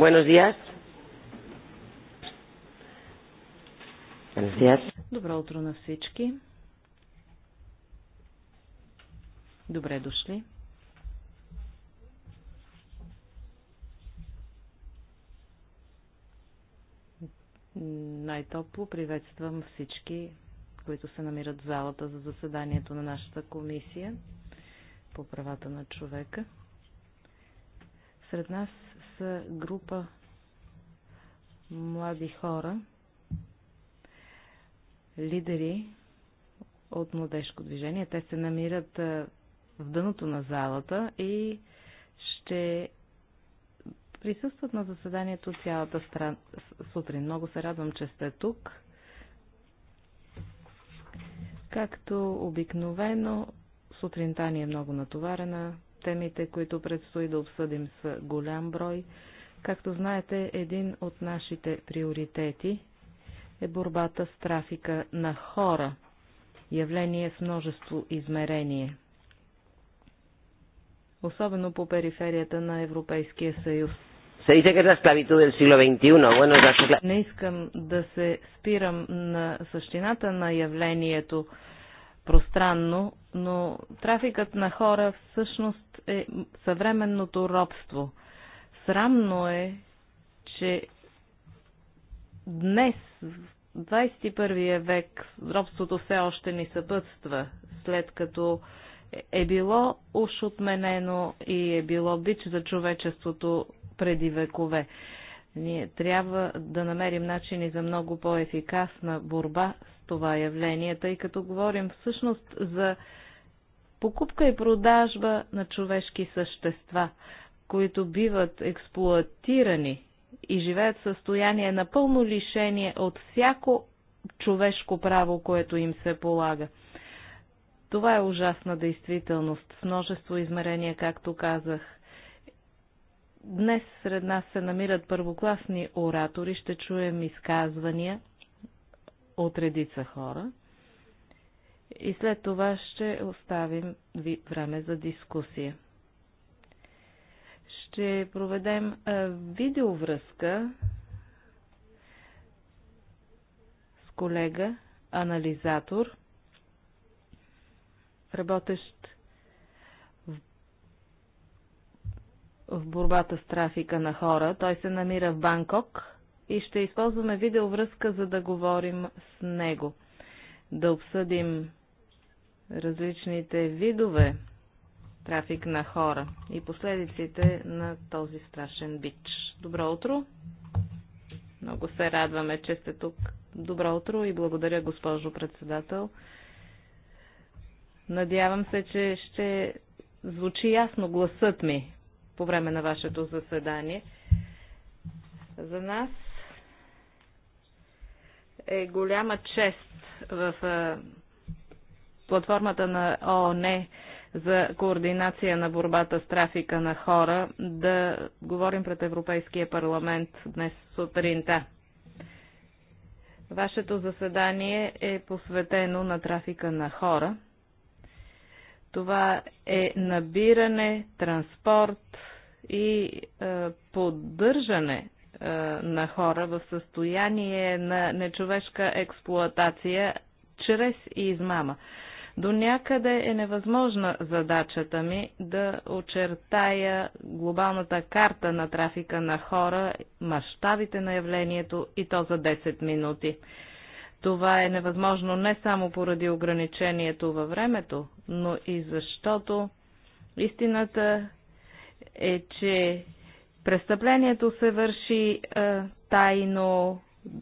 Buenos días. Buenos días. Добро утро на всички. Добре дошли. Най-топло приветствам всички, които се намират в залата за заседанието на нашата комисия по правата на човека. Сред нас са група млади хора, лидери от младежко движение. Те се намират в дъното на залата и ще присъстват на заседанието цялата стран... сутрин. Много се радвам, че сте тук. Както обикновено, сутринта ни е много натоварена, Темите, които предстои да обсъдим с голям брой. Както знаете, един от нашите приоритети е борбата с трафика на хора, явление с множество измерение. Особено по периферията на Европейския съюз. Се dice que es la esclavitud del siglo XXI. Bueno, es la... Не искам да се спирам на същината на явлението пространно, но трафикът на хора всъщност е съвременното робство. Срамно е, че днес, в 21 век, робството все още ни съпътства, след като е било уж отменено и е било бич за човечеството преди векове. Ние трябва да намерим начини за много по-ефикасна борба това явление, тъй като говорим всъщност за покупка и продажба на човешки същества, които биват експлуатирани и живеят в състояние на пълно лишение от всяко човешко право, което им се полага. Това е ужасна действителност с множество измерения, както казах. Днес сред нас се намират първокласни оратори, ще чуем изказвания от редица хора. И след това ще оставим ви време за дискусия. Ще проведем видеовръзка с колега, анализатор, работещ в борбата с трафика на хора. Той се намира в Банкок и ще използваме видеовръзка, за да говорим с него. Да обсъдим различните видове трафик на хора и последиците на този страшен бич. Добро утро! Много се радваме, че сте тук. Добро утро и благодаря, госпожо председател. Надявам се, че ще звучи ясно гласът ми по време на вашето заседание. За нас е голяма чест в е, платформата на ООН за координация на борбата с трафика на хора да говорим пред Европейския парламент днес сутринта. Вашето заседание е посветено на трафика на хора. Това е набиране, транспорт и е, поддържане е, на хора в състояние на нечовешка експлоатация чрез измама. До някъде е невъзможна задачата ми да очертая глобалната карта на трафика на хора, мащабите на явлението и то за 10 минути. Това е невъзможно не само поради ограничението във времето, но и защото истината е, че Престъплението се върши е, тайно,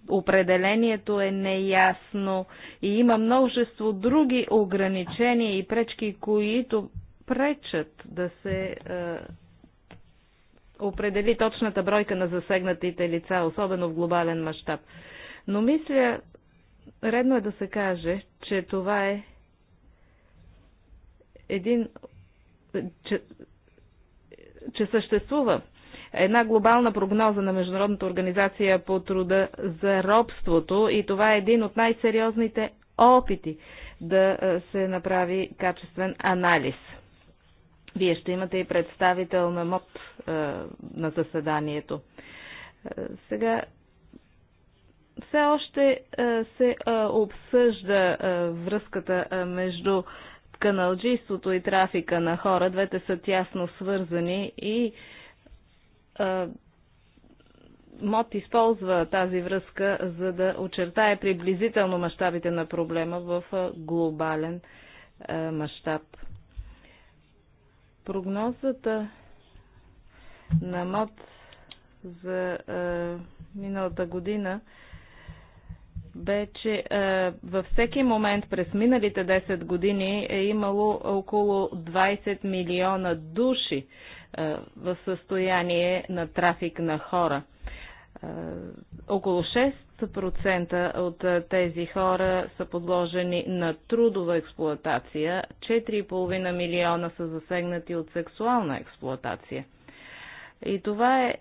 определението е неясно и има множество други ограничения и пречки, които пречат да се е, определи точната бройка на засегнатите лица, особено в глобален мащаб. Но мисля, редно е да се каже, че това е един, че, че съществува една глобална прогноза на Международната организация по труда за робството и това е един от най-сериозните опити да се направи качествен анализ. Вие ще имате и представител на МОД на заседанието. Сега все още се обсъжда връзката между каналджийството и трафика на хора. Двете са тясно свързани и МОД използва тази връзка, за да очертае приблизително мащабите на проблема в глобален мащаб. Прогнозата на МОД за миналата година бе, че във всеки момент през миналите 10 години е имало около 20 милиона души, е, в състояние на трафик на хора. Е, около 6% от е, тези хора са подложени на трудова експлоатация, 4,5 милиона са засегнати от сексуална експлоатация. И това е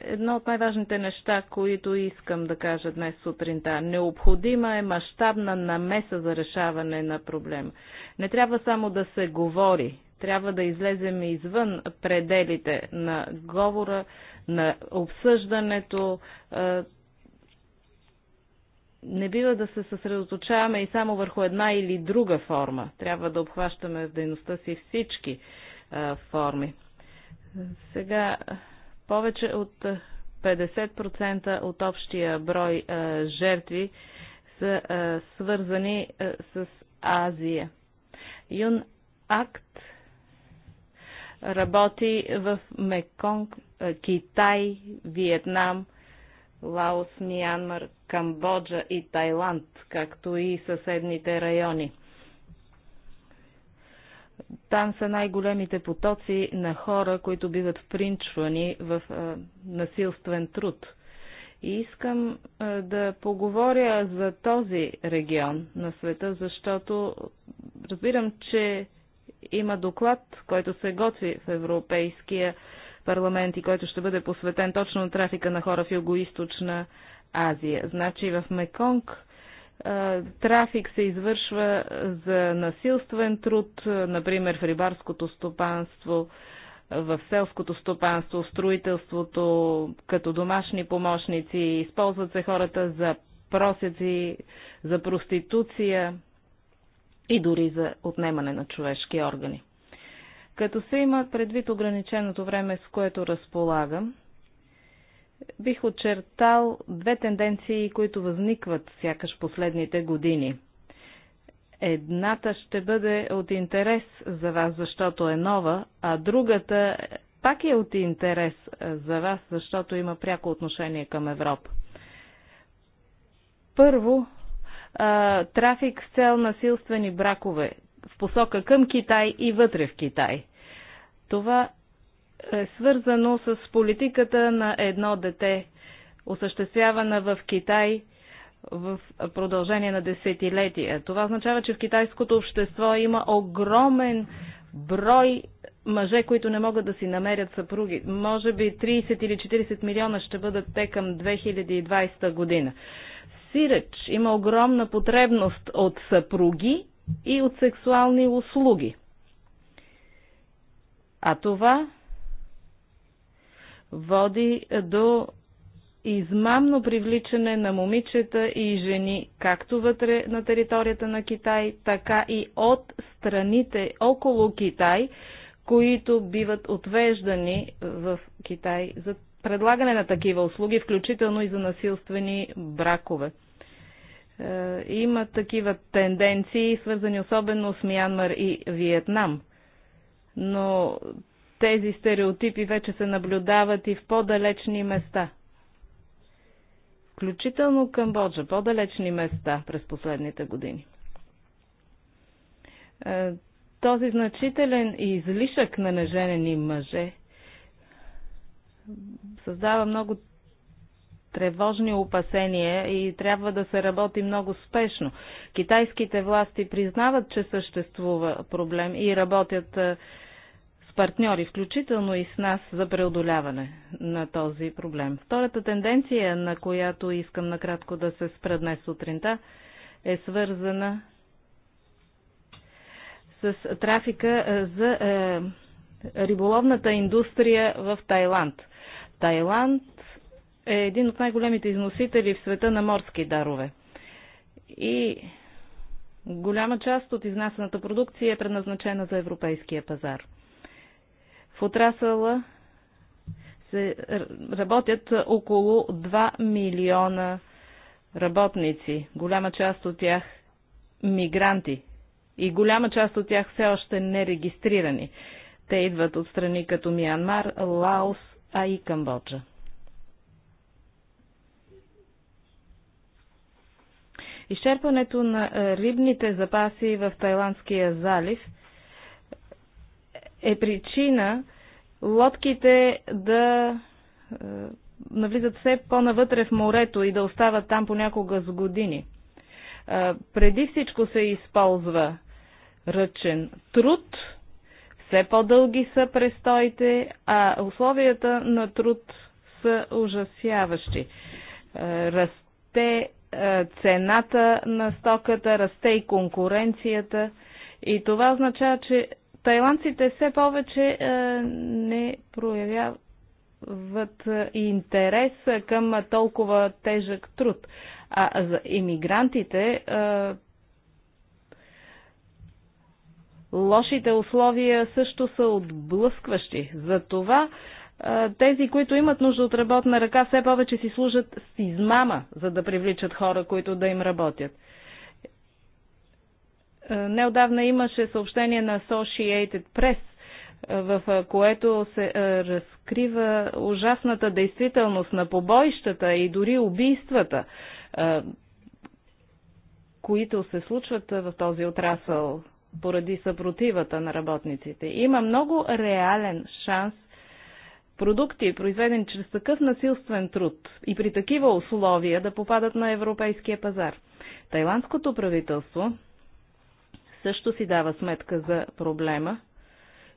едно от най-важните неща, които искам да кажа днес сутринта. Необходима е мащабна намеса за решаване на проблема. Не трябва само да се говори трябва да излезем извън пределите на говора, на обсъждането. Не бива да се съсредоточаваме и само върху една или друга форма. Трябва да обхващаме в дейността си всички форми. Сега повече от 50% от общия брой жертви са свързани с Азия. Юн Акт работи в Меконг, е, Китай, Виетнам, Лаос, Миянмар, Камбоджа и Тайланд, както и съседните райони. Там са най-големите потоци на хора, които биват впринчвани в е, насилствен труд. И искам е, да поговоря за този регион на света, защото разбирам, че има доклад, който се готви в Европейския парламент и който ще бъде посветен точно на трафика на хора в Юго-Источна Азия. Значи в Меконг трафик се извършва за насилствен труд, например в рибарското стопанство, в селското стопанство, строителството, като домашни помощници. Използват се хората за просеци, за проституция, и дори за отнемане на човешки органи. Като се има предвид ограниченото време, с което разполагам, бих очертал две тенденции, които възникват сякаш последните години. Едната ще бъде от интерес за вас, защото е нова, а другата пак е от интерес за вас, защото има пряко отношение към Европа. Първо, а, трафик с цел насилствени бракове в посока към Китай и вътре в Китай. Това е свързано с политиката на едно дете, осъществявана в Китай в продължение на десетилетия. Това означава, че в китайското общество има огромен брой мъже, които не могат да си намерят съпруги. Може би 30 или 40 милиона ще бъдат те към 2020 година сиреч има огромна потребност от съпруги и от сексуални услуги. А това води до измамно привличане на момичета и жени, както вътре на територията на Китай, така и от страните около Китай, които биват отвеждани в Китай за предлагане на такива услуги, включително и за насилствени бракове. Е, има такива тенденции, свързани особено с Мянмар и Виетнам. Но тези стереотипи вече се наблюдават и в по-далечни места. Включително Камбоджа, по-далечни места през последните години. Е, този значителен излишък на неженени мъже – създава много тревожни опасения и трябва да се работи много спешно. Китайските власти признават, че съществува проблем и работят с партньори, включително и с нас, за преодоляване на този проблем. Втората тенденция, на която искам накратко да се спра днес сутринта, е свързана с трафика за е, риболовната индустрия в Тайланд. Тайланд е един от най-големите износители в света на морски дарове. И голяма част от изнасената продукция е предназначена за европейския пазар. В отрасъла се работят около 2 милиона работници, голяма част от тях мигранти и голяма част от тях все още нерегистрирани. Те идват от страни като Миянмар, Лаос, а и Камбоджа. Изчерпването на е, рибните запаси в Тайландския залив е причина лодките да е, навлизат все по-навътре в морето и да остават там понякога с години. Е, преди всичко се използва ръчен труд – все по-дълги са престоите, а условията на труд са ужасяващи. Е, расте е, цената на стоката, расте и конкуренцията. И това означава, че тайландците все повече е, не проявяват интерес към толкова тежък труд. А за иммигрантите Лошите условия също са отблъскващи. Затова тези, които имат нужда от работна ръка, все повече си служат с измама, за да привличат хора, които да им работят. Неодавна имаше съобщение на Associated Press, в което се разкрива ужасната действителност на побоищата и дори убийствата, които се случват в този отрасъл поради съпротивата на работниците. Има много реален шанс продукти, произведени чрез такъв насилствен труд и при такива условия да попадат на европейския пазар. Тайландското правителство също си дава сметка за проблема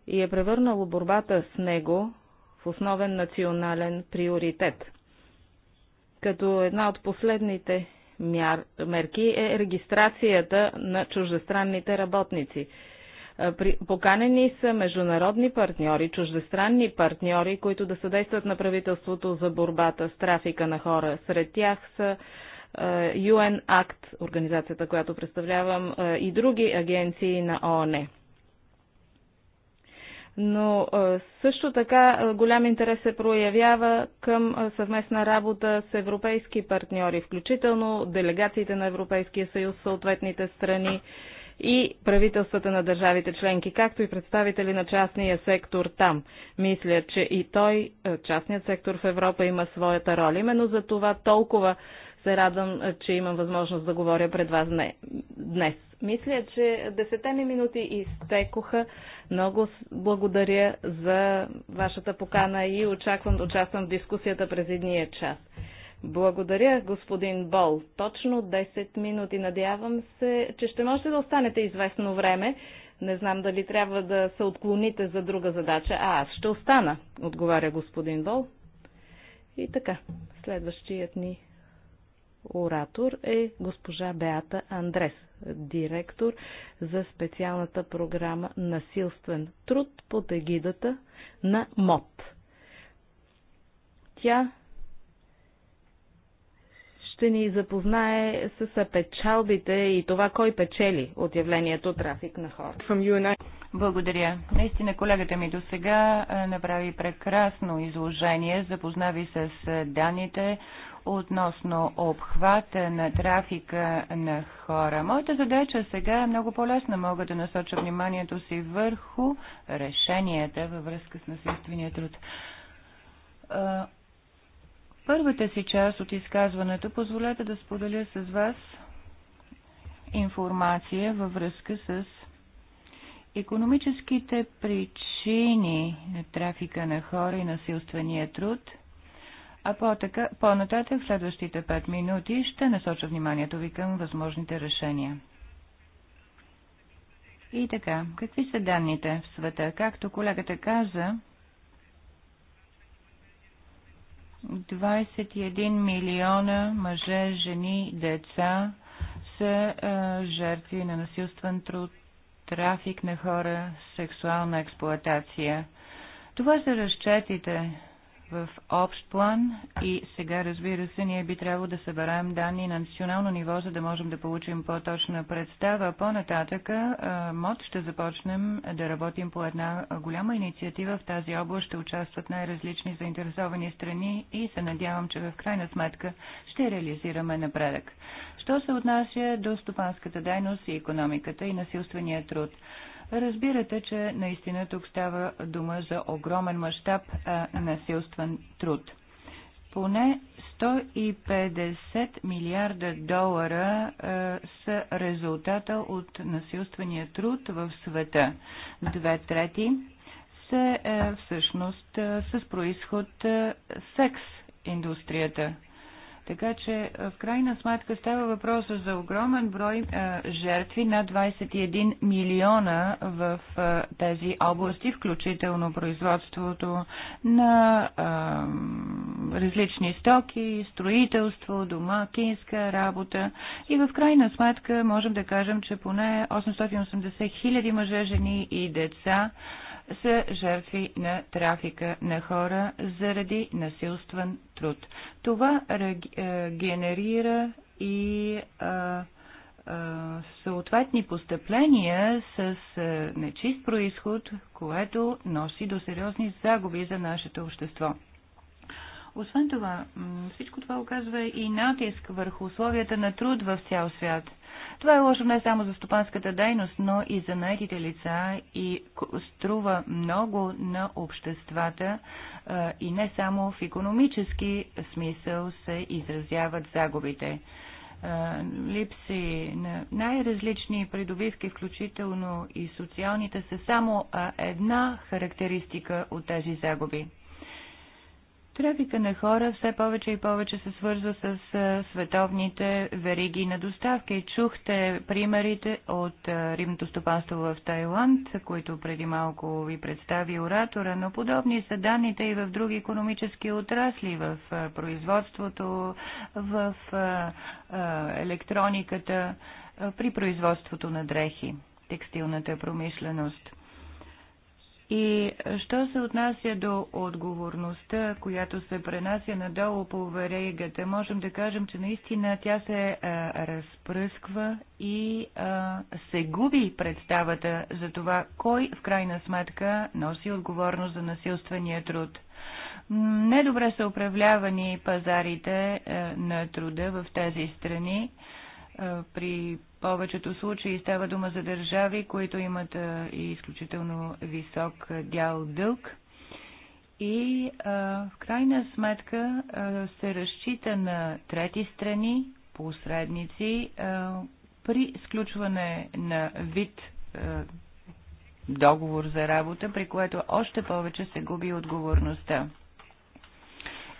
и е превърнало борбата с него в основен национален приоритет. Като една от последните мерки е регистрацията на чуждестранните работници. Поканени са международни партньори, чуждестранни партньори, които да съдействат на правителството за борбата с трафика на хора. Сред тях са UN Act, организацията, която представлявам, и други агенции на ООН но също така голям интерес се проявява към съвместна работа с европейски партньори, включително делегациите на Европейския съюз, съответните страни и правителствата на държавите членки, както и представители на частния сектор там. Мисля, че и той, частният сектор в Европа, има своята роля. Именно за това толкова се радвам, че имам възможност да говоря пред вас днес. Мисля, че десете ми минути изтекоха. Много благодаря за вашата покана и очаквам да участвам в дискусията през едния час. Благодаря, господин Бол. Точно 10 минути. Надявам се, че ще можете да останете известно време. Не знам дали трябва да се отклоните за друга задача. А, аз ще остана, отговаря господин Бол. И така, следващият ни оратор е госпожа Беата Андрес директор за специалната програма Насилствен труд под егидата на МОД. Тя ще ни запознае с печалбите и това кой печели от явлението трафик на хора. Благодаря. Наистина колегата ми до сега направи прекрасно изложение, запознави с данните, относно обхвата на трафика на хора. Моята задача сега е много по-лесна. Мога да насоча вниманието си върху решенията във връзка с насилствения труд. Първата си част от изказването позволете да споделя с вас информация във връзка с економическите причини на трафика на хора и насилствения труд – а по-нататък, в следващите 5 минути, ще насоча вниманието ви към възможните решения. И така, какви са данните в света? Както колегата каза, 21 милиона мъже, жени, деца са е, жертви на насилствен труд, трафик на хора, сексуална експлоатация. Това са разчетите в общ план и сега, разбира се, ние би трябвало да съберем данни на национално ниво, за да можем да получим по-точна представа. По-нататъка МОД ще започнем да работим по една голяма инициатива. В тази област ще участват най-различни заинтересовани страни и се надявам, че в крайна сметка ще реализираме напредък. Що се отнася до стопанската дейност и економиката и насилствения труд? Разбирате, че наистина тук става дума за огромен мащаб насилствен труд. Поне 150 милиарда долара а, са резултата от насилствения труд в света. Две трети са е, всъщност а, е, с происход а, е, секс индустрията. Така че в крайна сметка става въпроса за огромен брой а, жертви, на 21 милиона в а, тези области, включително производството на а, различни стоки, строителство, дома, кинска работа. И в крайна сметка можем да кажем, че поне 880 хиляди мъже, жени и деца са жертви на трафика на хора заради насилствен труд. Това е, генерира и съответни постъпления с е, нечист происход, което носи до сериозни загуби за нашето общество. Освен това, всичко това оказва и натиск върху условията на труд в цял свят. Това е лошо не само за стопанската дейност, но и за наетите лица и струва много на обществата и не само в економически смисъл се изразяват загубите липси на най-различни придобивки, включително и социалните, са само една характеристика от тези загуби. Трафика на хора все повече и повече се свързва с световните вериги на доставки. Чухте примерите от римното стопанство в Тайланд, които преди малко ви представи оратора, но подобни са данните и в други економически отрасли, в производството, в електрониката, при производството на дрехи, текстилната промишленост. И що се отнася до отговорността, която се пренася надолу по веригата, можем да кажем, че наистина тя се а, е, разпръсква и а, се губи представата за това, кой в крайна сметка носи отговорност за насилствения труд. Недобре са управлявани пазарите а, е, на труда в тези страни. Е, при повечето случаи става дума за държави, които имат е, и изключително висок е, дял дълг. И в крайна сметка се разчита на трети страни, посредници, при сключване на вид договор за работа, при което още повече се губи отговорността.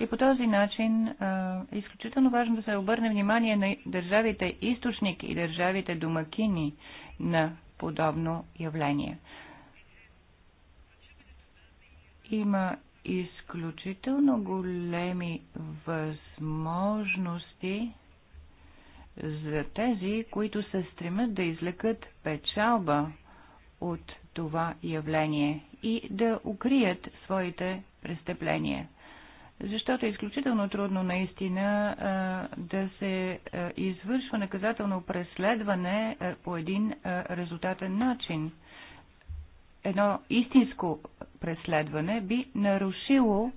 И по този начин е изключително важно да се обърне внимание на държавите източник и държавите домакини на подобно явление. Има изключително големи възможности за тези, които се стремят да излекат печалба от това явление и да укрият своите престъпления защото е изключително трудно наистина да се извършва наказателно преследване по един резултатен начин. Едно истинско преследване би нарушило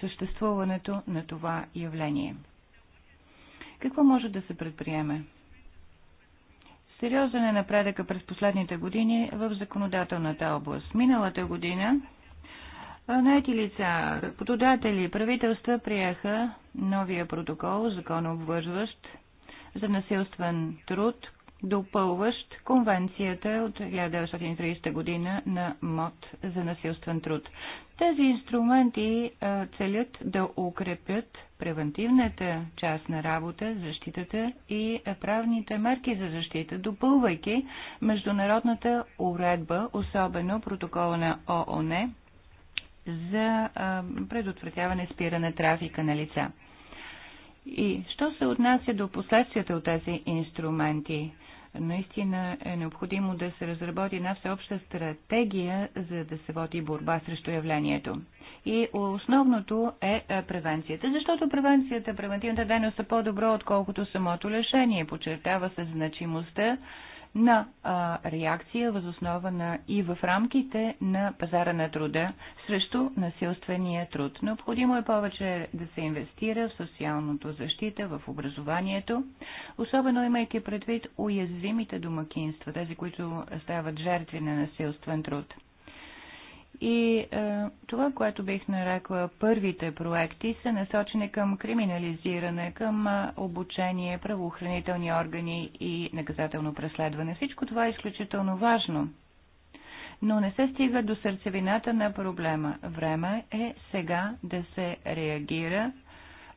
съществуването на това явление. Какво може да се предприеме? Сериозен е напредъка през последните години в законодателната област. Миналата година Наети лица, работодатели, правителства приеха новия протокол, законообвързващ за насилствен труд, допълващ конвенцията от 1930 година на МОД за насилствен труд. Тези инструменти целят да укрепят превентивната част на работа, защитата и правните мерки за защита, допълвайки международната уредба, особено протокола на ООН за предотвратяване спиране трафика на лица. И що се отнася до последствията от тези инструменти? Наистина е необходимо да се разработи една всеобща стратегия, за да се води борба срещу явлението. И основното е, е превенцията, защото превенцията, превентивната дейност е по-добро, отколкото самото лешение, Подчертава се значимостта на а, реакция възоснова на и в рамките на пазара на труда срещу насилствения труд. Необходимо е повече да се инвестира в социалното защита, в образованието, особено имайки предвид уязвимите домакинства, тези, които стават жертви на насилствен труд. И е, това, което бих нарекла първите проекти, са насочени към криминализиране, към е, обучение, правоохранителни органи и наказателно преследване. Всичко това е изключително важно. Но не се стига до сърцевината на проблема. Време е сега да се реагира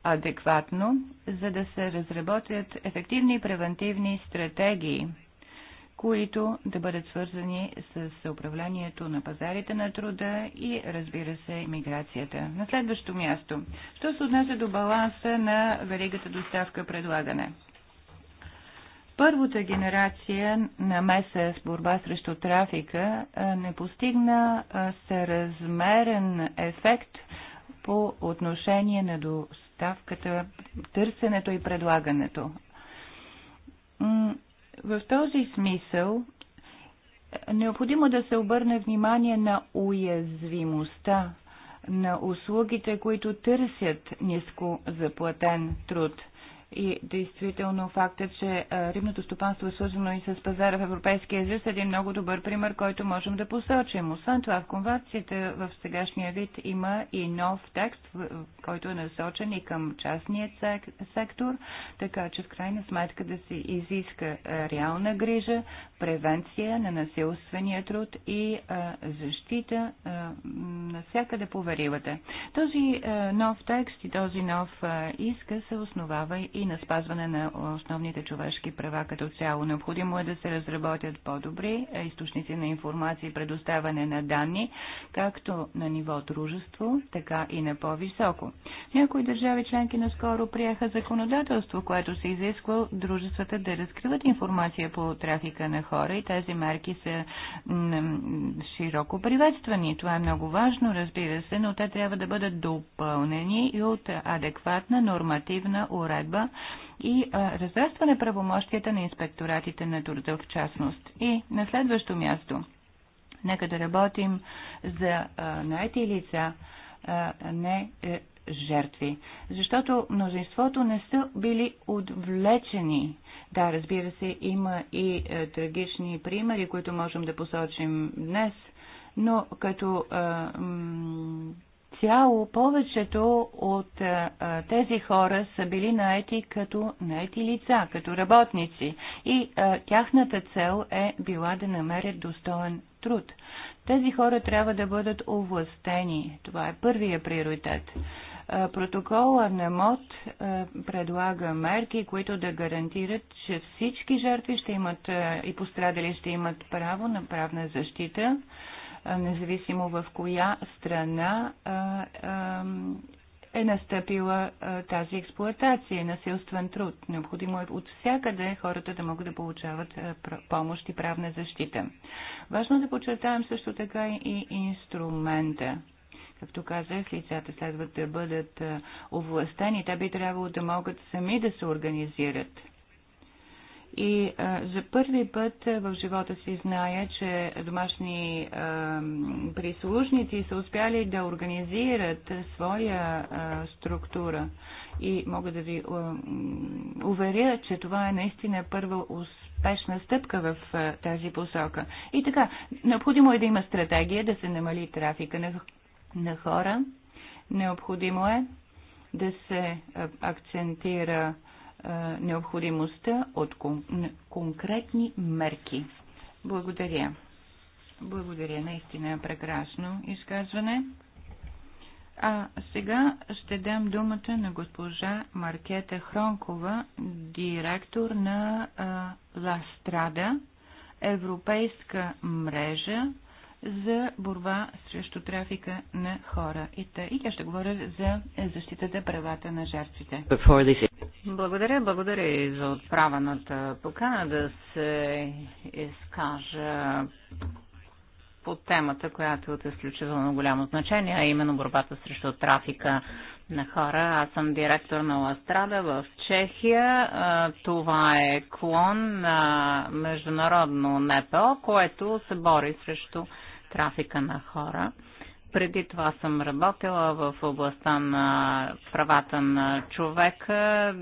адекватно, за да се разработят ефективни превентивни стратегии – които да бъдат свързани с управлението на пазарите на труда и, разбира се, миграцията. На следващо място, що се отнася до баланса на веригата доставка-предлагане? Първата генерация на МЕСА с борба срещу трафика не постигна съразмерен ефект по отношение на доставката, търсенето и предлагането в този смисъл необходимо да се обърне внимание на уязвимостта на услугите, които търсят ниско заплатен труд – и действително фактът, че е, рибното стопанство е свързано и с пазара в Европейския съюз е един много добър пример, който можем да посочим. Освен това, в конвенцията в сегашния вид има и нов текст, който е насочен и към частния сектор, така че в крайна сметка да се изиска е, реална грижа, превенция на насилствения труд и е, защита навсякъде по верилата. Този нов текст и този нов иска се основава и и на спазване на основните човешки права като цяло. Необходимо е да се разработят по-добри източници на информация и предоставяне на данни, както на ниво дружество, така и на по-високо. Някои държави членки наскоро приеха законодателство, което се изисква дружествата да разкриват информация по трафика на хора и тези мерки са широко приветствани. Това е много важно, разбира се, но те трябва да бъдат допълнени и от адекватна нормативна уредба и разрастване правомощията на инспекторатите на труда в частност. И на следващо място, нека да работим за наети лица, не е, жертви. Защото мнозинството не са били отвлечени. Да, разбира се, има и е, трагични примери, които можем да посочим днес, но като е, цяло повечето от а, тези хора са били наети като наети лица, като работници и а, тяхната цел е била да намерят достоен труд. Тези хора трябва да бъдат овластени. Това е първия приоритет. Протокола на МОД предлага мерки, които да гарантират, че всички жертви ще имат и пострадали ще имат право на правна защита независимо в коя страна е настъпила тази експлуатация, насилствен труд. Необходимо е от всякъде хората да могат да получават помощ и правна защита. Важно да подчертаем също така и инструмента. Както казах, лицата следват да бъдат овластени. Те би трябвало да могат сами да се организират и а, за първи път в живота си зная, че домашни а, прислужници са успяли да организират своя а, структура. И мога да ви а, уверя, че това е наистина първа успешна стъпка в а, тази посока. И така, необходимо е да има стратегия да се намали трафика на, на хора. Необходимо е да се акцентира а, необходимостта от конкретни мерки. Благодаря. Благодаря, наистина е прекрасно изказване. А сега ще дам думата на госпожа Маркета Хронкова, директор на Ластрада, Европейска мрежа за борба срещу трафика на хора. И, та, и тя ще говоря за защитата правата на жертвите. Благодаря, благодаря и за отправената покана да се изкажа по темата, която е от изключително голямо значение, а именно борбата срещу трафика на хора. Аз съм директор на Ластрада в Чехия. Това е клон на международно НПО, което се бори срещу трафика на хора. Преди това съм работила в областта на правата на човека.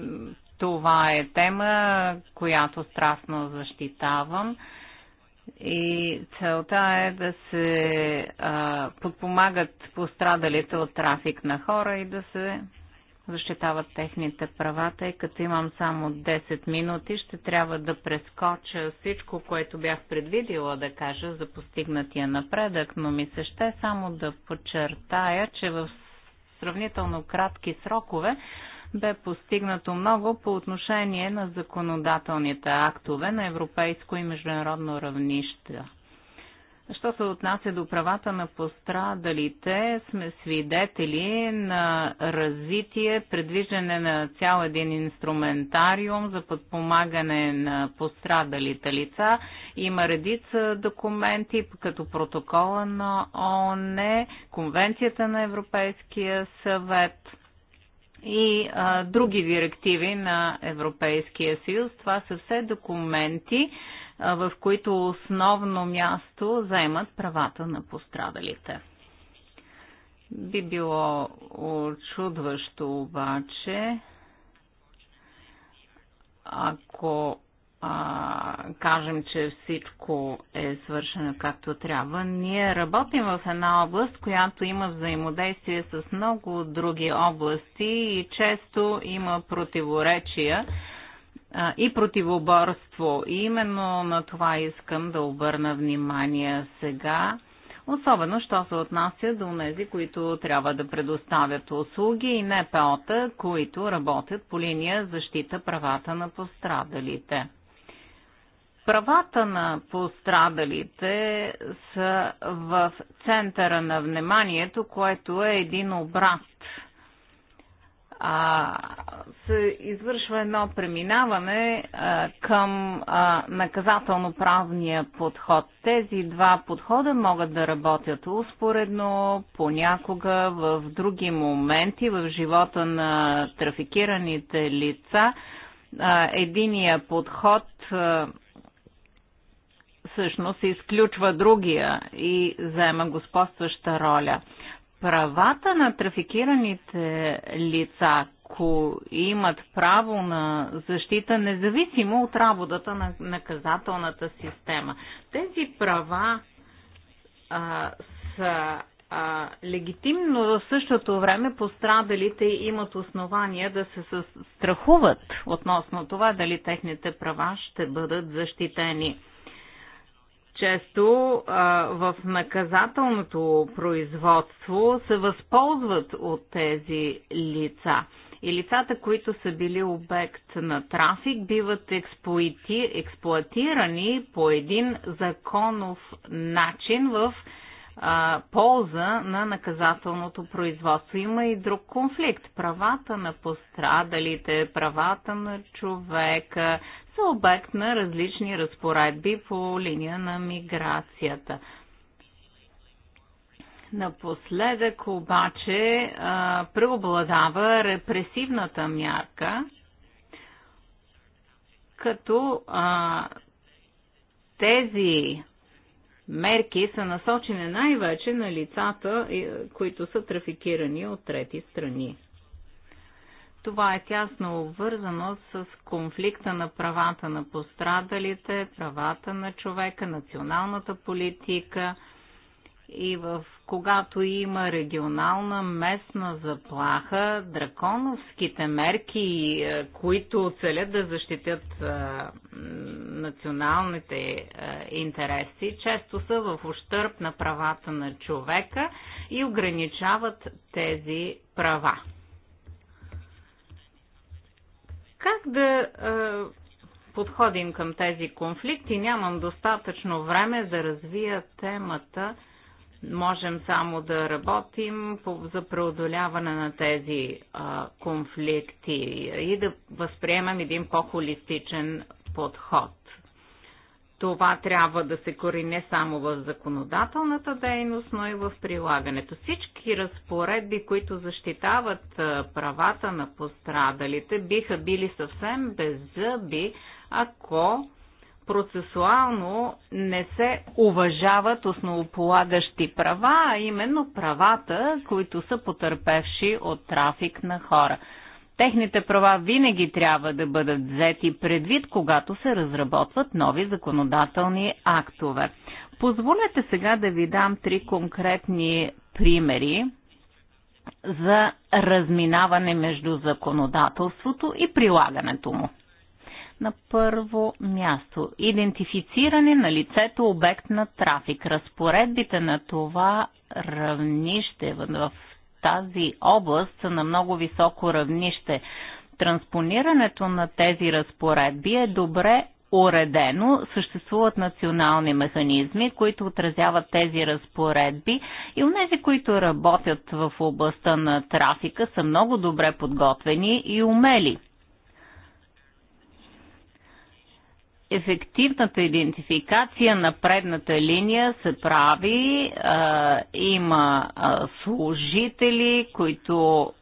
Това е тема, която страстно защитавам. И целта е да се а, подпомагат пострадалите от трафик на хора и да се защитават техните права, тъй като имам само 10 минути, ще трябва да прескоча всичко, което бях предвидила да кажа за постигнатия напредък, но ми се ще само да подчертая, че в сравнително кратки срокове бе постигнато много по отношение на законодателните актове на европейско и международно равнище Що се отнася до правата на пострадалите, сме свидетели на развитие, предвиждане на цял един инструментариум за подпомагане на пострадалите лица. Има редица документи, като протокола на ООН, Конвенцията на Европейския съвет и а, други директиви на Европейския съюз. Това са все документи, в които основно място заемат правата на пострадалите. Би било очудващо обаче, ако а, кажем, че всичко е свършено както трябва. Ние работим в една област, която има взаимодействие с много други области и често има противоречия и противоборство. И именно на това искам да обърна внимание сега, особено, що се отнася до тези, които трябва да предоставят услуги и НПО-та, които работят по линия защита правата на пострадалите. Правата на пострадалите са в центъра на вниманието, което е един обрат – а, се извършва едно преминаване а, към наказателно-правния подход. Тези два подхода могат да работят успоредно, понякога в други моменти в живота на трафикираните лица. А, единия подход а, всъщност изключва другия и заема господстваща роля правата на трафикираните лица, имат право на защита, независимо от работата на наказателната система. Тези права а, са а, легитимно в същото време пострадалите имат основания да се страхуват относно това дали техните права ще бъдат защитени често а, в наказателното производство се възползват от тези лица. И лицата, които са били обект на трафик, биват експлуати... експлуатирани по един законов начин в а, полза на наказателното производство. Има и друг конфликт. Правата на пострадалите, правата на човека, са обект на различни разпоредби по линия на миграцията. Напоследък обаче преобладава репресивната мярка, като а, тези мерки са насочени най-вече на лицата, които са трафикирани от трети страни. Това е тясно обвързано с конфликта на правата на пострадалите, правата на човека, националната политика и в когато има регионална местна заплаха, драконовските мерки, е, които целят да защитят е, националните е, интереси, често са в ущърп на правата на човека и ограничават тези права. Как да подходим към тези конфликти. Нямам достатъчно време да развия темата. Можем само да работим за преодоляване на тези а, конфликти и да възприемем един по-холистичен подход това трябва да се кори не само в законодателната дейност, но и в прилагането. Всички разпоредби, които защитават правата на пострадалите, биха били съвсем беззъби, ако процесуално не се уважават основополагащи права, а именно правата, които са потърпевши от трафик на хора. Техните права винаги трябва да бъдат взети предвид, когато се разработват нови законодателни актове. Позволете сега да ви дам три конкретни примери за разминаване между законодателството и прилагането му. На първо място идентифициране на лицето обект на трафик. Разпоредбите на това равнище в тази област са на много високо равнище. Транспонирането на тези разпоредби е добре уредено, съществуват национални механизми, които отразяват тези разпоредби и тези, които работят в областта на трафика, са много добре подготвени и умели. ефективната идентификация на предната линия се прави. А, има а, служители, които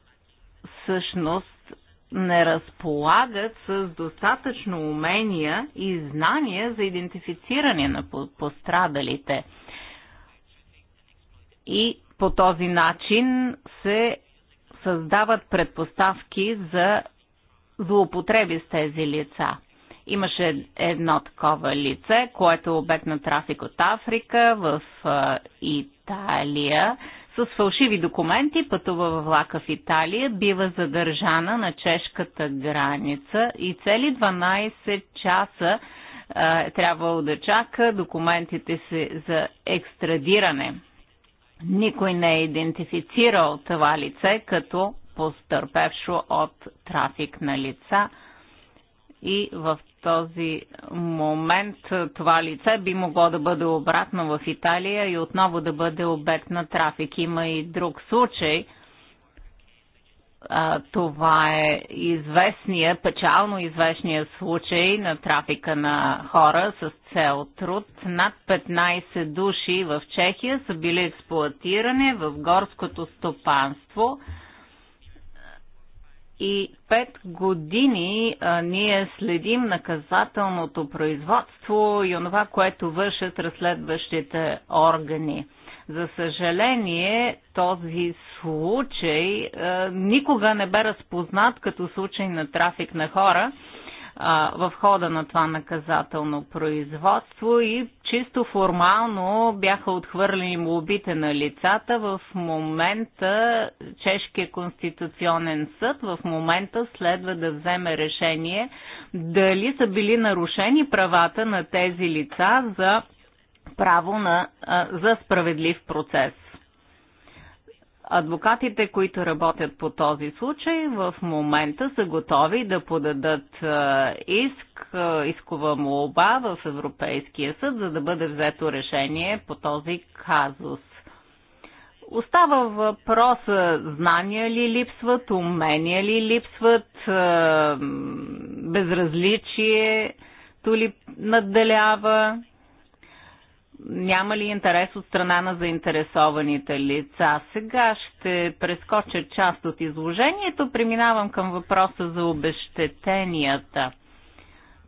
всъщност не разполагат с достатъчно умения и знания за идентифициране на пострадалите. И по този начин се създават предпоставки за злоупотреби с тези лица. Имаше едно такова лице, което е обект на трафик от Африка в Италия. С фалшиви документи пътува във влака в Италия, бива задържана на чешката граница и цели 12 часа е трябвало да чака документите си за екстрадиране. Никой не е идентифицирал това лице като постърпевшо от трафик на лица и в този момент това лице би могло да бъде обратно в Италия и отново да бъде обект на трафик. Има и друг случай. Това е известния, печално известния случай на трафика на хора с цел труд. Над 15 души в Чехия са били експлуатирани в горското стопанство – 25 години а, ние следим наказателното производство и онова, което вършат разследващите органи. За съжаление, този случай а, никога не бе разпознат като случай на трафик на хора в хода на това наказателно производство и чисто формално бяха отхвърлени молбите на лицата. В момента Чешкия конституционен съд в момента следва да вземе решение дали са били нарушени правата на тези лица за право на, за справедлив процес. Адвокатите, които работят по този случай, в момента са готови да подадат иск, искова молба в Европейския съд, за да бъде взето решение по този казус. Остава въпроса знания ли липсват, умения ли липсват, безразличие то ли надделява няма ли интерес от страна на заинтересованите лица? Сега ще прескоча част от изложението. Преминавам към въпроса за обещетенията.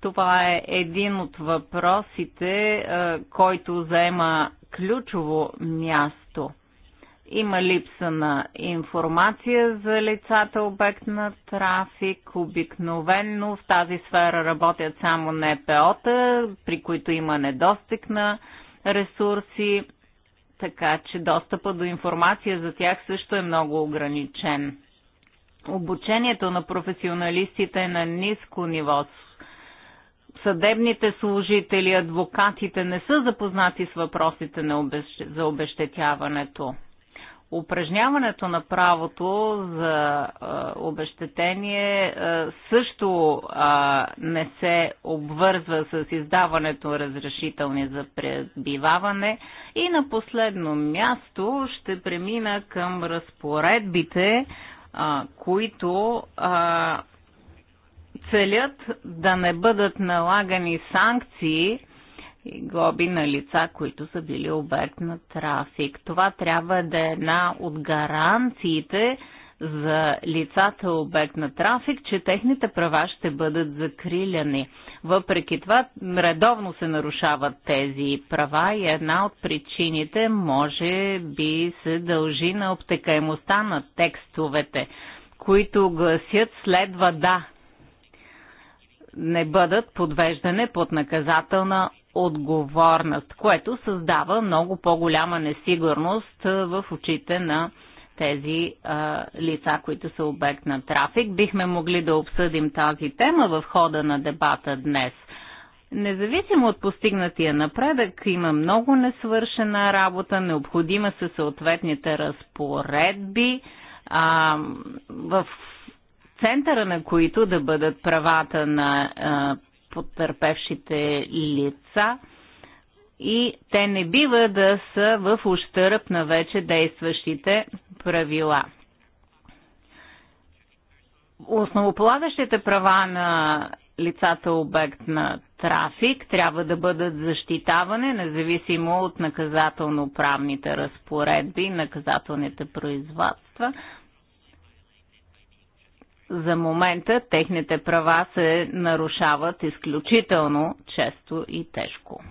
Това е един от въпросите, е, който заема ключово място. Има липса на информация за лицата обект на трафик. Обикновенно в тази сфера работят само НПО-та, при които има недостиг на ресурси, така че достъпа до информация за тях също е много ограничен. Обучението на професионалистите е на ниско ниво. Съдебните служители, адвокатите не са запознати с въпросите за обещетяването упражняването на правото за обещетение също не се обвързва с издаването разрешителни за пребиваване. И на последно място ще премина към разпоредбите, които целят да не бъдат налагани санкции и глоби на лица, които са били обект на трафик. Това трябва да е една от гаранциите за лицата обект на трафик, че техните права ще бъдат закриляни. Въпреки това, редовно се нарушават тези права и една от причините може би се дължи на обтекаемостта на текстовете, които гласят следва да не бъдат подвеждане под наказателна отговорност, което създава много по-голяма несигурност в очите на тези а, лица, които са обект на трафик. Бихме могли да обсъдим тази тема в хода на дебата днес. Независимо от постигнатия напредък, има много несвършена работа, необходима са съответните разпоредби, а, в центъра на които да бъдат правата на а, потърпевшите лица и те не бива да са в ущърп на вече действащите правила. Основополагащите права на лицата обект на трафик трябва да бъдат защитаване, независимо от наказателно-правните разпоредби, наказателните производства. За момента техните права се нарушават изключително често и тежко.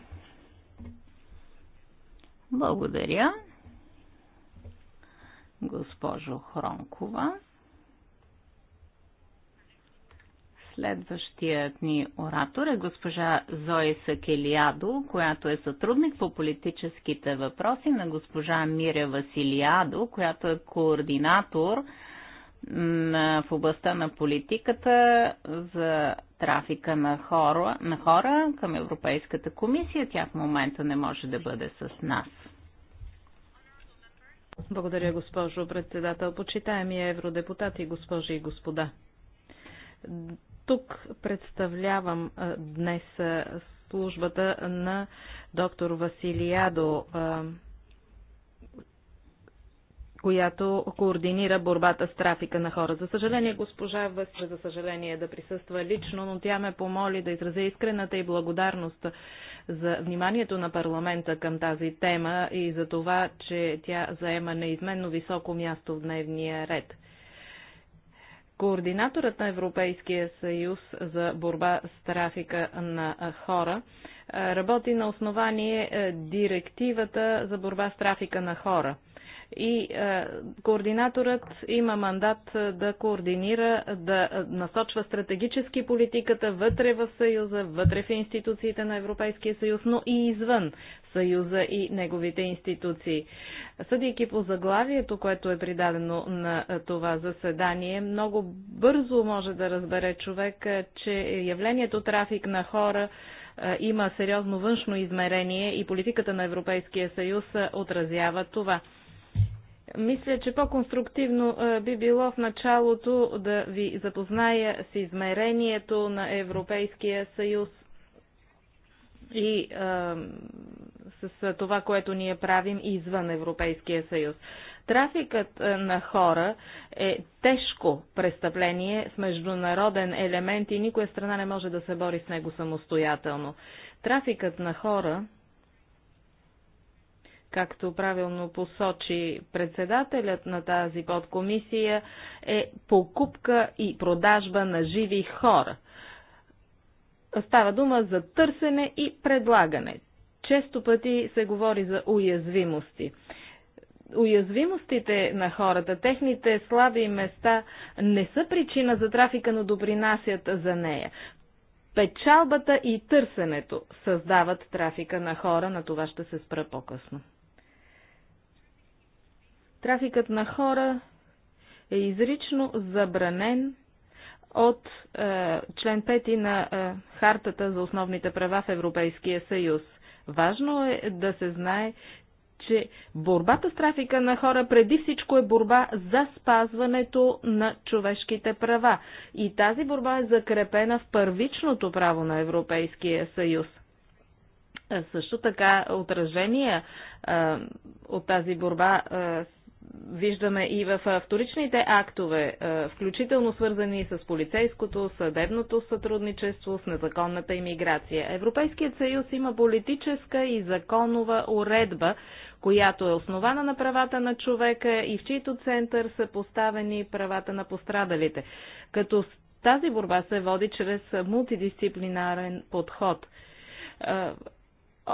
Благодаря, госпожо Хронкова. Следващият ни оратор е госпожа Зои Сакелиадо, която е сътрудник по политическите въпроси на госпожа Мире Василиадо, която е координатор на, в областта на политиката за трафика на хора, на хора към Европейската комисия. Тя в момента не може да бъде с нас. Благодаря, госпожо председател. Почитаеми евродепутати, госпожи и господа. Тук представлявам днес службата на доктор Василиадо, която координира борбата с трафика на хора. За съжаление, госпожа Въстра, за съжаление, е да присъства лично, но тя ме помоли да изразя искрената и благодарност за вниманието на парламента към тази тема и за това, че тя заема неизменно високо място в дневния ред. Координаторът на Европейския съюз за борба с трафика на хора работи на основание директивата за борба с трафика на хора – и е, координаторът има мандат е, да координира, да е, насочва стратегически политиката вътре в Съюза, вътре в институциите на Европейския съюз, но и извън Съюза и неговите институции. Съдейки по заглавието, което е придадено на това заседание, много бързо може да разбере човек, че явлението трафик на хора има сериозно външно измерение и политиката на Европейския съюз отразява това. Мисля, че по-конструктивно е, би било в началото да ви запозная с измерението на Европейския съюз и а, е, с е, това, което ние правим извън Европейския съюз. Трафикът на хора е тежко престъпление с международен елемент и никоя страна не може да се бори с него самостоятелно. Трафикът на хора както правилно посочи председателят на тази подкомисия, е покупка и продажба на живи хора. Става дума за търсене и предлагане. Често пъти се говори за уязвимости уязвимостите на хората, техните слаби места не са причина за трафика, но допринасят за нея. Печалбата и търсенето създават трафика на хора, на това ще се спра по-късно. Трафикът на хора е изрично забранен от е, член 5 на е, Хартата за основните права в Европейския съюз. Важно е да се знае, че борбата с трафика на хора преди всичко е борба за спазването на човешките права. И тази борба е закрепена в първичното право на Европейския съюз. Е, също така отражения е, от тази борба е, виждаме и в вторичните актове, включително свързани с полицейското, съдебното сътрудничество, с незаконната иммиграция. Европейският съюз има политическа и законова уредба, която е основана на правата на човека и в чието център са поставени правата на пострадалите. Като тази борба се води чрез мултидисциплинарен подход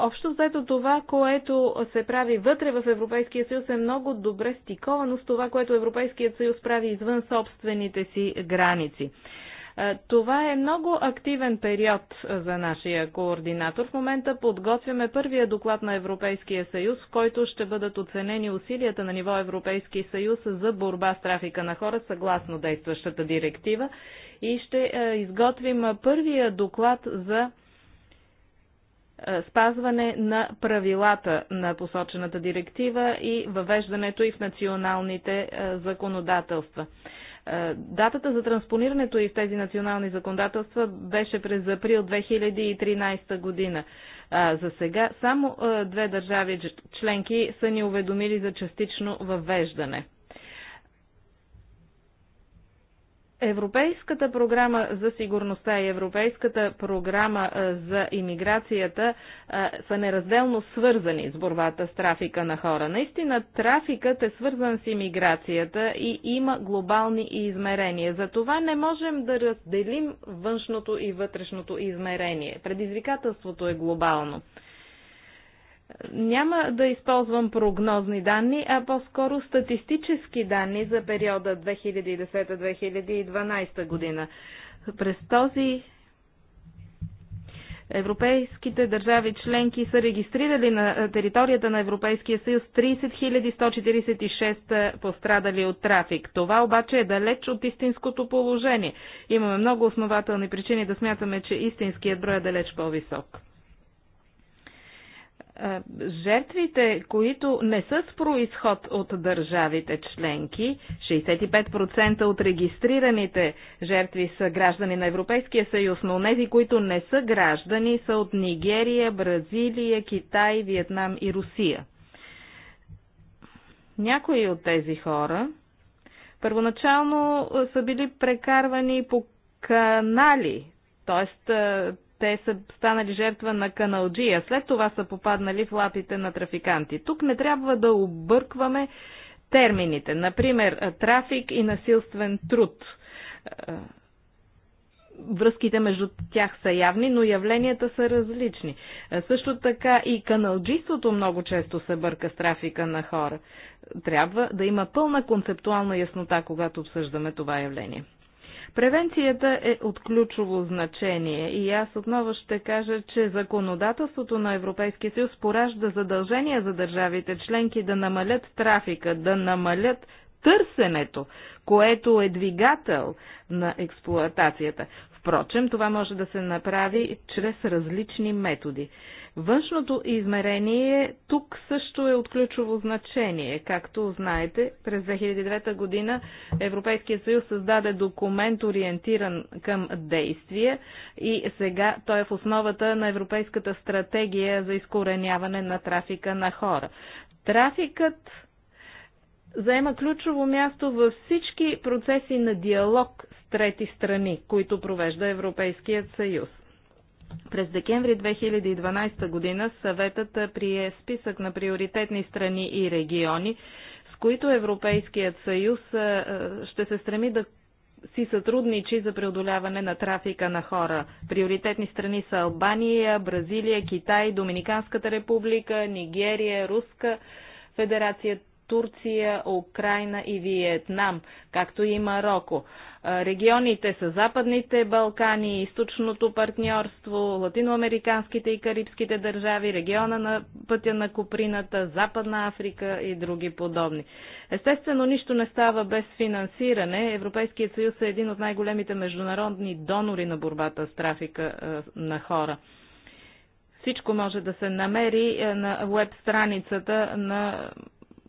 Общо взето това, което се прави вътре в Европейския съюз е много добре стиковано с това, което Европейският съюз прави извън собствените си граници. Е, това е много активен период за нашия координатор. В момента подготвяме първия доклад на Европейския съюз, в който ще бъдат оценени усилията на ниво Европейски съюз за борба с трафика на хора съгласно действащата директива и ще е, изготвим първия доклад за е, спазване на правилата на посочената директива и въвеждането и в националните е, законодателства. Е, датата за транспонирането и в тези национални законодателства беше през април 2013 година. За сега само две държави членки са ни уведомили за частично въвеждане. Европейската програма за сигурността и Европейската програма за иммиграцията са неразделно свързани с борбата с трафика на хора. Наистина трафикът е свързан с иммиграцията и има глобални измерения. За това не можем да разделим външното и вътрешното измерение. Предизвикателството е глобално. Няма да използвам прогнозни данни, а по-скоро статистически данни за периода 2010-2012 година. През този Европейските държави членки са регистрирали на територията на Европейския съюз 30 146 пострадали от трафик. Това обаче е далеч от истинското положение. Имаме много основателни причини да смятаме, че истинският брой е далеч по-висок. Е, жертвите, които не са с происход от държавите членки, 65% от регистрираните жертви са граждани на Европейския съюз, но тези, които не са граждани, са от Нигерия, Бразилия, Китай, Виетнам и Русия. Някои от тези хора първоначално са били прекарвани по канали, т.е те са станали жертва на каналджия, след това са попаднали в лапите на трафиканти. Тук не трябва да объркваме термините, например трафик и насилствен труд. Връзките между тях са явни, но явленията са различни. Също така и каналджиството много често се бърка с трафика на хора. Трябва да има пълна концептуална яснота, когато обсъждаме това явление. Превенцията е от ключово значение и аз отново ще кажа, че законодателството на Европейския съюз поражда задължения за държавите членки да намалят трафика, да намалят търсенето, което е двигател на експлоатацията. Впрочем, това може да се направи чрез различни методи. Външното измерение тук също е от ключово значение. Както знаете, през 2009 година Европейският съюз създаде документ ориентиран към действие и сега той е в основата на Европейската стратегия за изкореняване на трафика на хора. Трафикът заема ключово място във всички процеси на диалог с трети страни, които провежда Европейският съюз. През декември 2012 година съветът прие списък на приоритетни страни и региони, с които Европейският съюз ще се стреми да си сътрудничи за преодоляване на трафика на хора. Приоритетни страни са Албания, Бразилия, Китай, Доминиканската република, Нигерия, Руска федерация, Турция, Украина и Виетнам, както и Марокко регионите са Западните Балкани, Източното партньорство, латиноамериканските и карибските държави, региона на пътя на Коприната, Западна Африка и други подобни. Естествено, нищо не става без финансиране. Европейският съюз е един от най-големите международни донори на борбата с трафика на хора. Всичко може да се намери на веб страницата на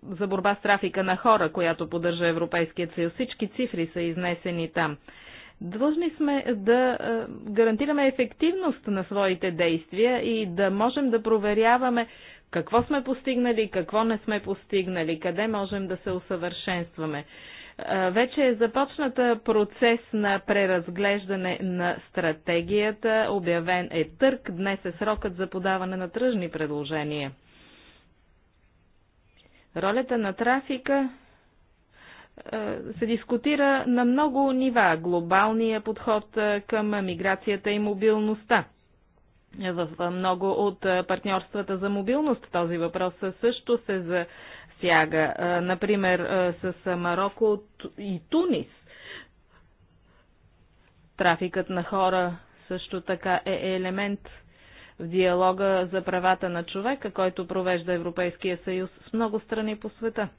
за борба с трафика на хора, която поддържа Европейският съюз. Всички цифри са изнесени там. Длъжни сме да е, гарантираме ефективност на своите действия и да можем да проверяваме какво сме постигнали, какво не сме постигнали, къде можем да се усъвършенстваме. Е, вече е започната процес на преразглеждане на стратегията. Обявен е търк. Днес е срокът за подаване на тръжни предложения. Ролята на трафика е, се дискутира на много нива. Глобалния подход е, към миграцията и мобилността. В е, много от партньорствата за мобилност този въпрос също се засяга. Например, с Марокко и Тунис. Трафикът на хора също така е елемент в диалога за правата на човека, който провежда Европейския съюз с много страни по света.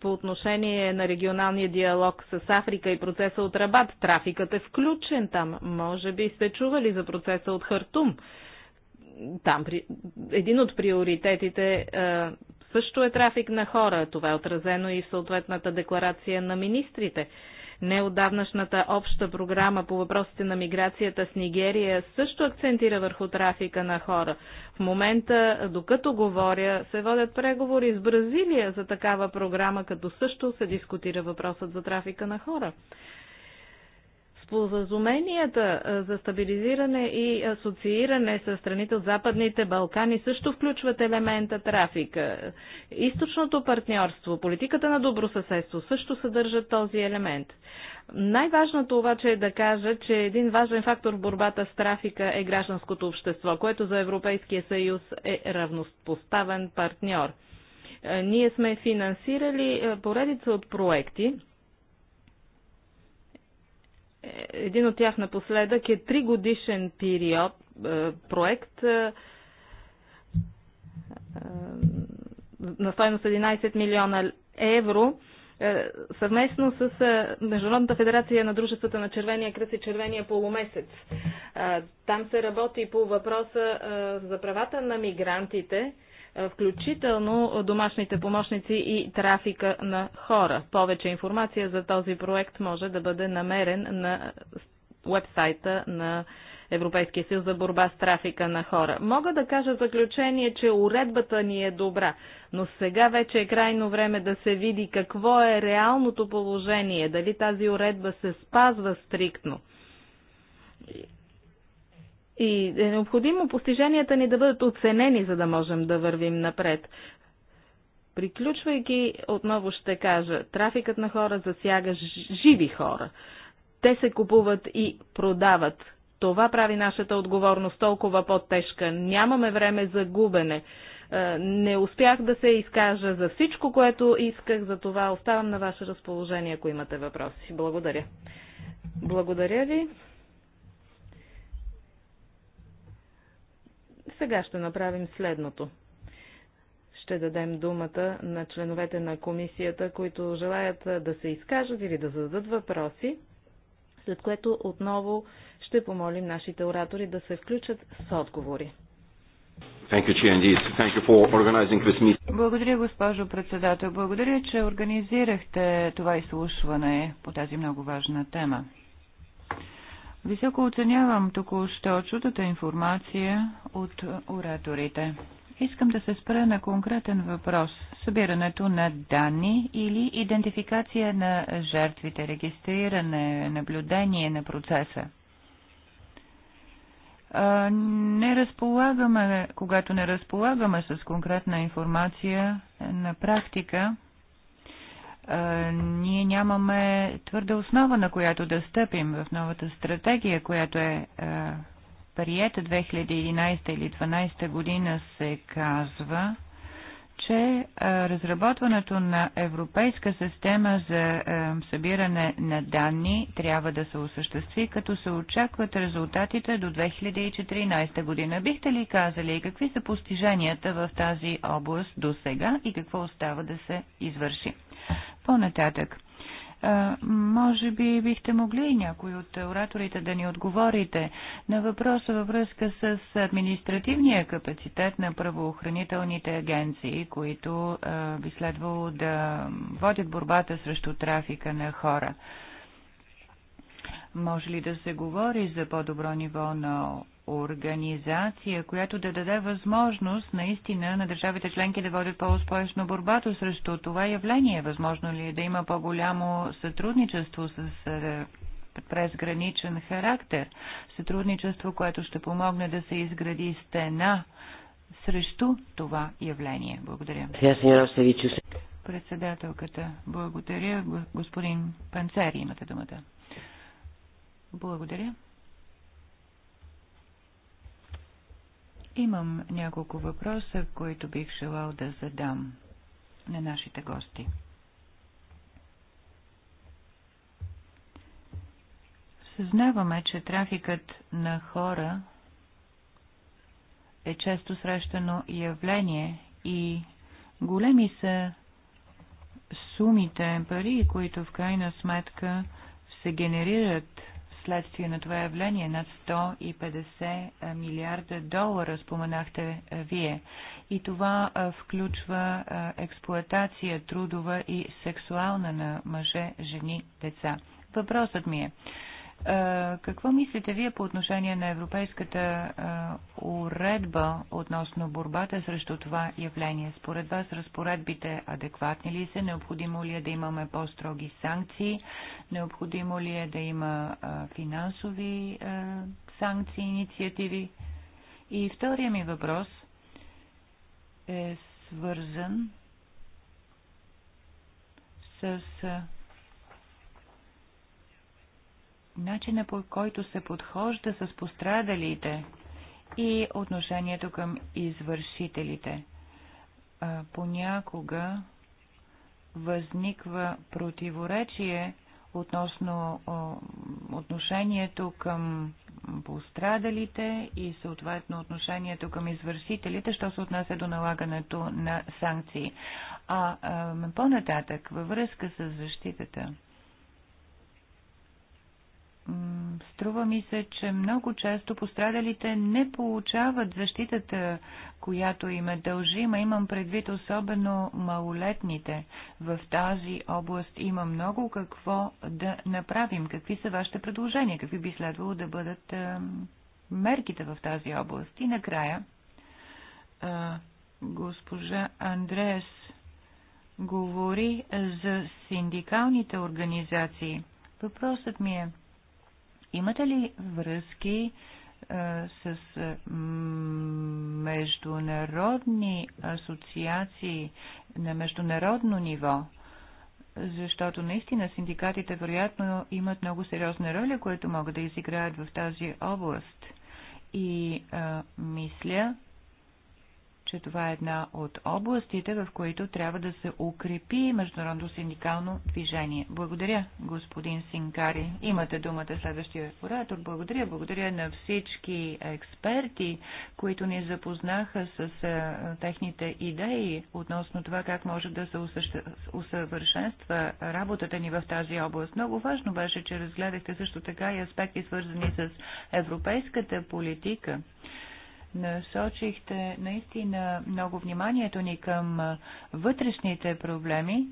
По отношение на регионалния диалог с Африка и процеса от Рабат, трафикът е включен там. Може би сте чували за процеса от Хартум. Там един от приоритетите също е трафик на хора. Това е отразено и в съответната декларация на министрите. Неодавнашната обща програма по въпросите на миграцията с Нигерия също акцентира върху трафика на хора. В момента, докато говоря, се водят преговори с Бразилия за такава програма, като също се дискутира въпросът за трафика на хора. Споразуменията за стабилизиране и асоцииране с страните от Западните Балкани също включват елемента трафик. Източното партньорство, политиката на добросъседство също съдържат този елемент. Най-важното обаче е да кажа, че един важен фактор в борбата с трафика е гражданското общество, което за Европейския съюз е равнопоставен партньор. Е, ние сме финансирали е, поредица от проекти, един от тях напоследък е тригодишен период, е, проект е, е, на стоеност 11 милиона евро, съвместно с Международната федерация на дружествата на Червения кръст и Червения полумесец. Там се работи по въпроса за правата на мигрантите включително домашните помощници и трафика на хора. Повече информация за този проект може да бъде намерен на вебсайта на Европейския съюз за борба с трафика на хора. Мога да кажа заключение, че уредбата ни е добра, но сега вече е крайно време да се види какво е реалното положение, дали тази уредба се спазва стриктно. И е необходимо постиженията ни да бъдат оценени, за да можем да вървим напред. Приключвайки, отново ще кажа, трафикът на хора засяга живи хора. Те се купуват и продават. Това прави нашата отговорност толкова по-тежка. Нямаме време за губене. Е, не успях да се изкажа за всичко, което исках, за това оставам на ваше разположение, ако имате въпроси. Благодаря. Благодаря ви. Сега ще направим следното. Ще дадем думата на членовете на комисията, които желаят да се изкажат или да зададат въпроси, след което отново ще помолим нашите оратори да се включат с отговори. Благодаря, госпожо председател. Благодаря, че организирахте това изслушване по тази много важна тема. Високо оценявам току-що чутата информация от ораторите. Искам да се спра на конкретен въпрос – събирането на данни или идентификация на жертвите, регистриране, наблюдение на процеса. Не разполагаме, когато не разполагаме с конкретна информация на практика – ние нямаме твърда основа, на която да стъпим в новата стратегия, която е приета 2011 или 2012 година, се казва, че разработването на европейска система за събиране на данни трябва да се осъществи, като се очакват резултатите до 2014 година. Бихте ли казали какви са постиженията в тази област до сега и какво остава да се извърши? по-нататък. Може би бихте могли някой от ораторите да ни отговорите на въпроса във връзка с административния капацитет на правоохранителните агенции, които би следвало да водят борбата срещу трафика на хора. Може ли да се говори за по-добро ниво на организация, която да даде възможност наистина на държавите членки да водят по-успешно борбата срещу това явление? Възможно ли е да има по-голямо сътрудничество с презграничен характер, сътрудничество, което ще помогне да се изгради стена срещу това явление. Благодаря. Председателката, благодаря. Господин Панцери, имате думата. Благодаря. Имам няколко въпроса, които бих желал да задам на нашите гости. Съзнаваме, че трафикът на хора е често срещано явление и големи са сумите пари, които в крайна сметка се генерират вследствие на това явление над 150 милиарда долара, споменахте вие. И това включва експлоатация трудова и сексуална на мъже, жени, деца. Въпросът ми е, е, какво мислите вие по отношение на европейската е, уредба относно борбата срещу това явление? Според вас разпоредбите адекватни ли са? Необходимо ли е да имаме по-строги санкции? Необходимо ли е да има е, финансови санкции, инициативи? И втория ми въпрос е свързан с начина по който се подхожда с пострадалите и отношението към извършителите. Понякога възниква противоречие относно отношението към пострадалите и съответно отношението към извършителите, що се отнася до налагането на санкции. А, а по-нататък, във връзка с защитата Струва ми се, че много често пострадалите не получават защитата, която им е дължима. Имам предвид особено малолетните. В тази област има много какво да направим. Какви са вашите предложения? Какви би следвало да бъдат мерките в тази област? И накрая, госпожа Андреас говори за синдикалните организации. Въпросът ми е, Имате ли връзки е, с е, международни асоциации на международно ниво? Защото наистина синдикатите вероятно имат много сериозна роля, която могат да изиграят в тази област. И а, е, мисля, че това е една от областите, в които трябва да се укрепи международното синдикално движение. Благодаря, господин Синкари. Имате думата следващия оратор. Благодаря. Благодаря на всички експерти, които ни запознаха с техните идеи относно това как може да се усъвършенства работата ни в тази област. Много важно беше, че разгледахте също така и аспекти свързани с европейската политика насочихте наистина много вниманието ни към вътрешните проблеми.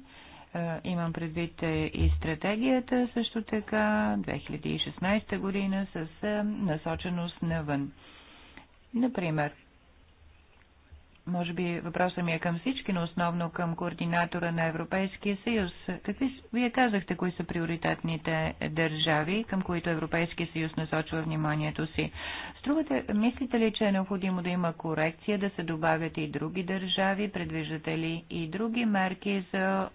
Имам предвид е, и стратегията също така 2016 година с насоченост навън. Например, може би въпросът ми е към всички, но основно към координатора на Европейския съюз. Какви, вие казахте, кои са приоритетните държави, към които Европейския съюз насочва вниманието си. Струвате, мислите ли, че е необходимо да има корекция, да се добавят и други държави? Предвиждате ли и други мерки за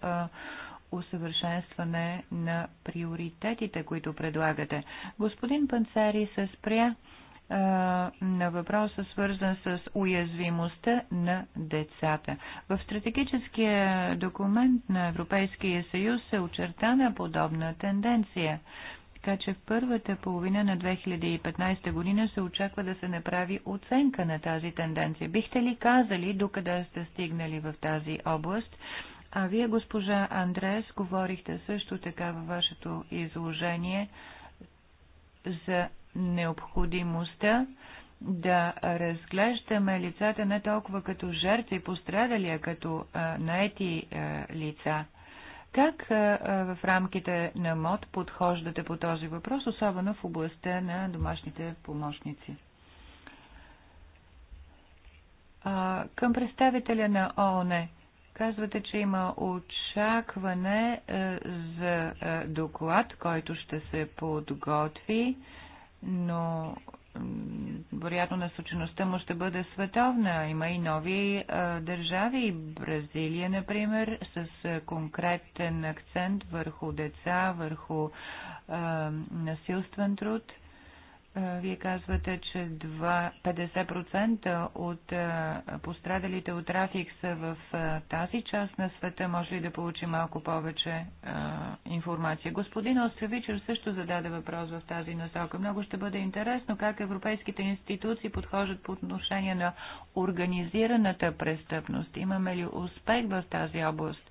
усъвършенстване на приоритетите, които предлагате? Господин Панцари се спря на въпроса, свързан с уязвимостта на децата. В стратегическия документ на Европейския съюз се очертана подобна тенденция така че в първата половина на 2015 година се очаква да се направи оценка на тази тенденция. Бихте ли казали докъде сте стигнали в тази област? А вие, госпожа Андрес, говорихте също така във вашето изложение за необходимостта да разглеждаме лицата не толкова като жертви пострадали, а като а, наети а, лица. Как а, в рамките на МОД подхождате по този въпрос, особено в областта на домашните помощници? А, към представителя на ООН. Казвате, че има очакване а, е, за а, е, доклад, който ще се подготви. А, но вероятно насочеността му ще бъде световна. Има и нови държави, Бразилия, например, с конкретен акцент върху деца, върху насилствен труд. Вие казвате, че 50% от пострадалите от трафик са в тази част на света. Може ли да получи малко повече информация? Господин Островичер също зададе въпрос в тази насока. Много ще бъде интересно как европейските институции подхожат по отношение на организираната престъпност. Имаме ли успех в тази област?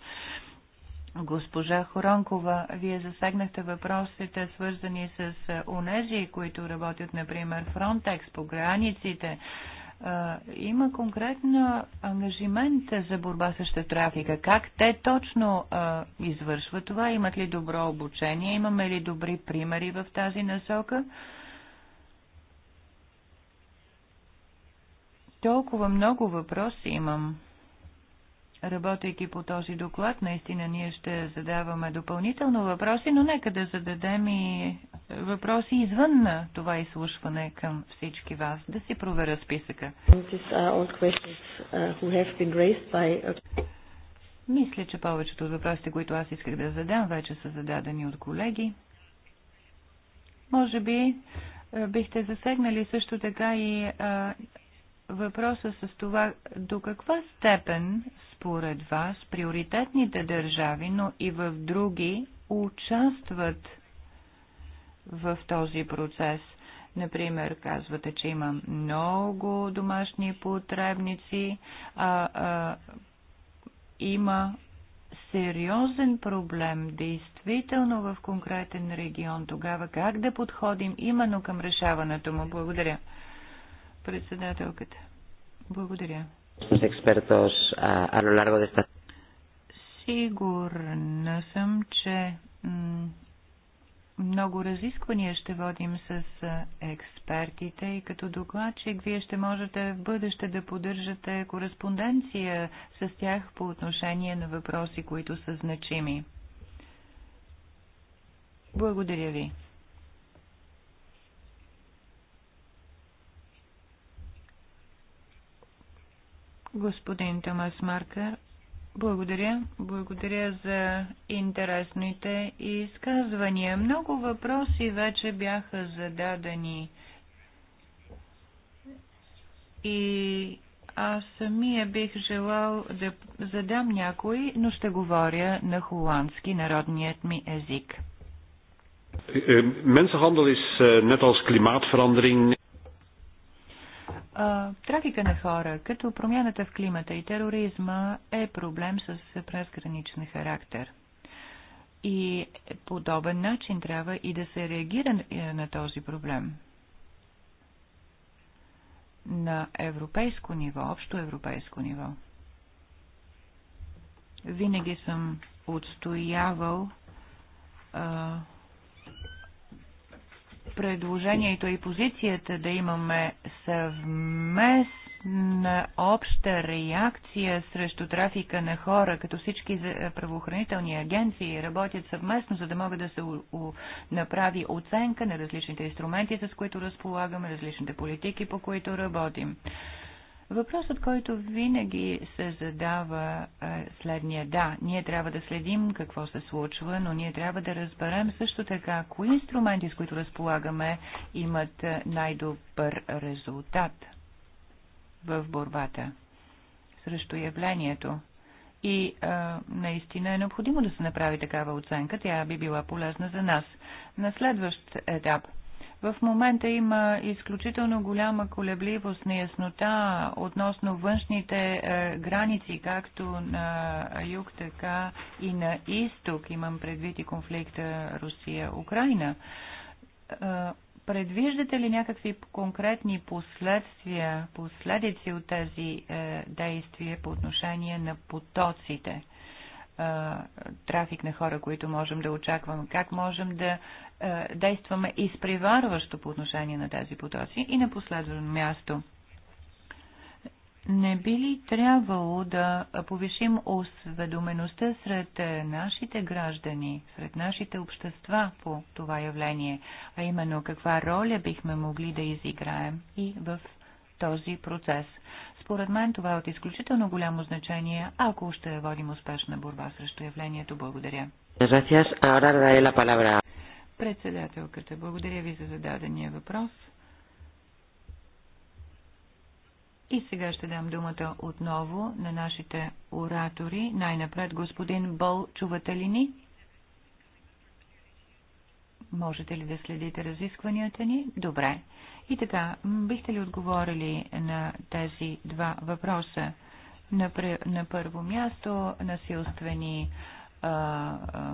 Госпожа Хоронкова, вие засегнахте въпросите, свързани с унези, които работят, например, Фронтекс по границите. Има конкретно ангажимент за борба срещу трафика. Как те точно извършват това? Имат ли добро обучение? Имаме ли добри примери в тази насока? Толкова много въпроси имам работейки по този доклад, наистина ние ще задаваме допълнително въпроси, но нека да зададем и въпроси извън на това изслушване към всички вас. Да си проверя списъка. Uh, uh, Мисля, че повечето от въпросите, които аз исках да задам, вече са зададени от колеги. Може би е, бихте засегнали също така и а, е, въпроса с това до каква степен според вас приоритетните държави, но и в други участват в този процес. Например, казвате, че има много домашни потребници, а, а, има сериозен проблем, действително в конкретен регион. Тогава как да подходим именно към решаването му? Благодаря. Председателката. Благодаря. Сигурна съм, че много разисквания ще водим с експертите и като докладчик вие ще можете в бъдеще да поддържате кореспонденция с тях по отношение на въпроси, които са значими. Благодаря ви. Господин Томас Маркър, благодаря. Благодаря за интересните изказвания. Много въпроси вече бяха зададени. И аз самия бих желал да задам някой, но ще говоря на холандски, народният ми език. Mensenhandel е, е, е net als klimaatverandering Трафика на хора, като промяната в климата и тероризма, е проблем с презграничен характер. И подобен начин трябва и да се реагира на е, този проблем. На европейско ниво, общо европейско ниво. Винаги съм отстоявал предложението и позицията да имаме съвместна обща реакция срещу трафика на хора, като всички правоохранителни агенции работят съвместно, за да могат да се направи оценка на различните инструменти, с които разполагаме, различните политики, по които работим. Въпросът, който винаги се задава е следния. Да, ние трябва да следим какво се случва, но ние трябва да разберем също така кои инструменти, с които разполагаме, имат най-добър резултат в борбата срещу явлението. И а, наистина е необходимо да се направи такава оценка. Тя би била полезна за нас. На следващ етап – в момента има изключително голяма колебливост, неяснота относно външните е, граници, както на юг, така и на изток. Имам предвид и конфликта Русия-Украина. Е, предвиждате ли някакви конкретни последствия, последици от тези е, действия по отношение на потоците? трафик на хора, които можем да очакваме, как можем да действаме изпреварващо по отношение на тези потоци и на последно място. Не би ли трябвало да повишим осведомеността сред е, нашите граждани, сред нашите общества по това явление, а именно каква роля бихме могли да изиграем и в този процес? Според мен това е от изключително голямо значение, ако ще водим успешна борба срещу явлението. Благодаря. Председателката, благодаря ви за зададения въпрос. И сега ще дам думата отново на нашите оратори. Най-напред господин Бол, чувате ли ни? Можете ли да следите разискванията ни? Добре. И така, бихте ли отговорили на тези два въпроса? На, на първо място, насилствени а, а,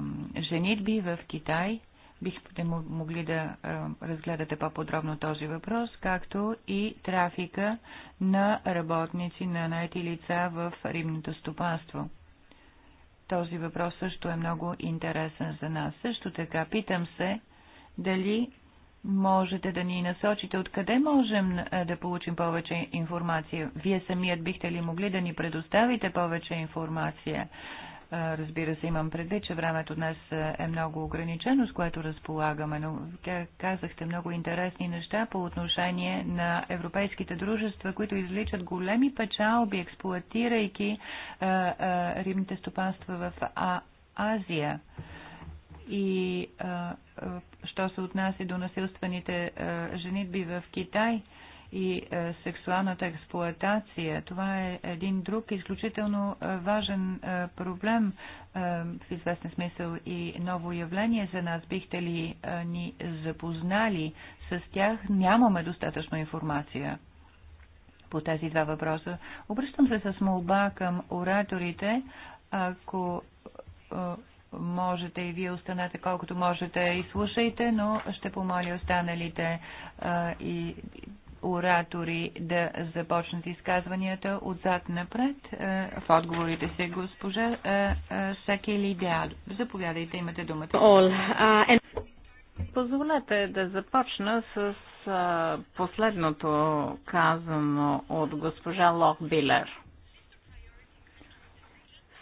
женитби в Китай. Бихте могли да а, разгледате по-подробно този въпрос, както и трафика на работници на найти лица в римното стопанство. Този въпрос също е много интересен за нас. Също така, питам се дали можете да ни насочите откъде можем е, да получим повече информация. Вие самият бихте ли могли да ни предоставите повече информация? Разбира се, имам предвид, че времето днес е, е много ограничено, с което разполагаме, но казахте много интересни неща по отношение на европейските дружества, които изличат големи печалби, експлуатирайки рибните стопанства в Азия. И що се отнася до насилствените женитби в Китай – и е, сексуалната експлоатация. Това е един друг изключително е, важен е, проблем в известен смисъл и ново явление за нас. Бихте ли ни запознали с тях? Нямаме достатъчно информация по тези два въпроса. Обръщам се с молба към ораторите, ако можете и вие останете колкото можете и слушайте, но ще помоля останалите а, и оратори да започнат изказванията отзад напред. Е, в отговорите се госпожа е, е, Сакели Деал. Заповядайте, имате думата. Uh, позволете да започна с последното казано от госпожа Лох Билер.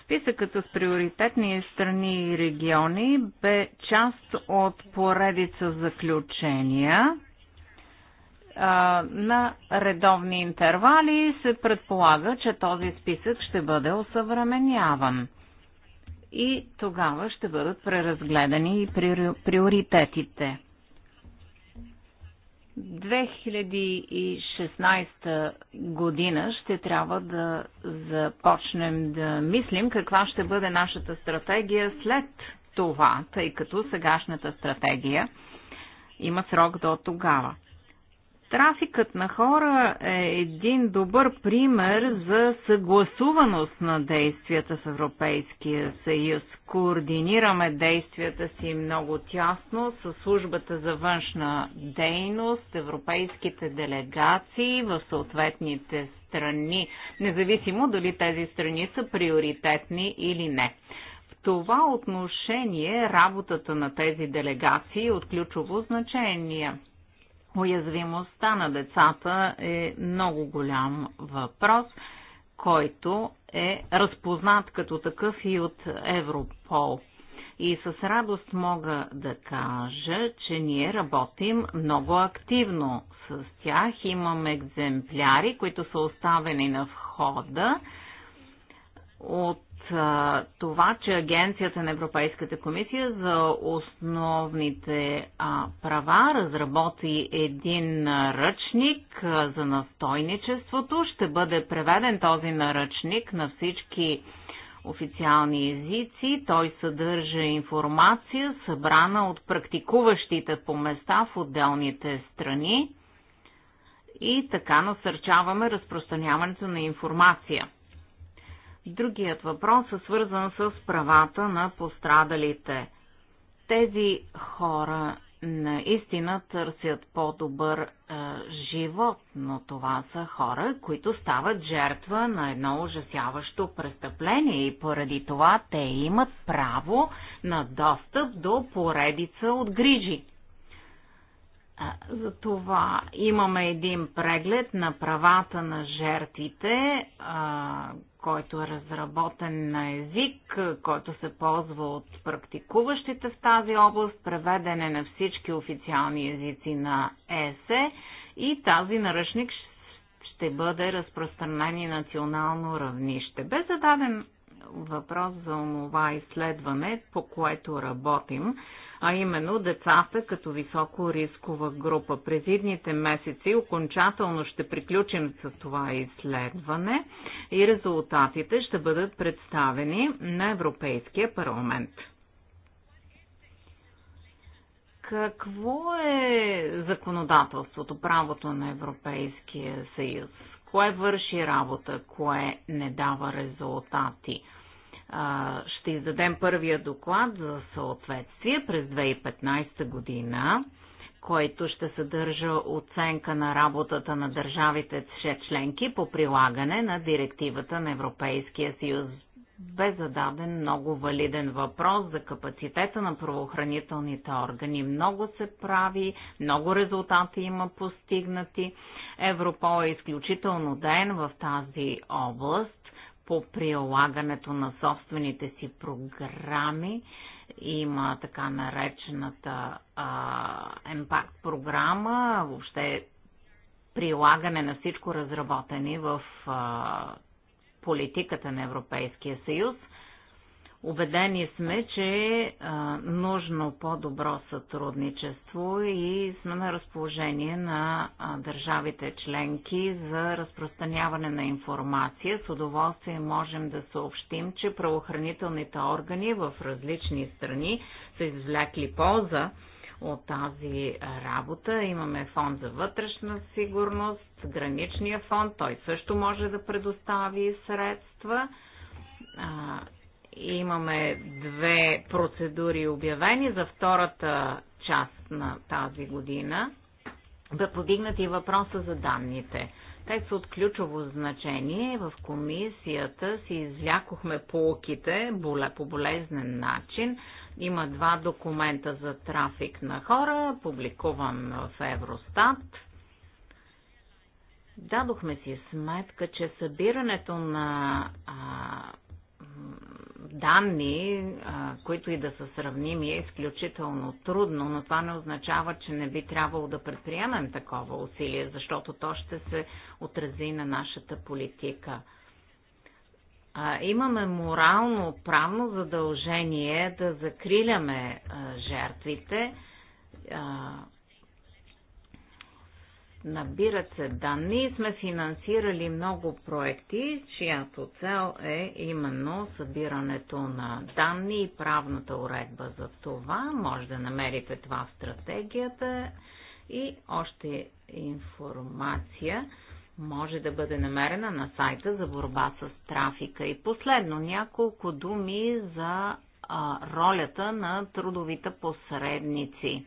Списъкът с приоритетни страни и региони бе част от поредица заключения – на редовни интервали се предполага, че този списък ще бъде осъвременяван. И тогава ще бъдат преразгледани и приоритетите. 2016 година ще трябва да започнем да мислим каква ще бъде нашата стратегия след това, тъй като сегашната стратегия има срок до тогава. Трафикът на хора е един добър пример за съгласуваност на действията с Европейския съюз. Координираме действията си много тясно с службата за външна дейност, европейските делегации в съответните страни, независимо дали тези страни са приоритетни или не. В това отношение работата на тези делегации е от ключово значение – Уязвимостта на децата е много голям въпрос, който е разпознат като такъв и от Европол. И с радост мога да кажа, че ние работим много активно с тях. Имам екземпляри, които са оставени на входа от а, това, че Агенцията на Европейската комисия за основните а, права разработи един наръчник а, за настойничеството. Ще бъде преведен този наръчник на всички официални езици. Той съдържа информация, събрана от практикуващите по места в отделните страни и така насърчаваме разпространяването на информация – Другият въпрос е свързан с правата на пострадалите. Тези хора наистина търсят по-добър е, живот, но това са хора, които стават жертва на едно ужасяващо престъпление и поради това те имат право на достъп до поредица от грижи. За това имаме един преглед на правата на жертвите, който е разработен на език, който се ползва от практикуващите в тази област, преведен е на всички официални езици на ЕСЕ и тази наръчник ще бъде разпространен и национално равнище. Бе зададен въпрос за онова изследване, по което работим а именно децата като високо рискова група. През идните месеци окончателно ще приключим с това изследване и резултатите ще бъдат представени на Европейския парламент. Какво е законодателството, правото на Европейския съюз? Кое върши работа, кое не дава резултати? ще издадем първия доклад за съответствие през 2015 година, който ще съдържа оценка на работата на държавите членки по прилагане на директивата на Европейския съюз. Бе зададен много валиден въпрос за капацитета на правоохранителните органи. Много се прави, много резултати има постигнати. Европол е изключително ден в тази област по прилагането на собствените си програми. Има така наречената Impact програма, въобще прилагане на всичко разработени в а, политиката на Европейския съюз – Убедени сме, че е нужно по-добро сътрудничество и сме на разположение на държавите членки за разпространяване на информация. С удоволствие можем да съобщим, че правоохранителните органи в различни страни са извлекли полза от тази работа. Имаме фонд за вътрешна сигурност, граничния фонд, той също може да предостави средства Имаме две процедури обявени за втората част на тази година. Бе подигнат и въпроса за данните. Те са от ключово значение. В комисията си извлякохме полките по болезнен начин. Има два документа за трафик на хора, публикуван в Евростат. Дадохме си сметка, че събирането на а, данни, които и да са сравними, е изключително трудно, но това не означава, че не би трябвало да предприемем такова усилие, защото то ще се отрази на нашата политика. Имаме морално, правно задължение да закриляме жертвите, Набират се данни. Сме финансирали много проекти, чиято цел е именно събирането на данни и правната уредба за това. Може да намерите това в стратегията и още информация може да бъде намерена на сайта за борба с трафика. И последно няколко думи за а, ролята на трудовите посредници.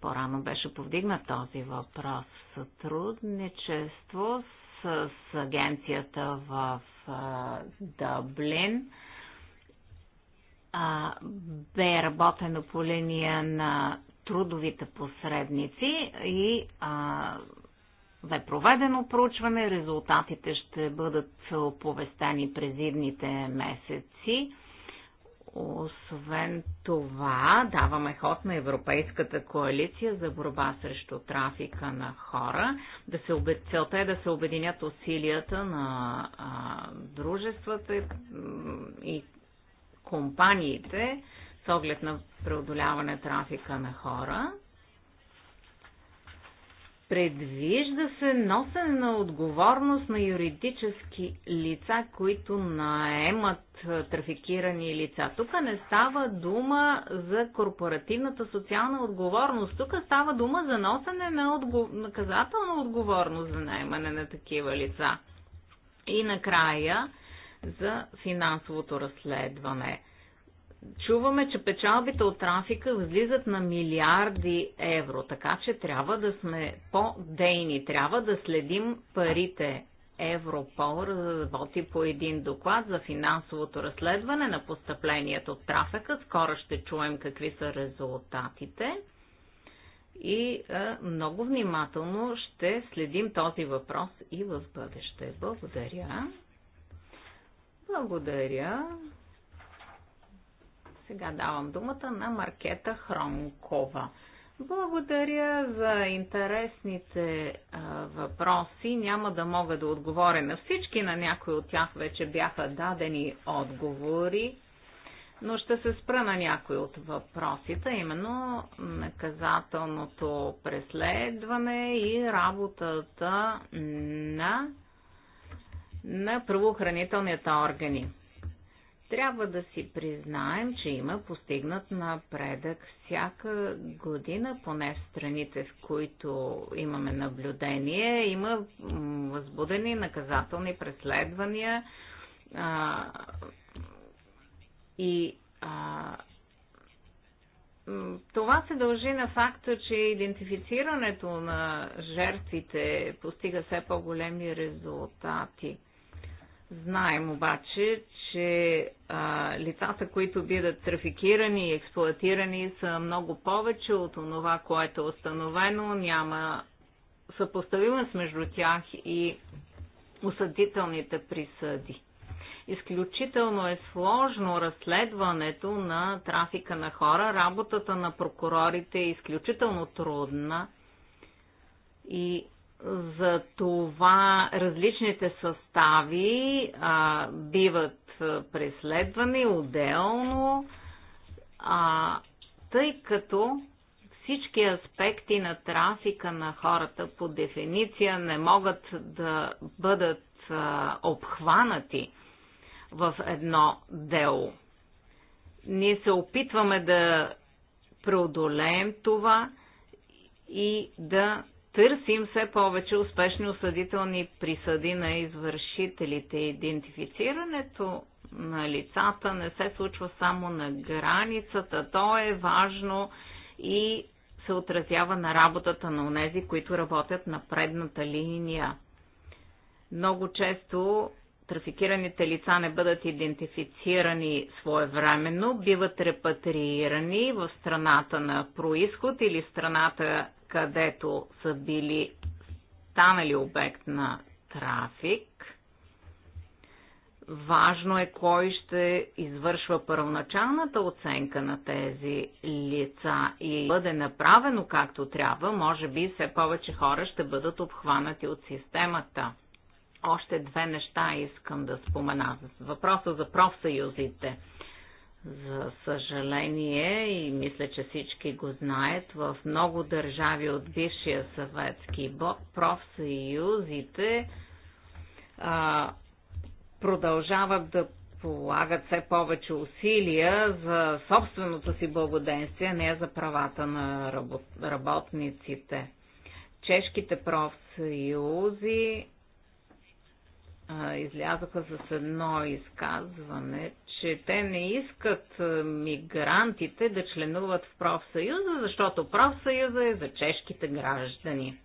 По-рано беше повдигнат този въпрос. Сътрудничество с, с агенцията в а, Дъблин а, бе работено по линия на трудовите посредници и а, бе проведено проучване. Резултатите ще бъдат оповестени през идните месеци. Освен това, даваме ход на Европейската коалиция за борба срещу трафика на хора. Да се обед... Целта е да се обединят усилията на а, дружествата и компаниите с оглед на преодоляване трафика на хора. Предвижда се носене на отговорност на юридически лица, които наемат трафикирани лица. Тук не става дума за корпоративната социална отговорност. Тук става дума за носене на отгов... наказателна отговорност за наймане на такива лица. И накрая за финансовото разследване. Чуваме, че печалбите от трафика възлизат на милиарди евро, така че трябва да сме по-дейни, трябва да следим парите Европол работи по един доклад за финансовото разследване на постъплението от трафика. Скоро ще чуем какви са резултатите и много внимателно ще следим този въпрос и в бъдеще. Благодаря. Благодаря. Сега давам думата на Маркета Хромкова. Благодаря за интересните а, въпроси. Няма да мога да отговоря на всички, на някои от тях вече бяха дадени отговори, но ще се спра на някои от въпросите, именно наказателното преследване и работата на, на правоохранителните органи. Трябва да си признаем, че има постигнат напредък всяка година, поне в страните, в които имаме наблюдение. Има възбудени наказателни преследвания а, и а, това се дължи на факта, че идентифицирането на жертвите постига все по-големи резултати – Знаем обаче, че а, лицата, които бидат трафикирани и експлуатирани, са много повече от това, което е установено. Няма съпоставимост между тях и осъдителните присъди. Изключително е сложно разследването на трафика на хора. Работата на прокурорите е изключително трудна и за това различните състави а, биват преследвани отделно, а, тъй като всички аспекти на трафика на хората по дефиниция не могат да бъдат а, обхванати в едно дело. Ние се опитваме да преодолеем това и да търсим все повече успешни осъдителни присъди на извършителите. Идентифицирането на лицата не се случва само на границата. То е важно и се отразява на работата на онези, които работят на предната линия. Много често трафикираните лица не бъдат идентифицирани своевременно, биват репатриирани в страната на происход или страната където са били станали обект на трафик. Важно е кой ще извършва първоначалната оценка на тези лица и бъде направено както трябва, може би все повече хора ще бъдат обхванати от системата. Още две неща искам да спомена. Въпроса за профсъюзите – за съжаление, и мисля, че всички го знаят, в много държави от бившия съветски профсъюзите а, продължават да полагат все повече усилия за собственото си благоденствие, не за правата на работ... работниците. Чешките профсъюзи а, излязоха с едно изказване, че те не искат е, мигрантите да членуват в профсъюза, защото профсъюза е за чешките граждани.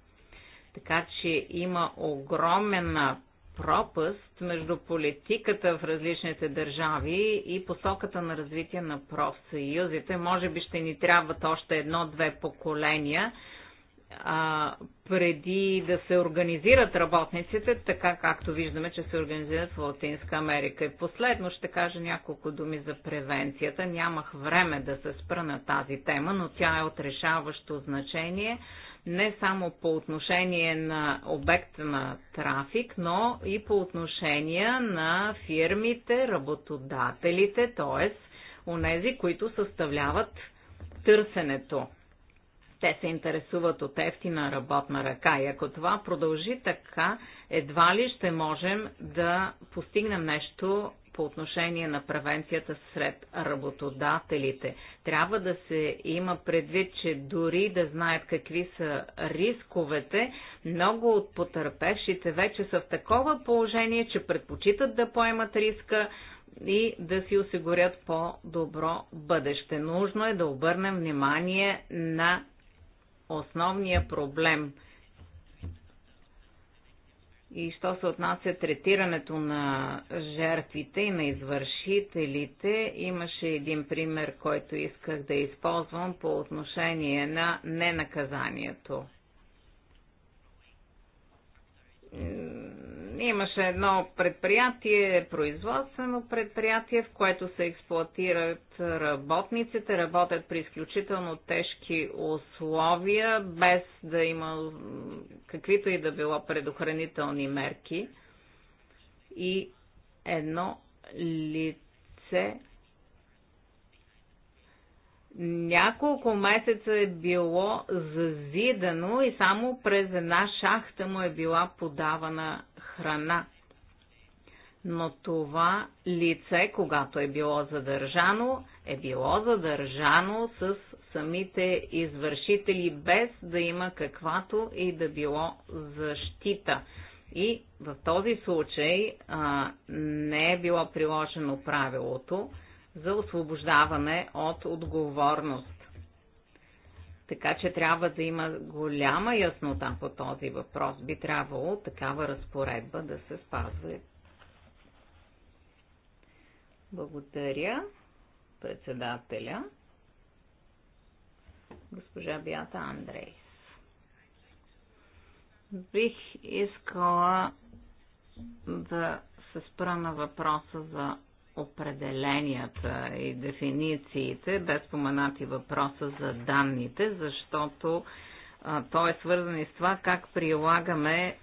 Така че има огромна пропаст между политиката в различните държави и посоката на развитие на профсъюзите. Може би ще ни трябват още едно-две поколения, а, преди да се организират работниците, така както виждаме, че се организират в Латинска Америка. И последно ще кажа няколко думи за превенцията. Нямах време да се спра на тази тема, но тя е от решаващо значение не само по отношение на обект на трафик, но и по отношение на фирмите, работодателите, т.е. онези, които съставляват търсенето те се интересуват от ефтина работна ръка и ако това продължи така, едва ли ще можем да постигнем нещо по отношение на превенцията сред работодателите. Трябва да се има предвид, че дори да знаят какви са рисковете, много от потърпевшите вече са в такова положение, че предпочитат да поемат риска и да си осигурят по-добро бъдеще. Нужно е да обърнем внимание на основния проблем. И що се отнася третирането на жертвите и на извършителите, имаше един пример, който исках да използвам по отношение на ненаказанието имаше едно предприятие, производствено предприятие, в което се експлуатират работниците, работят при изключително тежки условия, без да има каквито и да било предохранителни мерки. И едно лице няколко месеца е било зазидано и само през една шахта му е била подавана храна. Но това лице, когато е било задържано, е било задържано с самите извършители, без да има каквато и да било защита. И в този случай а, не е било приложено правилото, за освобождаване от отговорност. Така че трябва да има голяма яснота по този въпрос. Би трябвало такава разпоредба да се спазва. Благодаря председателя, госпожа Бята Андрей. Бих искала да се спра на въпроса за определенията и дефинициите, без споменати въпроса за данните, защото а, той е свързан и с това как прилагаме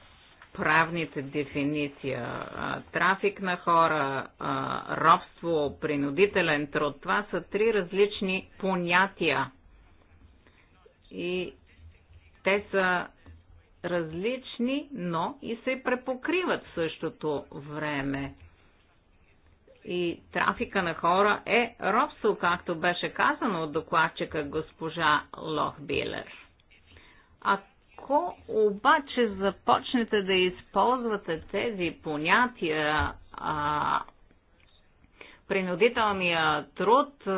правните дефиниция. Трафик на хора, робство, принудителен труд, това са три различни понятия. И те са различни, но и се препокриват в същото време и трафика на хора е робство, както беше казано от докладчика госпожа Лохбилер. Ако обаче започнете да използвате тези понятия а, принудителния труд е,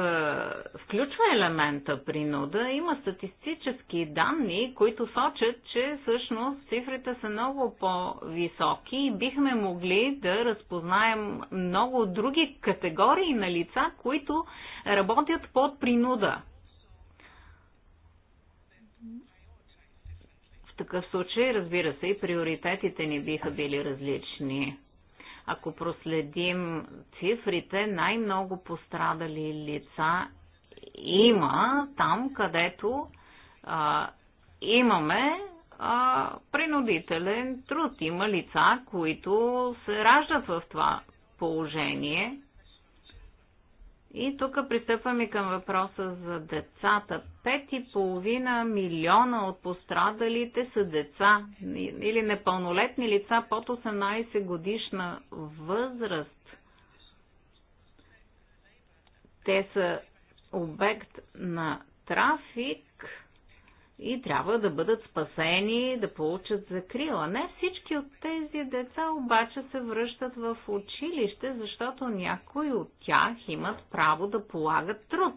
включва елемента принуда. Има статистически данни, които сочат, че всъщност цифрите са много по-високи и бихме могли да разпознаем много други категории на лица, които работят под принуда. В такъв случай, разбира се, и приоритетите ни биха били различни. Ако проследим цифрите, най-много пострадали лица има там, където а, имаме а, принудителен труд. Има лица, които се раждат в това положение и тук пристъпваме към въпроса за децата. Пет и половина милиона от пострадалите са деца или непълнолетни лица под 18 годишна възраст. Те са обект на трафик и трябва да бъдат спасени, да получат закрила. Не всички от тези деца обаче се връщат в училище, защото някои от тях имат право да полагат труд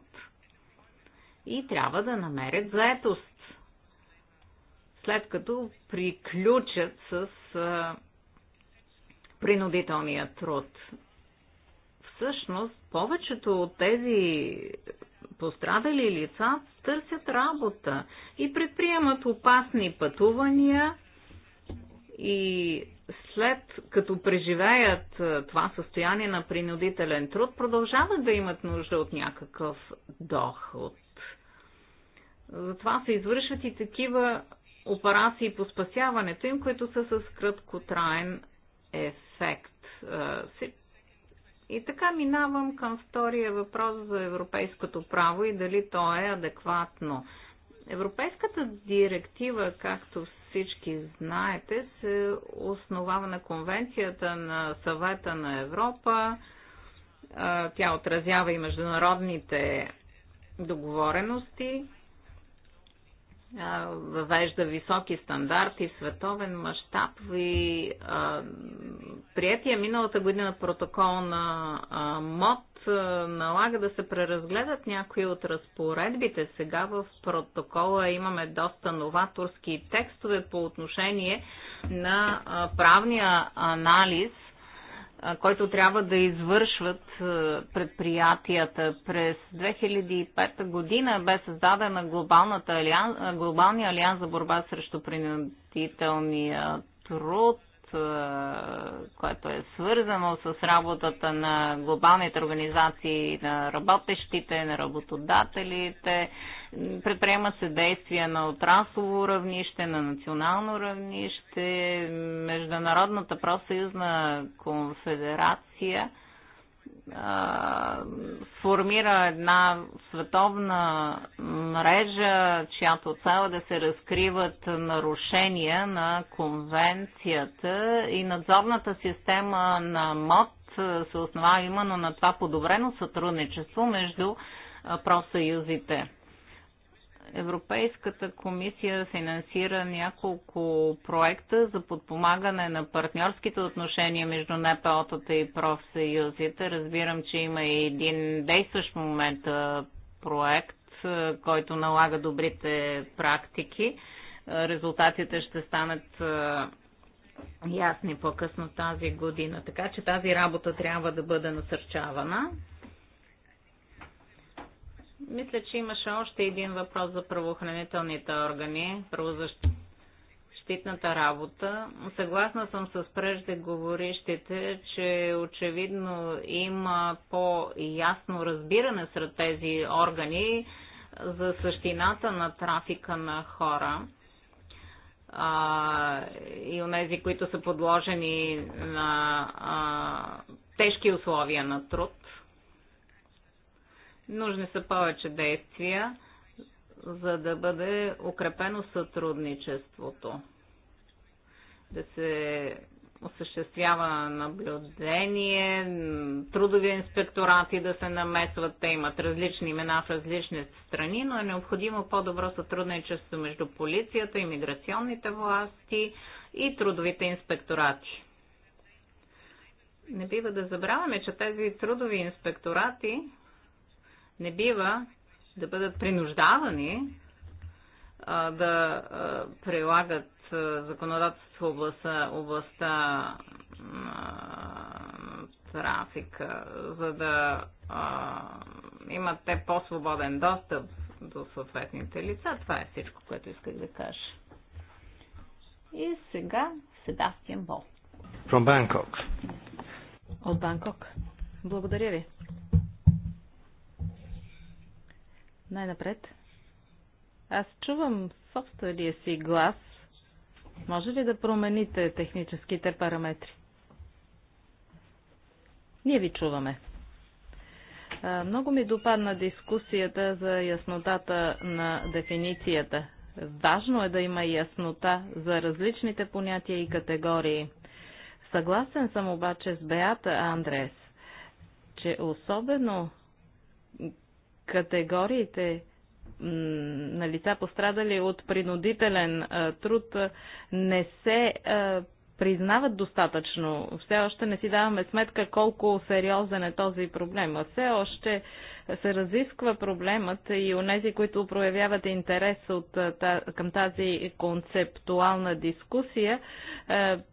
и трябва да намерят заетост. След като приключат с а, принудителния труд. Всъщност, повечето от тези пострадали лица търсят работа и предприемат опасни пътувания и след като преживеят това състояние на принудителен труд, продължават да имат нужда от някакъв доход. Затова се извършват и такива операции по спасяването им, които са с краткотраен ефект. И така минавам към втория въпрос за европейското право и дали то е адекватно. Европейската директива, както всички знаете, се основава на Конвенцията на съвета на Европа. Тя отразява и международните договорености въвежда високи стандарти в световен мащаб и приятия миналата година протокол на МОД налага да се преразгледат някои от разпоредбите. Сега в протокола имаме доста новаторски текстове по отношение на правния анализ който трябва да извършват предприятията. През 2005 година бе създадена глобалната алиан, глобалния алианс за борба срещу принудителния труд което е свързано с работата на глобалните организации, на работещите, на работодателите. Предприема се действия на отраслово равнище, на национално равнище, Международната профсъюзна конфедерация – формира една световна мрежа, чиято цел е да се разкриват нарушения на конвенцията и надзорната система на МОД се основава именно на това подобрено сътрудничество между профсъюзите. Европейската комисия финансира няколко проекта за подпомагане на партньорските отношения между НПО-тата и профсъюзите. Разбирам, че има и един действащ момент проект, който налага добрите практики. Резултатите ще станат ясни по-късно тази година. Така че тази работа трябва да бъде насърчавана. Мисля, че имаше още един въпрос за правоохранителните органи, правозащитната работа. Съгласна съм с преждеговорищите, че очевидно има по-ясно разбиране сред тези органи за същината на трафика на хора а, и онези, които са подложени на а, тежки условия на труд – Нужни са повече действия, за да бъде укрепено сътрудничеството, да се осъществява наблюдение, трудови инспекторати да се намесват. Те имат различни имена в различни страни, но е необходимо по-добро сътрудничество между полицията, иммиграционните власти и трудовите инспекторати. Не бива да забравяме, че тези трудови инспекторати не бива да бъдат принуждавани а, да а, прилагат законодателство в областта, областта на трафика, за да а, имат те по-свободен достъп до съответните лица. Това е всичко, което исках да кажа. И сега Себастиан Бол. From Bangkok. От Банкок. Благодаря ви. Най-напред. Аз чувам собствения си глас. Може ли да промените техническите параметри? Ние ви чуваме. Много ми допадна дискусията за яснотата на дефиницията. Важно е да има яснота за различните понятия и категории. Съгласен съм обаче с Беата Андрес, че особено категориите на лица пострадали от принудителен труд не се признават достатъчно. Все още не си даваме сметка колко сериозен е този проблем. А все още се разисква проблемът и у нези, които проявяват интерес от, към тази концептуална дискусия,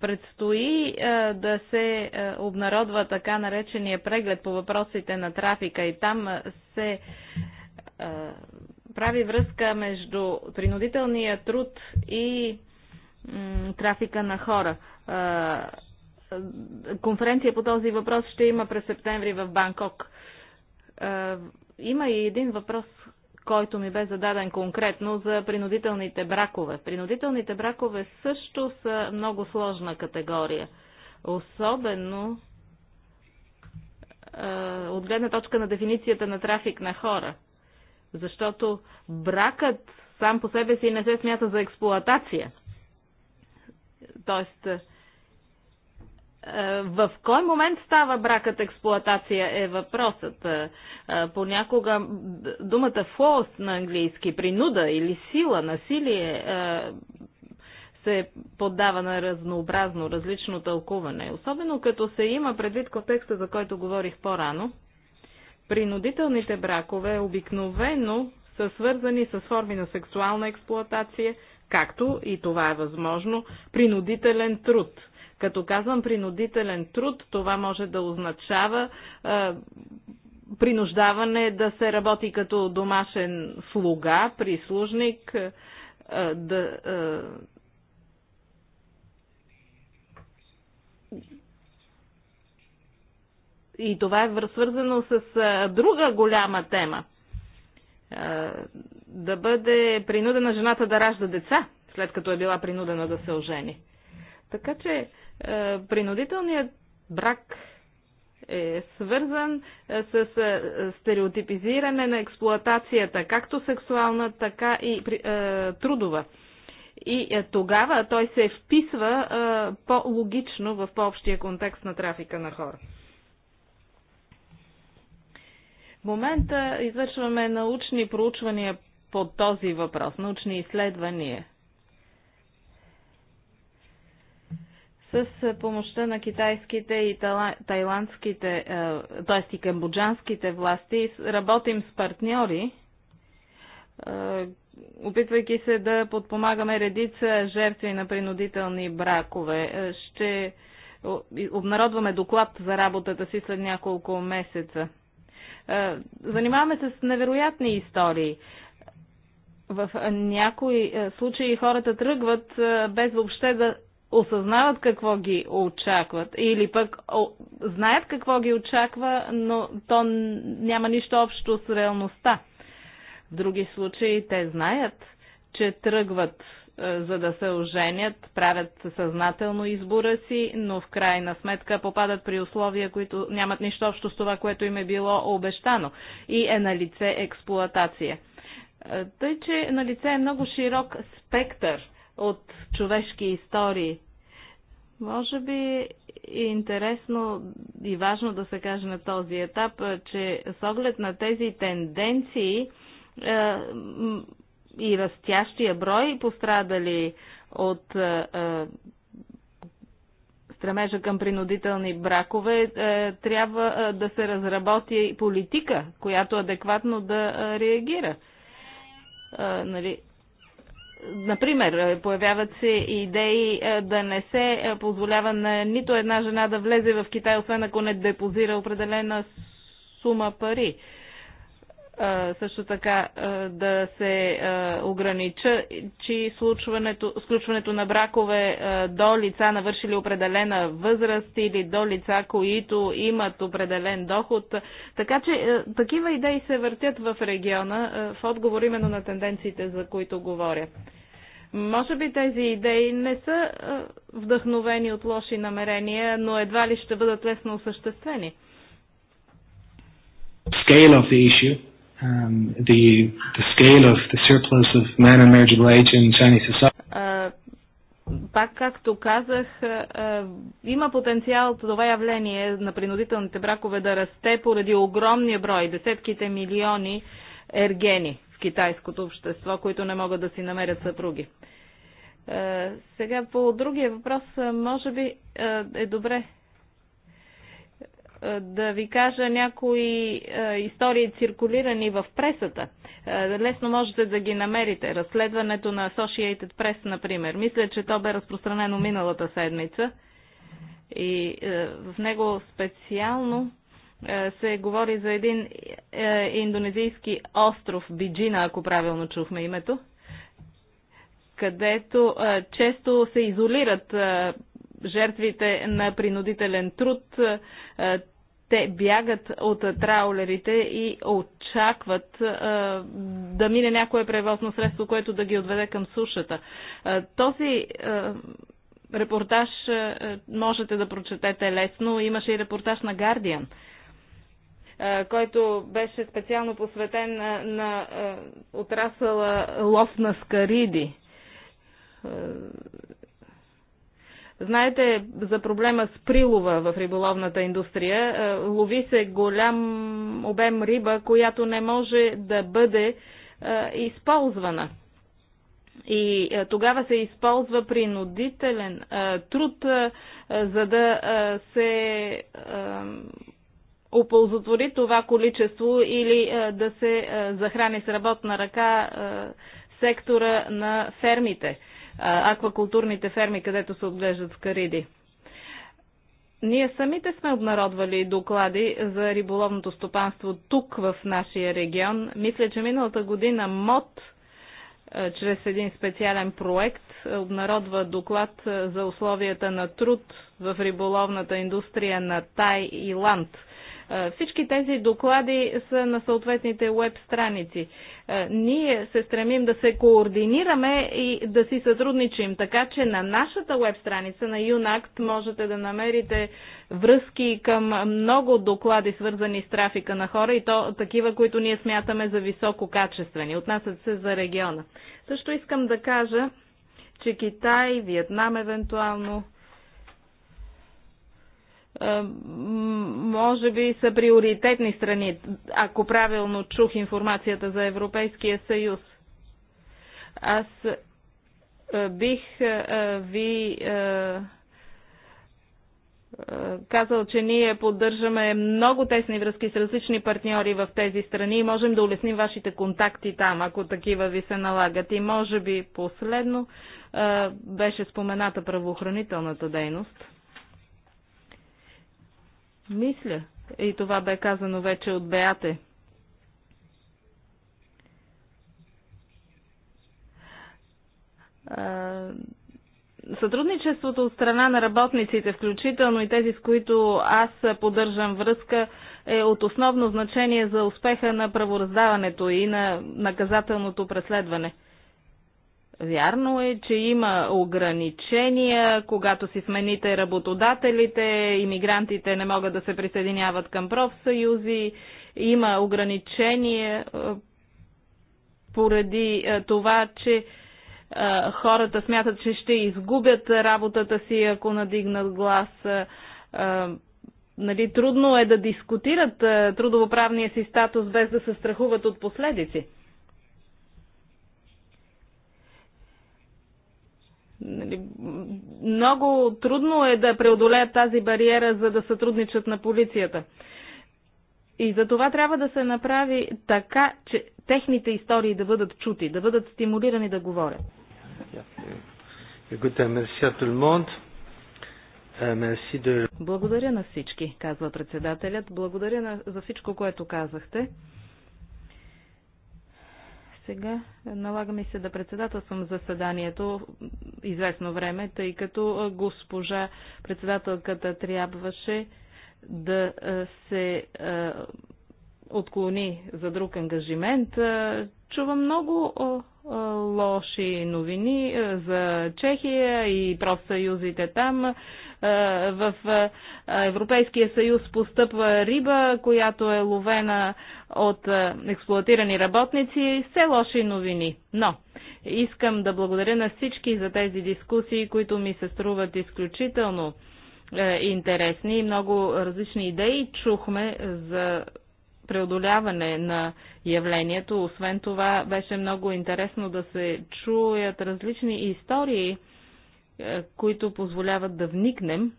предстои да се обнародва така наречения преглед по въпросите на трафика и там се прави връзка между принудителния труд и трафика на хора. Конференция по този въпрос ще има през септември в Банкок. Има и един въпрос, който ми бе зададен конкретно за принудителните бракове. Принудителните бракове също са много сложна категория. Особено от гледна точка на дефиницията на трафик на хора. Защото бракът сам по себе си не се смята за експлоатация. Тоест, е, в кой момент става бракът експлоатация е въпросът. Е, е, понякога думата force на английски, принуда или сила, насилие се поддава на разнообразно, различно тълкуване. Особено като се има предвид контекста, за който говорих по-рано. Принудителните бракове обикновено са свързани с форми на сексуална експлоатация – както и това е възможно, принудителен труд. Като казвам принудителен труд, това може да означава е, принуждаване да се работи като домашен слуга, прислужник, е, да. Е, и това е свързано с е, друга голяма тема е, да бъде принудена жената да ражда деца, след като е била принудена да се ожени. Така че е, принудителният брак е свързан е, с е, стереотипизиране на експлоатацията, както сексуална, така и е, трудова. И е, тогава той се вписва е, по-логично в по-общия контекст на трафика на хора. В момента извършваме научни проучвания по този въпрос, научни изследвания. С помощта на китайските и тайландските, т.е. и камбоджанските власти, работим с партньори, опитвайки се да подпомагаме редица жертви на принудителни бракове. Ще обнародваме доклад за работата си след няколко месеца. Занимаваме се с невероятни истории в някои е, случаи хората тръгват е, без въобще да осъзнават какво ги очакват или пък знаят какво ги очаква, но то няма нищо общо с реалността. В други случаи те знаят, че тръгват е, за да се оженят, правят съзнателно избора си, но в крайна сметка попадат при условия, които нямат нищо общо с това, което им е било обещано и е на лице експлоатация. Тъй, че на лице е много широк спектър от човешки истории. Може би е интересно и важно да се каже на този етап, че с оглед на тези тенденции и растящия брой пострадали от стремежа към принудителни бракове, трябва да се разработи политика, която адекватно да реагира а, нали, Например, е, появяват се идеи е, да не се е, позволява на нито една жена да влезе в Китай, освен ако не депозира определена сума пари също така да се огранича, че сключването на бракове до лица навършили определена възраст или до лица, които имат определен доход. Така че такива идеи се въртят в региона в отговор именно на тенденциите, за които говоря. Може би тези идеи не са вдъхновени от лоши намерения, но едва ли ще бъдат лесно осъществени. Scale of the issue um, the, the scale of the surplus of men marriageable age in Chinese society. пак, както казах, uh, има потенциал това явление на принудителните бракове да расте поради огромния брой, десетките милиони ергени в китайското общество, които не могат да си намерят съпруги. Uh, сега по другия въпрос, може би е добре е, да ви кажа някои е, истории циркулирани в пресата. Е, лесно можете да ги намерите. Разследването на Associated Press, например. Мисля, че то бе разпространено миналата седмица. И в него специално се говори за един индонезийски остров, Биджина, ако правилно чухме името, където често се изолират жертвите на принудителен труд те бягат от траулерите и очакват а, да мине някое превозно средство, което да ги отведе към сушата. А, този а, репортаж а, можете да прочетете лесно. Имаше и репортаж на Guardian, който беше специално посветен на, на а, отрасъла лов на скариди Знаете за проблема с прилова в риболовната индустрия. Е, лови се голям обем риба, която не може да бъде е, използвана. И е, тогава се използва принудителен труд, за да се оползотвори това количество или да се захрани с работна ръка сектора на фермите аквакултурните ферми, където се отглеждат скариди. Ние самите сме обнародвали доклади за риболовното стопанство тук в нашия регион. Мисля, че миналата година МОД чрез един специален проект обнародва доклад за условията на труд в риболовната индустрия на Тай и Ланд – всички тези доклади са на съответните веб страници. Ние се стремим да се координираме и да си сътрудничим, така че на нашата веб страница на UNACT можете да намерите връзки към много доклади, свързани с трафика на хора и то такива, които ние смятаме за високо качествени. Отнасят се за региона. Също искам да кажа, че Китай, Виетнам евентуално, е, може би са приоритетни страни, ако правилно чух информацията за Европейския съюз. Аз е, бих е, ви казал, че ние поддържаме много тесни връзки с различни партньори в тези страни и можем да улесним вашите контакти там, ако такива ви се налагат. И може би последно беше спомената правоохранителната дейност. Мисля, и това бе казано вече от Беате. Сътрудничеството от страна на работниците, включително и тези, с които аз поддържам връзка, е от основно значение за успеха на правораздаването и на наказателното преследване. Вярно е, че има ограничения, когато си смените работодателите, иммигрантите не могат да се присъединяват към профсъюзи, има ограничения е, поради е, това, че е, хората смятат, че ще изгубят работата си, ако надигнат глас. Нали, трудно е да дискутират трудовоправния си статус без да се страхуват от последици. Нали, много трудно е да преодолеят тази бариера, за да сътрудничат на полицията. И за това трябва да се направи така, че техните истории да бъдат чути, да бъдат стимулирани да говорят. Euh, Благодаря на всички, казва председателят. Благодаря на, за всичко, което казахте. Сега налагаме се да председателствам заседанието известно време, тъй като госпожа председателката трябваше да се отклони за друг ангажимент. Чувам много лоши новини за Чехия и профсъюзите там. Е, в е, Европейския съюз постъпва риба, която е ловена от е, експлуатирани работници, все лоши новини. Но искам да благодаря на всички за тези дискусии, които ми се струват изключително интересни и много различни идеи чухме за преодоляване на явлението. Освен това, беше много интересно да се чуят различни истории е, които позволяват да вникнем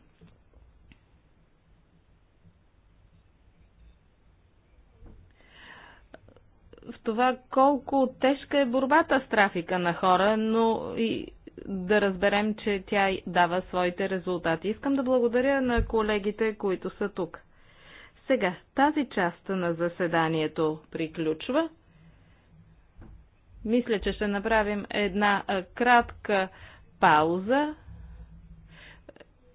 в това колко тежка е борбата с трафика на хора, но и да разберем, че тя дава своите резултати. Искам да благодаря на колегите, които са тук. Сега, тази част на заседанието приключва. Мисля, че ще направим една кратка пауза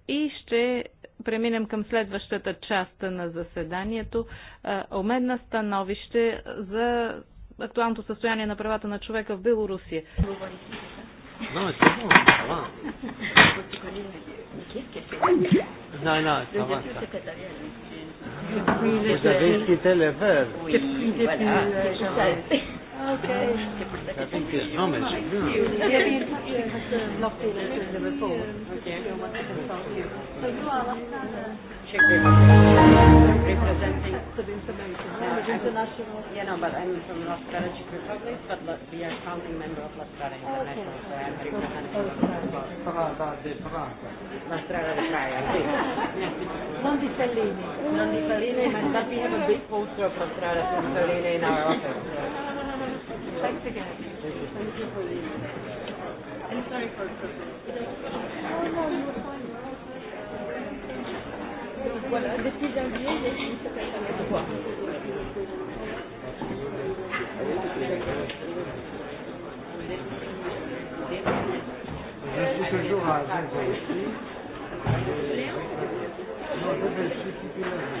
и ще преминем към следващата част на заседанието. Омен на становище за актуалното състояние на правата на човека в Белорусия. Non, Okay. I think his comments are good. Representing international. Yeah, no, but I'm from Las Vegas, Czech Republic, but we are founding member of Las Vegas International, so I'm representing. Praga de Praga. La Strada de Praga, Non di Fellini. Non di Fellini, but we have a big poster of La Strada de in our office. Thanks again. Thank you for the I'm sorry for Oh no, you were fine. Voilà, depuis janvier, de voir. Je suis toujours à Non, je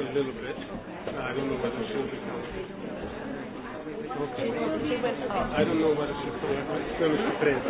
a little bit. I don't know whether she'll be coming. Okay. I don't know whether she'll be coming.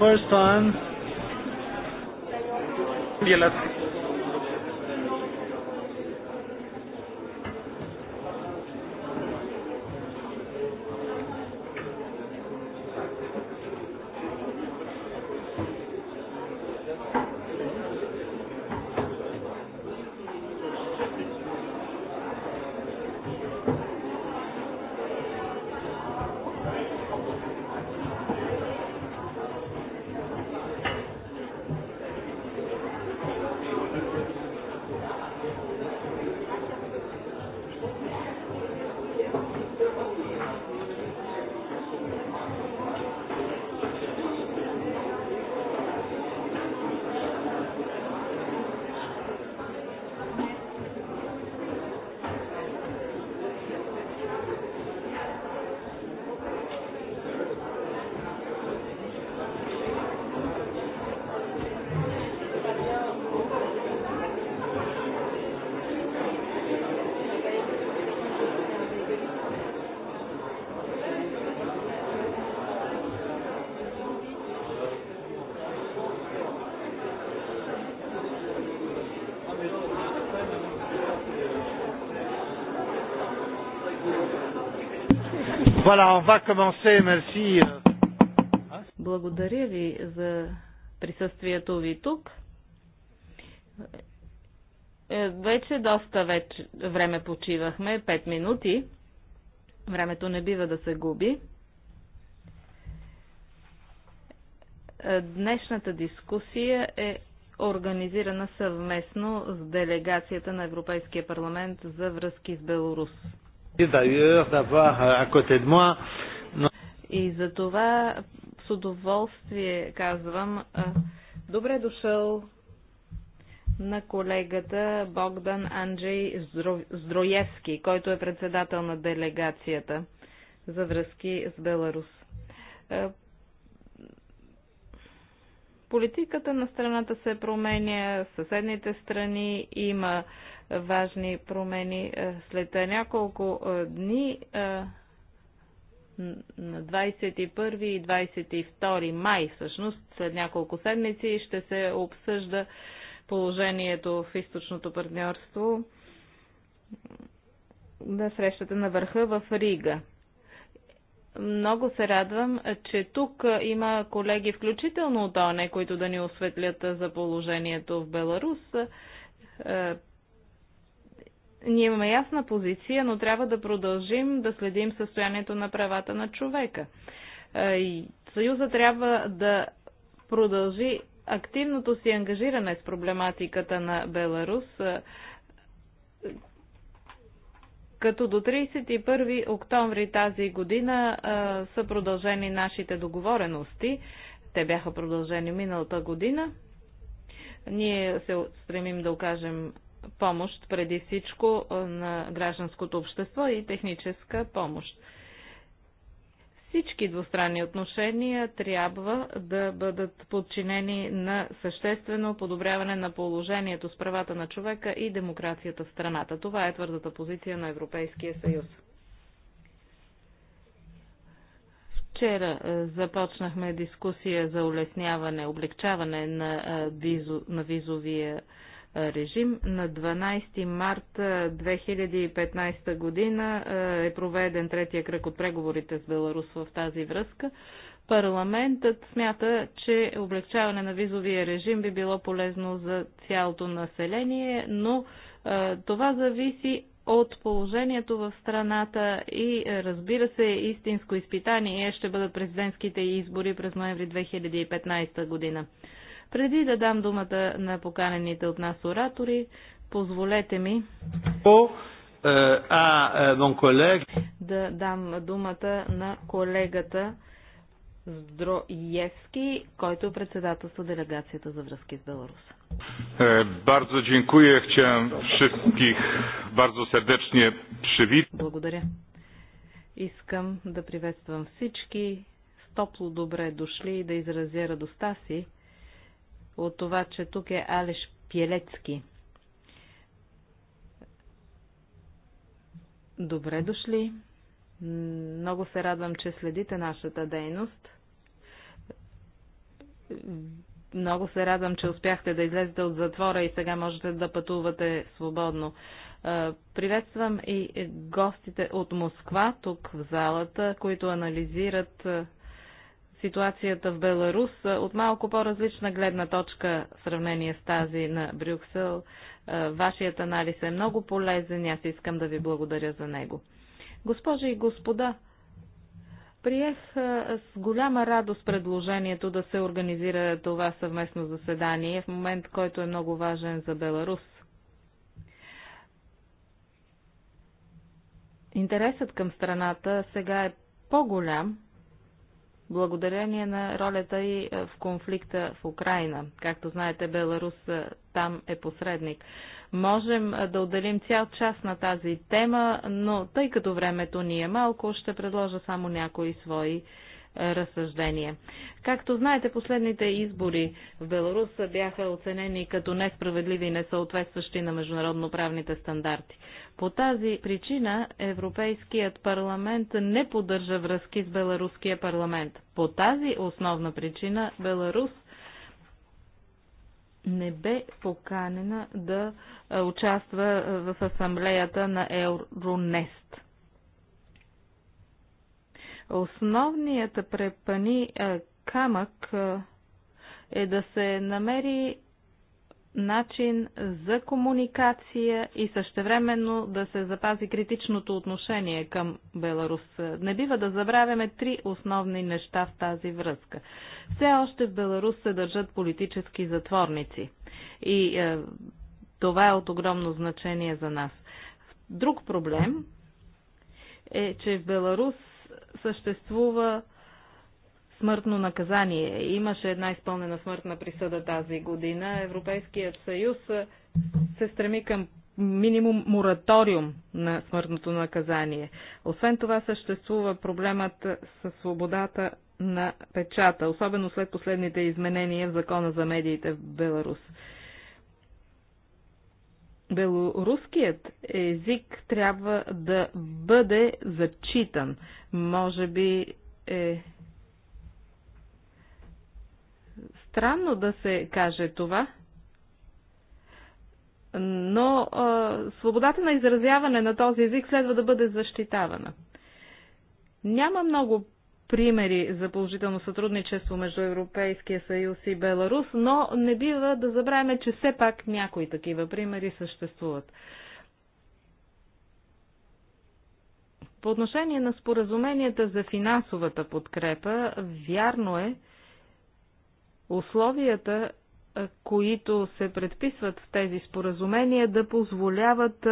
first time. Yeah, let's Voilà, on va commencer. Merci. Благодаря ви за присъствието ви тук. Е, вече доста вече време почивахме, 5 минути. Времето не бива да се губи. Е, днешната дискусия е организирана съвместно с делегацията на Европейския парламент за връзки с Беларус. Euh, И за това с удоволствие казвам добре дошъл на колегата Богдан Анджей Здроевски, който е председател на делегацията за връзки с Беларус. Политиката на страната се променя, съседните страни има важни промени. Е, след няколко е, дни е, на 21 и 22 май, всъщност, след няколко седмици, ще се обсъжда положението в източното партньорство на срещата на върха в Рига. Много се радвам, че тук има колеги, включително от ОНЕ, които да ни осветлят за положението в Беларус. Ние имаме ясна позиция, но трябва да продължим да следим състоянието на правата на човека. Е, и Съюза трябва да продължи активното си ангажиране с проблематиката на Беларус, е, като до 31 октомври тази година е, са продължени нашите договорености. Те бяха продължени миналата година. Ние се стремим да окажем помощ преди всичко на гражданското общество и техническа помощ. Всички двустранни отношения трябва да бъдат подчинени на съществено подобряване на положението с правата на човека и демокрацията в страната. Това е твърдата позиция на Европейския съюз. Вчера започнахме дискусия за улесняване, облегчаване на, визу, на визовия режим. На 12 март 2015 година е проведен третия кръг от преговорите с Беларус в тази връзка. Парламентът смята, че облегчаване на визовия режим би било полезно за цялото население, но това зависи от положението в страната и разбира се истинско изпитание ще бъдат президентските избори през ноември 2015 година. Преди да дам думата на поканените от нас оратори, позволете ми е, е, да дам думата на колегата Здроевски, който е председателство делегацията за връзки с Беларус. Бързо е, dziękuję. Chciałem wszystkich бързо сърдечни przywitać. Благодаря. Искам да приветствам всички с топло добре дошли и да изразя радостта си, от това, че тук е Алеш Пелецки. Добре дошли! Много се радвам, че следите нашата дейност. Много се радвам, че успяхте да излезете от затвора и сега можете да пътувате свободно. Приветствам и гостите от Москва, тук в залата, които анализират ситуацията в Беларус от малко по-различна гледна точка в сравнение с тази на Брюксел. Вашият анализ е много полезен и аз искам да ви благодаря за него. Госпожи и господа, приех с голяма радост предложението да се организира това съвместно заседание в момент, който е много важен за Беларус. Интересът към страната сега е по-голям благодарение на ролята и е, в конфликта в Украина. Както знаете, Беларус е, там е посредник. Можем е, да отделим цял час на тази тема, но тъй като времето ни е малко, ще предложа само някои свои разсъждения. Както знаете, последните избори в Беларус бяха оценени като несправедливи и несъответстващи на международноправните стандарти. По тази причина Европейският парламент не поддържа връзки с Беларуския парламент. По тази основна причина Беларус не бе поканена да участва в асамблеята на Евронест. Основният препани камък е да се намери начин за комуникация и същевременно да се запази критичното отношение към Беларус. Не бива да забравяме три основни неща в тази връзка. Все още в Беларус се държат политически затворници и е, това е от огромно значение за нас. Друг проблем е, че в Беларус съществува смъртно наказание. Имаше една изпълнена смъртна присъда тази година. Европейският съюз се стреми към минимум мораториум на смъртното наказание. Освен това съществува проблемът със свободата на печата, особено след последните изменения в закона за медиите в Беларус белоруският език трябва да бъде зачитан. Може би е странно да се каже това, но е, свободата на изразяване на този език следва да бъде защитавана. Няма много примери за положително сътрудничество между Европейския съюз и Беларус, но не бива да забравяме, че все пак някои такива примери съществуват. По отношение на споразуменията за финансовата подкрепа, вярно е, условията, които се предписват в тези споразумения, да позволяват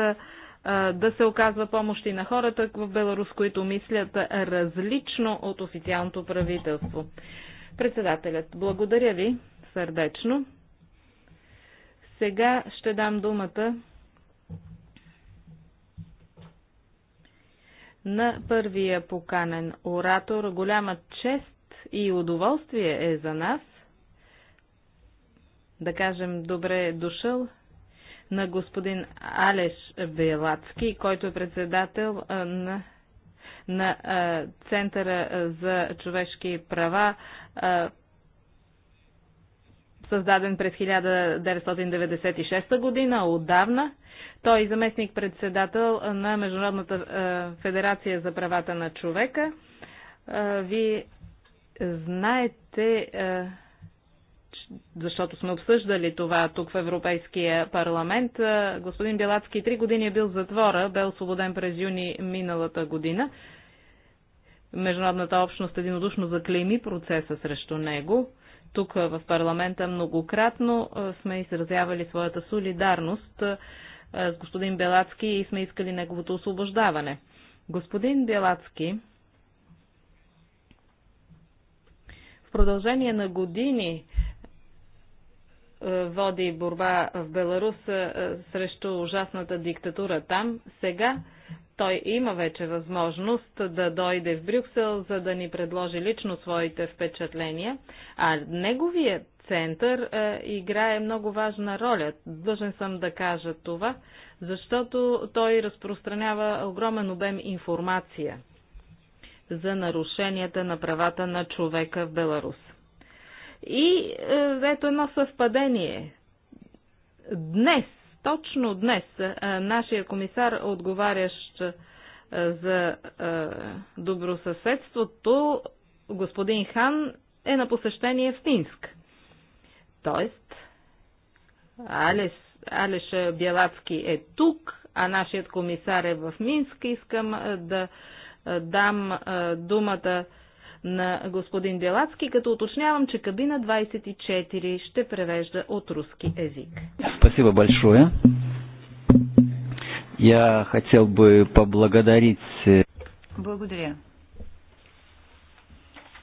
да се оказва помощ и на хората в Беларус, които мислят различно от официалното правителство. Председателят, благодаря ви сърдечно. Сега ще дам думата на първия поканен оратор. Голяма чест и удоволствие е за нас да кажем добре е дошъл на господин Алеш Белацки, който е председател на на Центъра за човешки права, създаден през 1996 година, отдавна. Той е заместник председател на Международната федерация за правата на човека. Вие знаете, защото сме обсъждали това тук в Европейския парламент. Господин Белацки три години е бил в затвора, бе освободен през юни миналата година. Международната общност единодушно заклейми процеса срещу него. Тук в парламента многократно сме изразявали своята солидарност с господин Белацки и сме искали неговото освобождаване. Господин Белацки в продължение на години е, води борба в Беларус е, е, срещу ужасната диктатура там, сега той има вече възможност да дойде в Брюксел, за да ни предложи лично своите впечатления, а неговият център играе много важна роля. Длъжен съм да кажа това, защото той разпространява огромен обем информация за нарушенията на правата на човека в Беларус. И е, ето едно съвпадение. Днес, точно днес, е, нашия комисар, отговарящ е, за добросъседството, господин Хан, е на посещение в Минск. Тоест, Алес, Алеш Бялацки е тук, а нашият комисар е в Минск. Искам да дам думата на господин Делацки, като уточнявам, че кабина 24 ще превежда от руски език. Спасибо большое. Я хотел бы поблагодарить... Э, Благодаря.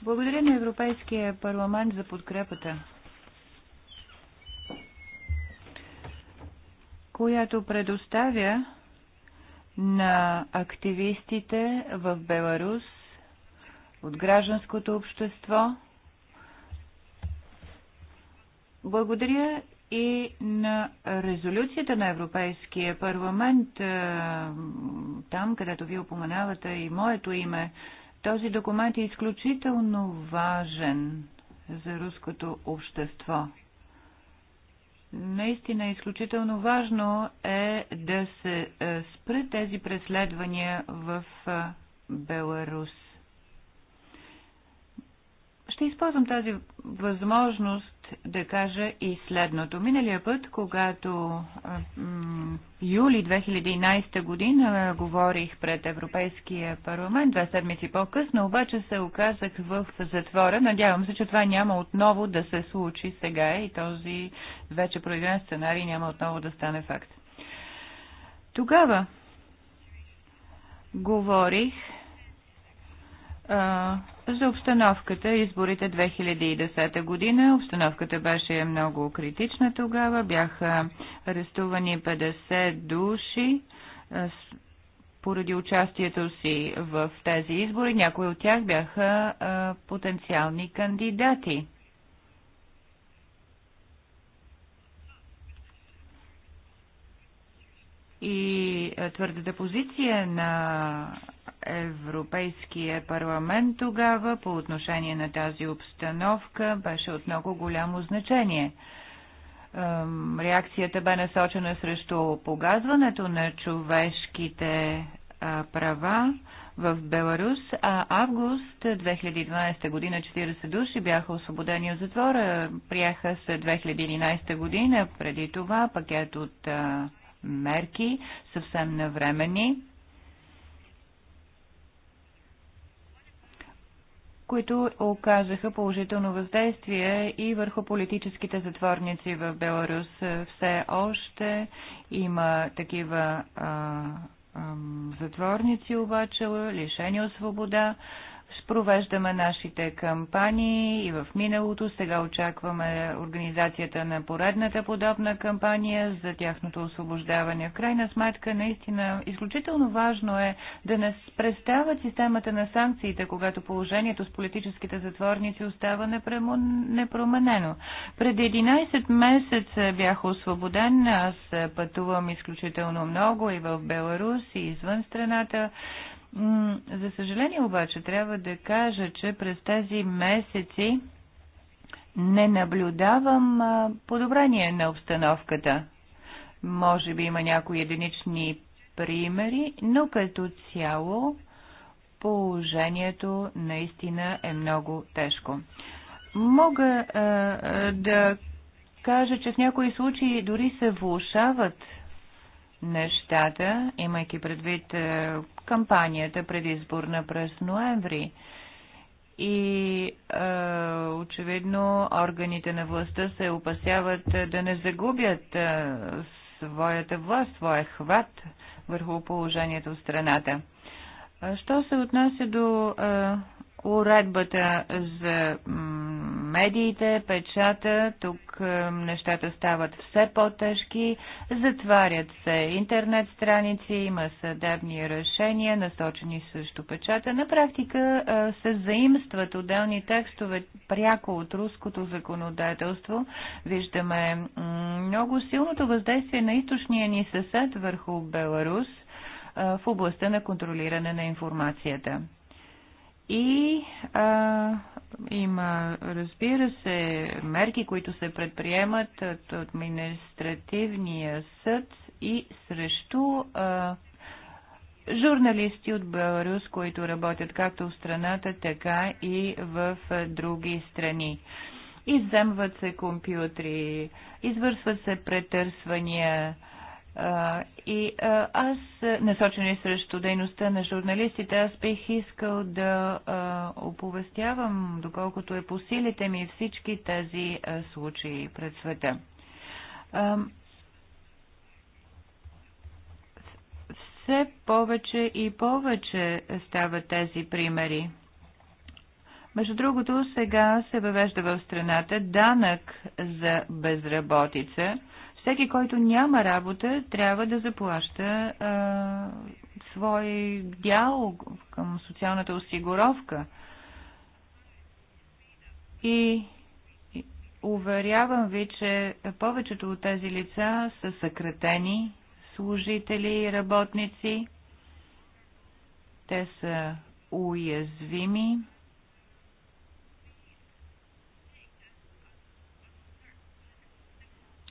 Благодаря на Европейския парламент за подкрепата, която предоставя на активистите в Беларус – от гражданското общество. Благодаря и на резолюцията на Европейския парламент, там където ви упоменавате и моето име. Този документ е изключително важен за руското общество. Наистина изключително важно е да се спре тези преследвания в Беларус. Ще използвам тази възможност да кажа и следното. Миналия път, когато юли 2011 година говорих пред Европейския парламент, два седмици по-късно, обаче се оказах в затвора. Надявам се, че това няма отново да се случи сега и този вече проявен сценарий няма отново да стане факт. Тогава говорих за обстановката изборите 2010 година. Обстановката беше много критична тогава. Бяха арестувани 50 души поради участието си в тези избори. Някои от тях бяха потенциални кандидати. И твърдата позиция на Европейския парламент тогава по отношение на тази обстановка беше от много голямо значение. Реакцията бе насочена срещу погазването на човешките права в Беларус, а август 2012 година 40 души бяха освободени от затвора. Прияха се 2011 година, преди това пакет от мерки, съвсем навремени които оказаха положително въздействие и върху политическите затворници в Беларус. Все още има такива а, а, затворници, обаче лишени от свобода провеждаме нашите кампании и в миналото. Сега очакваме организацията на поредната подобна кампания за тяхното освобождаване. В крайна сметка, наистина, изключително важно е да не представят системата на санкциите, когато положението с политическите затворници остава непроменено. Преди 11 месеца бях освободен. Аз пътувам изключително много и в Беларус, и извън страната. За съжаление обаче трябва да кажа, че през тези месеци не наблюдавам подобрение на обстановката. Може би има някои единични примери, но като цяло положението наистина е много тежко. Мога а, да кажа, че в някои случаи дори се влушават нещата, имайки предвид е, кампанията предизборна през ноември. И е, очевидно органите на властта се опасяват е, да не загубят е, своята власт, своя хват върху положението в страната. Е, що се отнася до уредбата за медиите, печата, тук е, нещата стават все по-тежки, затварят се интернет страници, има съдебни решения, насочени също печата. На практика е, се заимстват отделни текстове пряко от руското законодателство. Виждаме много силното въздействие на източния ни съсед върху Беларус е, в областта на контролиране на информацията. И а, има, разбира се, мерки, които се предприемат от административния съд и срещу а, журналисти от Беларус, които работят както в страната, така и в други страни. Изземват се компютри, извършват се претърсвания, и аз, и срещу дейността на журналистите, аз бих искал да оповестявам, доколкото е по силите ми, всички тези случаи пред света. Все повече и повече стават тези примери. Между другото, сега се въвежда в страната данък за безработица – всеки, който няма работа, трябва да заплаща а, свой дял към социалната осигуровка. И уверявам ви, че повечето от тези лица са съкратени служители и работници. Те са уязвими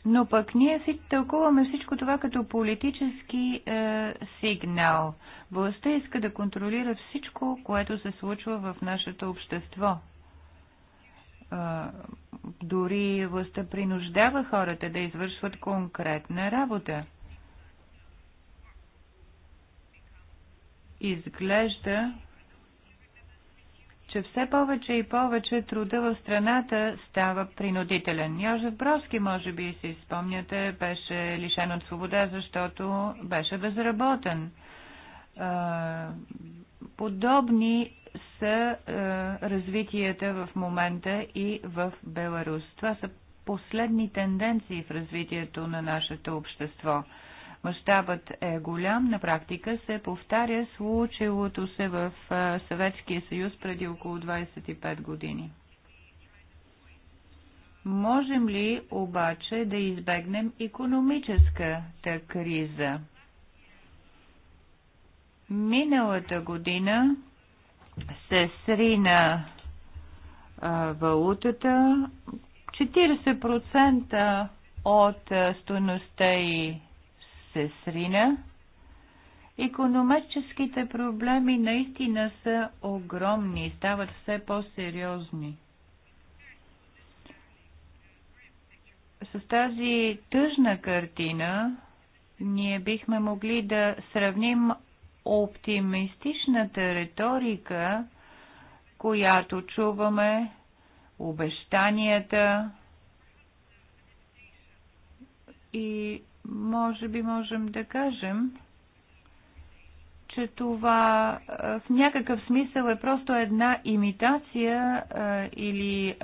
Но пък ние си тълкуваме всичко това като политически е, сигнал. Властта иска да контролира всичко, което се случва в нашето общество. Е, дори властта принуждава хората да извършват конкретна работа. Изглежда, че все повече и повече труда в страната става принудителен. Йозеф Броски, може би си спомняте, беше лишен от свобода, защото беше безработен. Подобни са развитията в момента и в Беларус. Това са последни тенденции в развитието на нашето общество. Мащабът е голям. На практика се повтаря случилото се в Съветския съюз преди около 25 години. Можем ли обаче да избегнем економическата криза? Миналата година се срина валутата 40% от стоеността и сестрина, економическите проблеми наистина са огромни и стават все по-сериозни. С тази тъжна картина ние бихме могли да сравним оптимистичната риторика, която чуваме, обещанията и може би можем да кажем, че това в някакъв смисъл е просто една имитация или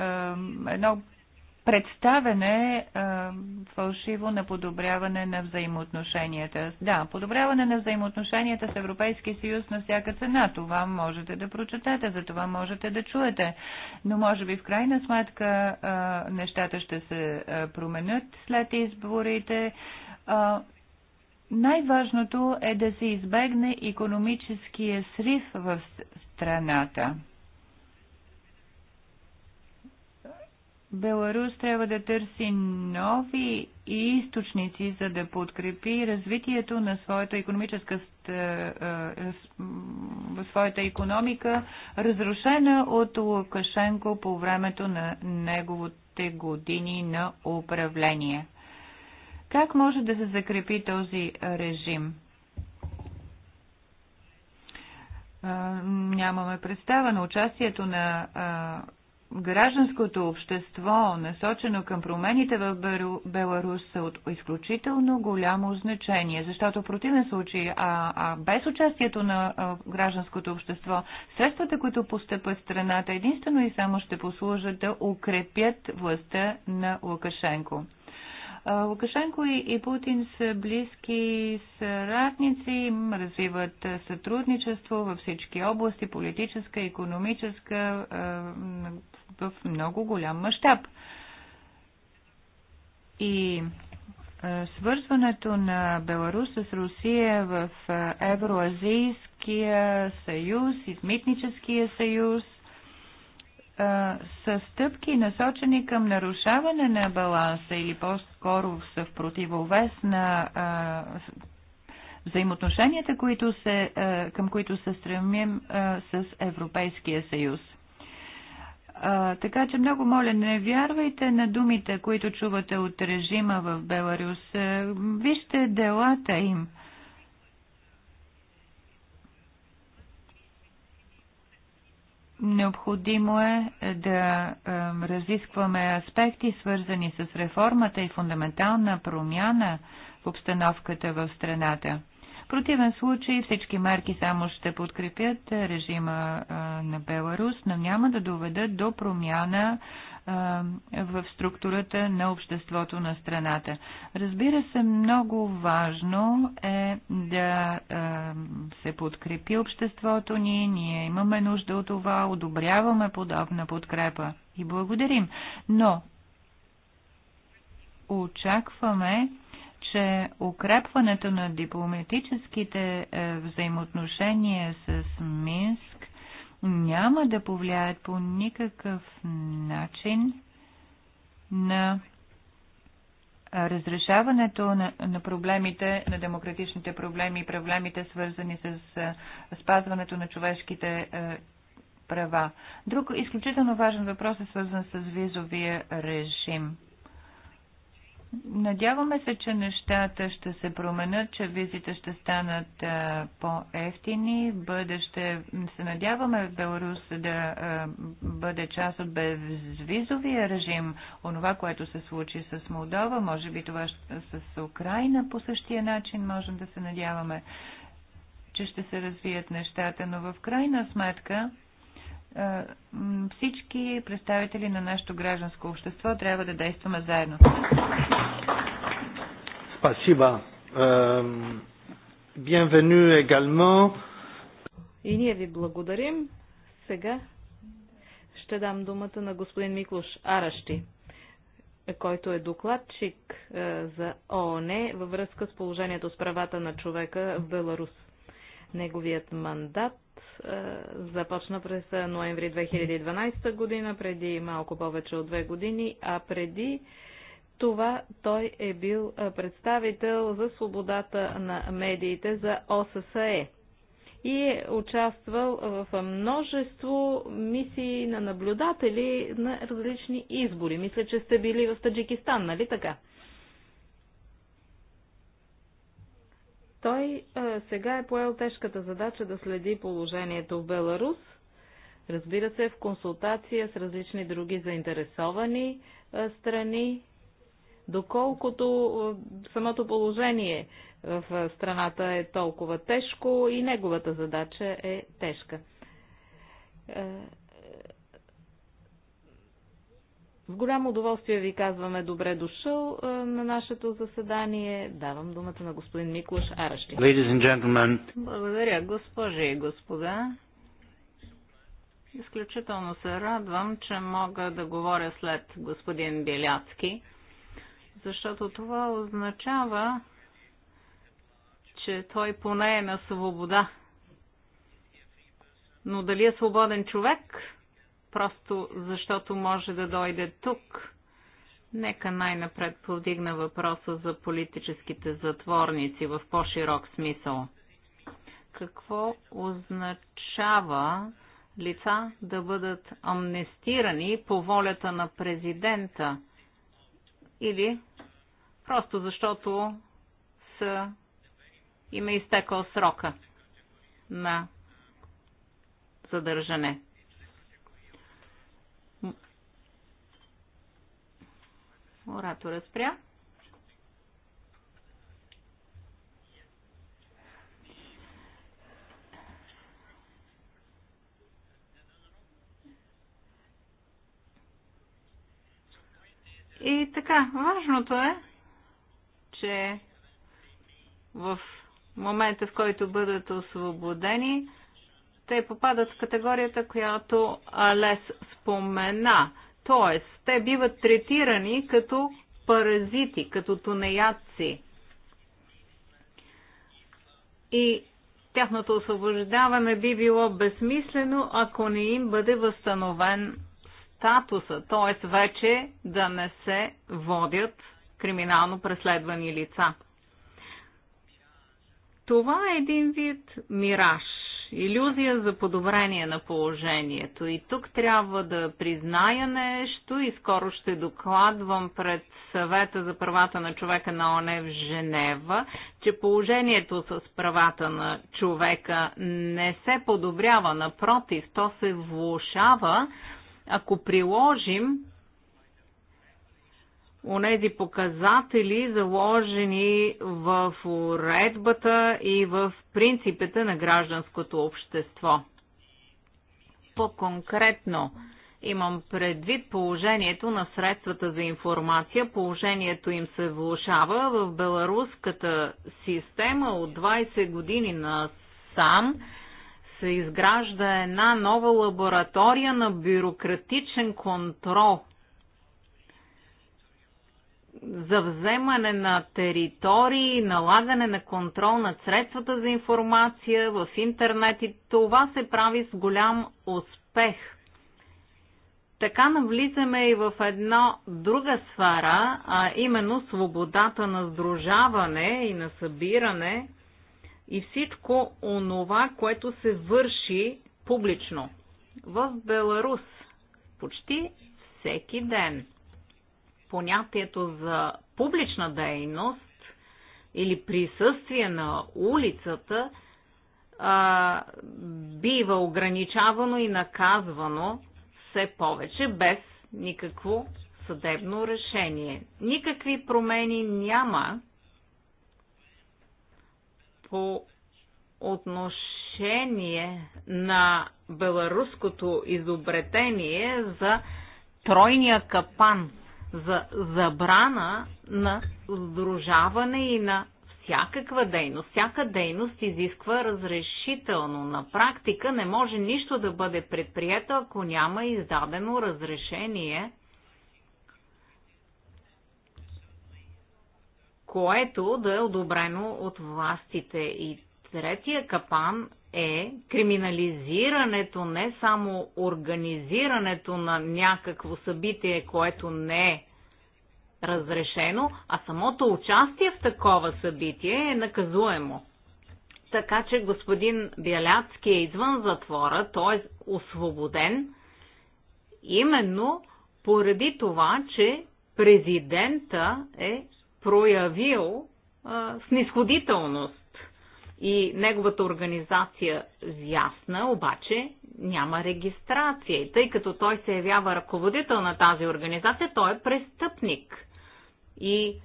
едно представене фалшиво на подобряване на взаимоотношенията. Да, подобряване на взаимоотношенията с Европейския съюз на всяка цена. Това можете да прочетете, за това можете да чуете. Но може би в крайна сметка нещата ще се променят след изборите най-важното е да се избегне економическия срив в страната. Беларус трябва да търси нови източници, за да подкрепи развитието на своята економическа своята економика, разрушена от Лукашенко по времето на неговите години на управление. Как може да се закрепи този режим? Нямаме представа на участието на гражданското общество, насочено към промените в Беларус, са от изключително голямо значение, защото в противен случай, а, а без участието на а, гражданското общество, средствата, които постъпват в страната, единствено и само ще послужат да укрепят властта на Лукашенко. Лукашенко и Путин са близки съратници, развиват сътрудничество във всички области, политическа, економическа, в много голям мащаб. И свързването на Беларус с Русия в Евроазийския съюз измитническия съюз са стъпки насочени към нарушаване на баланса или по-скоро са в противовес на а, взаимоотношенията, които се, а, към които се стремим а, с Европейския съюз. А, така че много моля, не вярвайте на думите, които чувате от режима в Беларус. Вижте делата им. Необходимо е, е да е, разискваме аспекти, свързани с реформата и фундаментална промяна в обстановката в страната. В противен случай всички мерки само ще подкрепят режима е, на Беларус, но няма да доведат до промяна в структурата на обществото на страната. Разбира се, много важно е да се подкрепи обществото ни. Ние имаме нужда от това, одобряваме подобна подкрепа и благодарим. Но очакваме че укрепването на дипломатическите е, взаимоотношения с Минск няма да повлияят по никакъв начин на разрешаването на, на проблемите, на демократичните проблеми и проблемите свързани с спазването на човешките права. Друг изключително важен въпрос е свързан с визовия режим. Надяваме се, че нещата ще се променят, че визите ще станат по-ефтини. Бъдеще се надяваме в Беларус да а, бъде част от безвизовия режим. Онова, което се случи с Молдова, може би това с Украина по същия начин можем да се надяваме, че ще се развият нещата. Но в крайна сметка е, всички представители на нашето гражданско общество трябва да действаме заедно. Спасибо. Бенвену également. И ние ви благодарим. Сега ще дам думата на господин Миклош Аращи, който е докладчик е, за ООН във връзка с положението с правата на човека в Беларус. Неговият мандат е, започна през ноември 2012 година, преди малко повече от две години, а преди това той е бил е, представител за свободата на медиите за ОССЕ и е участвал в множество мисии на наблюдатели на различни избори. Мисля, че сте били в Таджикистан, нали така? Той а, сега е поел тежката задача да следи положението в Беларус, разбира се, в консултация с различни други заинтересовани а, страни, доколкото а, самото положение в а, страната е толкова тежко и неговата задача е тежка. С голямо удоволствие ви казваме добре дошъл на нашето заседание. Давам думата на господин Миклош Арашли. Благодаря, госпожи и господа. Изключително се радвам, че мога да говоря след господин Беляцки, защото това означава, че той поне е на свобода. Но дали е свободен човек? просто защото може да дойде тук. Нека най-напред повдигна въпроса за политическите затворници в по-широк смисъл. Какво означава лица да бъдат амнестирани по волята на президента или просто защото са, им е изтекал срока на задържане? Оратора спря. И така, важното е, че в момента, в който бъдат освободени, те попадат в категорията, която Алес спомена – Тоест, те биват третирани като паразити, като тунеядци. И тяхното освобождаване би било безсмислено, ако не им бъде възстановен статуса, т.е. вече да не се водят криминално преследвани лица. Това е един вид мираж иллюзия за подобрение на положението. И тук трябва да призная нещо и скоро ще докладвам пред съвета за правата на човека на ОНЕ в Женева, че положението с правата на човека не се подобрява, напротив, то се влушава, ако приложим онези показатели, заложени в уредбата и в принципите на гражданското общество. По-конкретно имам предвид положението на средствата за информация. Положението им се влушава в беларуската система от 20 години на сам се изгражда една нова лаборатория на бюрократичен контрол – завземане на територии, налагане на контрол над средствата за информация в интернет и това се прави с голям успех. Така навлизаме и в една друга сфера, а именно свободата на сдружаване и на събиране и всичко онова, което се върши публично. В Беларус почти всеки ден – понятието за публична дейност или присъствие на улицата а, бива ограничавано и наказвано все повече без никакво съдебно решение. Никакви промени няма по отношение на беларуското изобретение за тройния капан – за забрана на сдружаване и на всякаква дейност. Всяка дейност изисква разрешително. На практика не може нищо да бъде предприето, ако няма издадено разрешение, което да е одобрено от властите. И третия капан е криминализирането не само организирането на някакво събитие, което не е разрешено, а самото участие в такова събитие е наказуемо. Така че господин Бяляцки е извън затвора, той е освободен, именно поради това, че президента е проявил а, снисходителност и неговата организация Зясна, обаче няма регистрация. И тъй като той се явява ръководител на тази организация, той е престъпник. И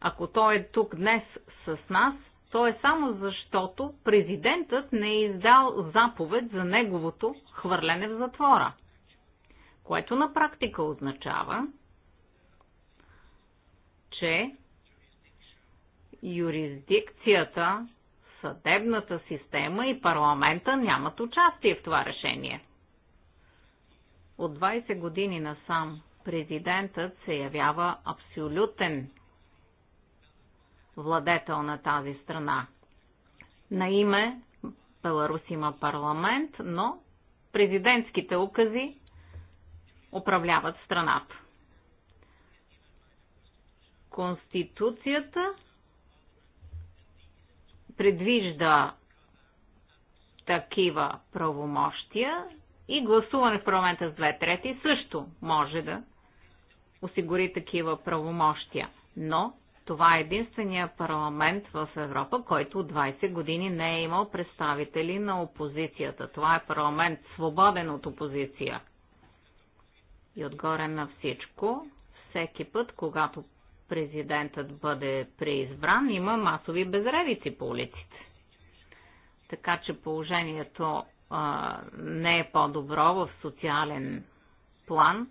ако той е тук днес с нас, то е само защото президентът не е издал заповед за неговото хвърляне в затвора. Което на практика означава, че юрисдикцията съдебната система и парламента нямат участие в това решение. От 20 години насам президентът се явява абсолютен владетел на тази страна. На име Беларус има парламент, но президентските укази управляват страната. Конституцията предвижда такива правомощия и гласуване в парламента с две трети също може да осигури такива правомощия. Но това е единствения парламент в Европа, който от 20 години не е имал представители на опозицията. Това е парламент свободен от опозиция. И отгоре на всичко, всеки път, когато президентът бъде преизбран, има масови безредици по улиците. Така че положението а, не е по-добро в социален план,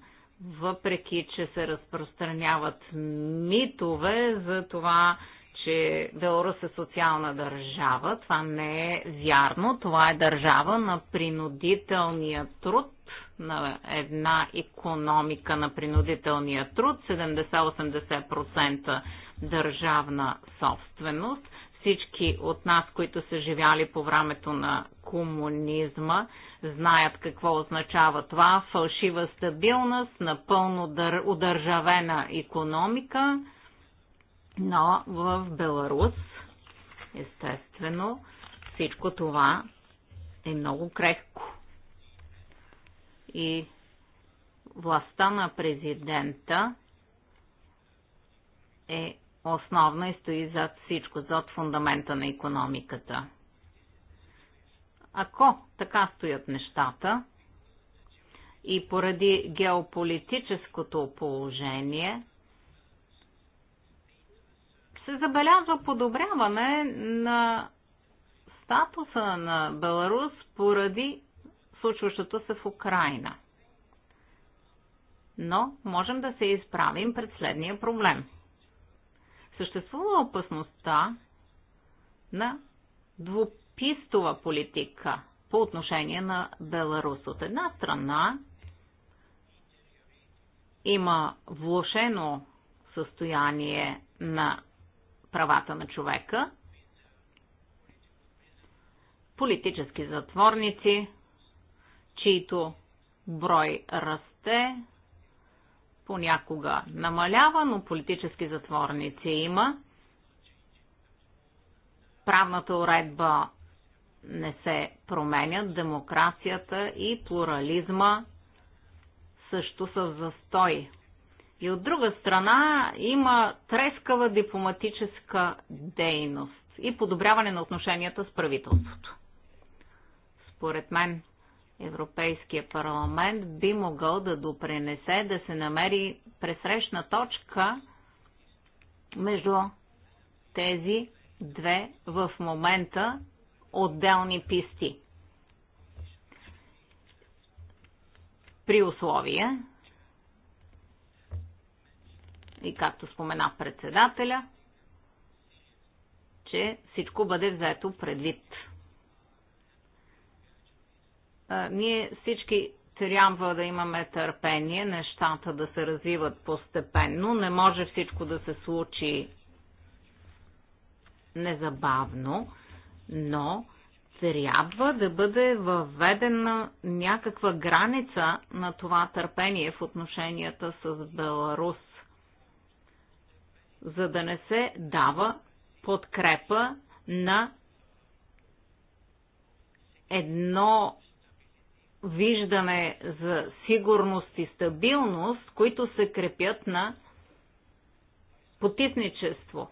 въпреки че се разпространяват митове за това, че Беларус е социална държава. Това не е вярно. Това е държава на принудителния труд – на една економика на принудителния труд, 70-80% държавна собственост. Всички от нас, които са живяли по времето на комунизма, знаят какво означава това. Фалшива стабилност, напълно удържавена економика, но в Беларус, естествено, всичко това е много крехко и властта на президента е основна и стои зад всичко, зад фундамента на економиката. Ако така стоят нещата и поради геополитическото положение, се забелязва подобряване на статуса на Беларус поради случващото се в Украина. Но можем да се изправим пред следния проблем. Съществува опасността на двупистова политика по отношение на Беларус. От една страна има влошено състояние на правата на човека, политически затворници, чието брой расте, понякога намалява, но политически затворници има. Правната уредба не се променят, демокрацията и плурализма също са в застой. И от друга страна има трескава дипломатическа дейност и подобряване на отношенията с правителството. Според мен Европейския парламент би могъл да допренесе да се намери пресрещна точка между тези две в момента отделни писти. При условие, и както спомена председателя, че всичко бъде взето предвид. Ние всички трябва да имаме търпение, нещата да се развиват постепенно. Не може всичко да се случи незабавно, но трябва да бъде въведена някаква граница на това търпение в отношенията с Беларус, за да не се дава подкрепа на едно виждане за сигурност и стабилност, които се крепят на потисничество.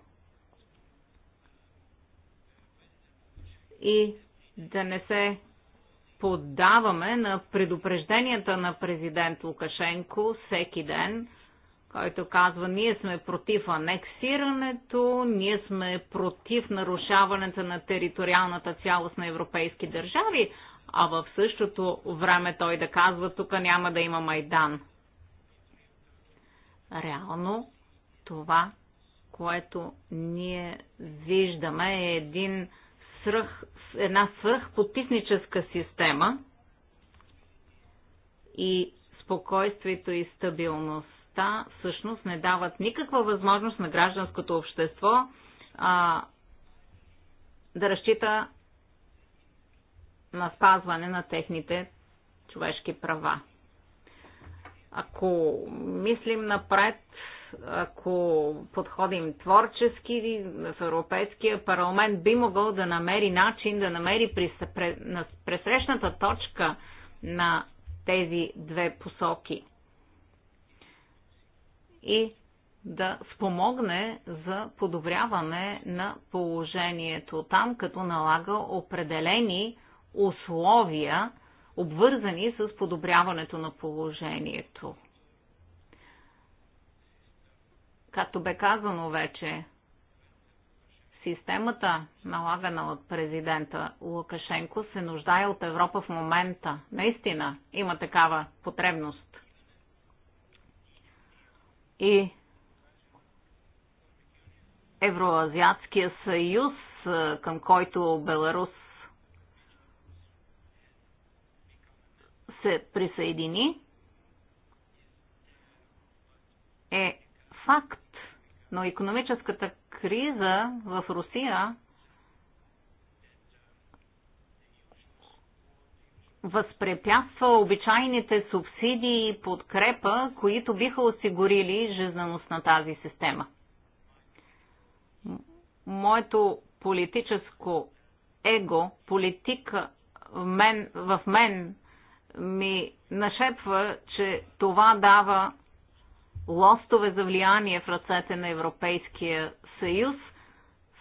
И да не се поддаваме на предупрежденията на президент Лукашенко всеки ден, който казва, ние сме против анексирането, ние сме против нарушаването на териториалната цялост на европейски държави, а в същото време той да казва, тук няма да има Майдан. Реално това, което ние виждаме е един свръх, една свръхпотисническа система и спокойствието и стабилността всъщност не дават никаква възможност на гражданското общество а, да разчита на спазване на техните човешки права. Ако мислим напред, ако подходим творчески, в Европейския парламент би могъл да намери начин, да намери пресрещната точка на тези две посоки и да спомогне за подобряване на положението там, като налага определени условия, обвързани с подобряването на положението. Както бе казано вече, системата, налагана от президента Лукашенко, се нуждае от Европа в момента. Наистина има такава потребност. И Евроазиатския съюз, към който Беларус се присъедини, е факт, но економическата криза в Русия възпрепятства обичайните субсидии и подкрепа, които биха осигурили жизненост на тази система. Моето политическо его, политика в мен, в мен ми нашепва, че това дава лостове за влияние в ръцете на Европейския съюз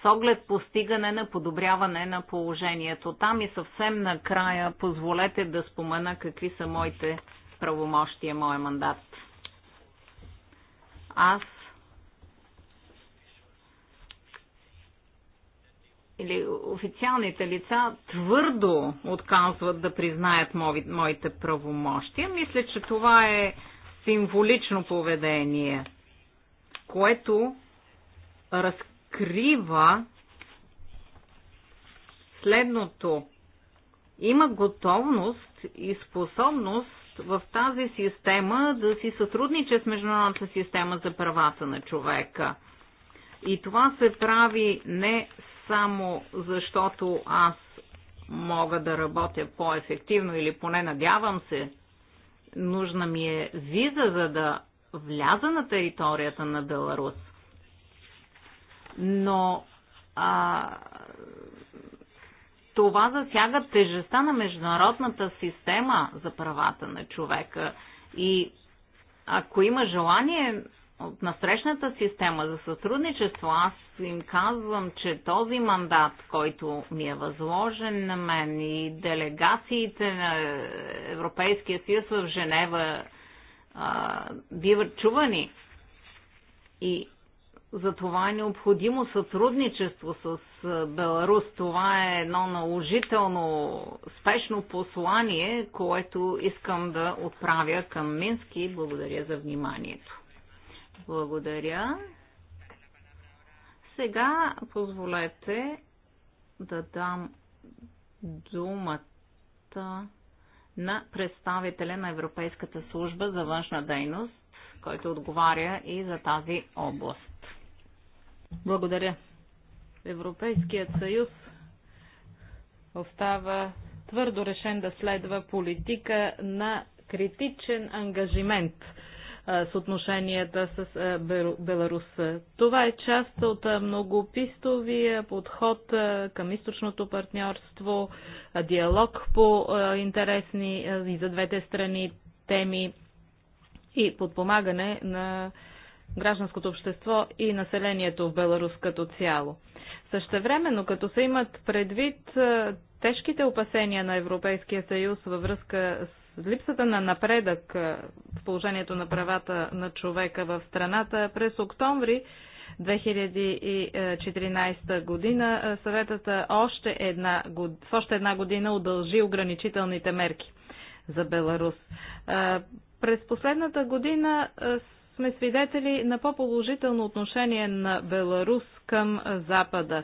с оглед постигане на подобряване на положението там и съвсем накрая позволете да спомена какви са моите правомощия, моят мандат. Аз или официалните лица твърдо отказват да признаят моите правомощия. Мисля, че това е символично поведение, което разкрива следното. Има готовност и способност в тази система да си сътруднича с Международната система за правата на човека. И това се прави не само защото аз мога да работя по-ефективно или поне надявам се, нужна ми е виза, за да вляза на територията на Беларус. Но а, това засяга тежестта на международната система за правата на човека и ако има желание, от насрещната система за сътрудничество, аз им казвам, че този мандат, който ми е възложен на мен и делегациите на Европейския съюз в Женева биват чувани и за това е необходимо сътрудничество с Беларус. Това е едно наложително, спешно послание, което искам да отправя към Мински. Благодаря за вниманието. Благодаря. Сега позволете да дам думата на представителя на Европейската служба за външна дейност, който отговаря и за тази област. Благодаря. Европейският съюз остава твърдо решен да следва политика на критичен ангажимент с отношенията с Беларус. Това е част от многопистовия подход към източното партньорство, диалог по интересни и за двете страни теми и подпомагане на гражданското общество и населението в Беларус като цяло. Същевременно, като се имат предвид тежките опасения на Европейския съюз във връзка с липсата на напредък е, в положението на правата на човека в страната през октомври 2014 година е, съветът е, още една, в още една година удължи ограничителните мерки за Беларус. През последната година сме свидетели на по-положително отношение на Беларус към Запада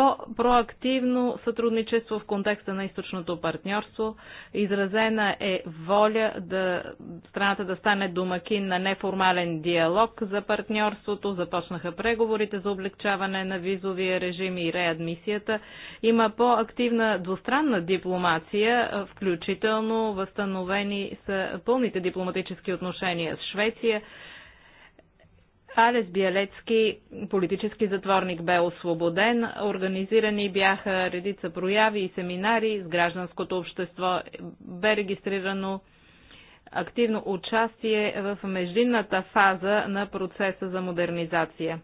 по-проактивно сътрудничество в контекста на източното партньорство. Изразена е воля да страната да стане домакин на неформален диалог за партньорството. Започнаха преговорите за облегчаване на визовия режим и реадмисията. Има по-активна двустранна дипломация, включително възстановени са пълните дипломатически отношения с Швеция. Алес Биелецки, политически затворник, бе освободен. Организирани бяха редица прояви и семинари с гражданското общество. Бе регистрирано активно участие в междинната фаза на процеса за модернизация.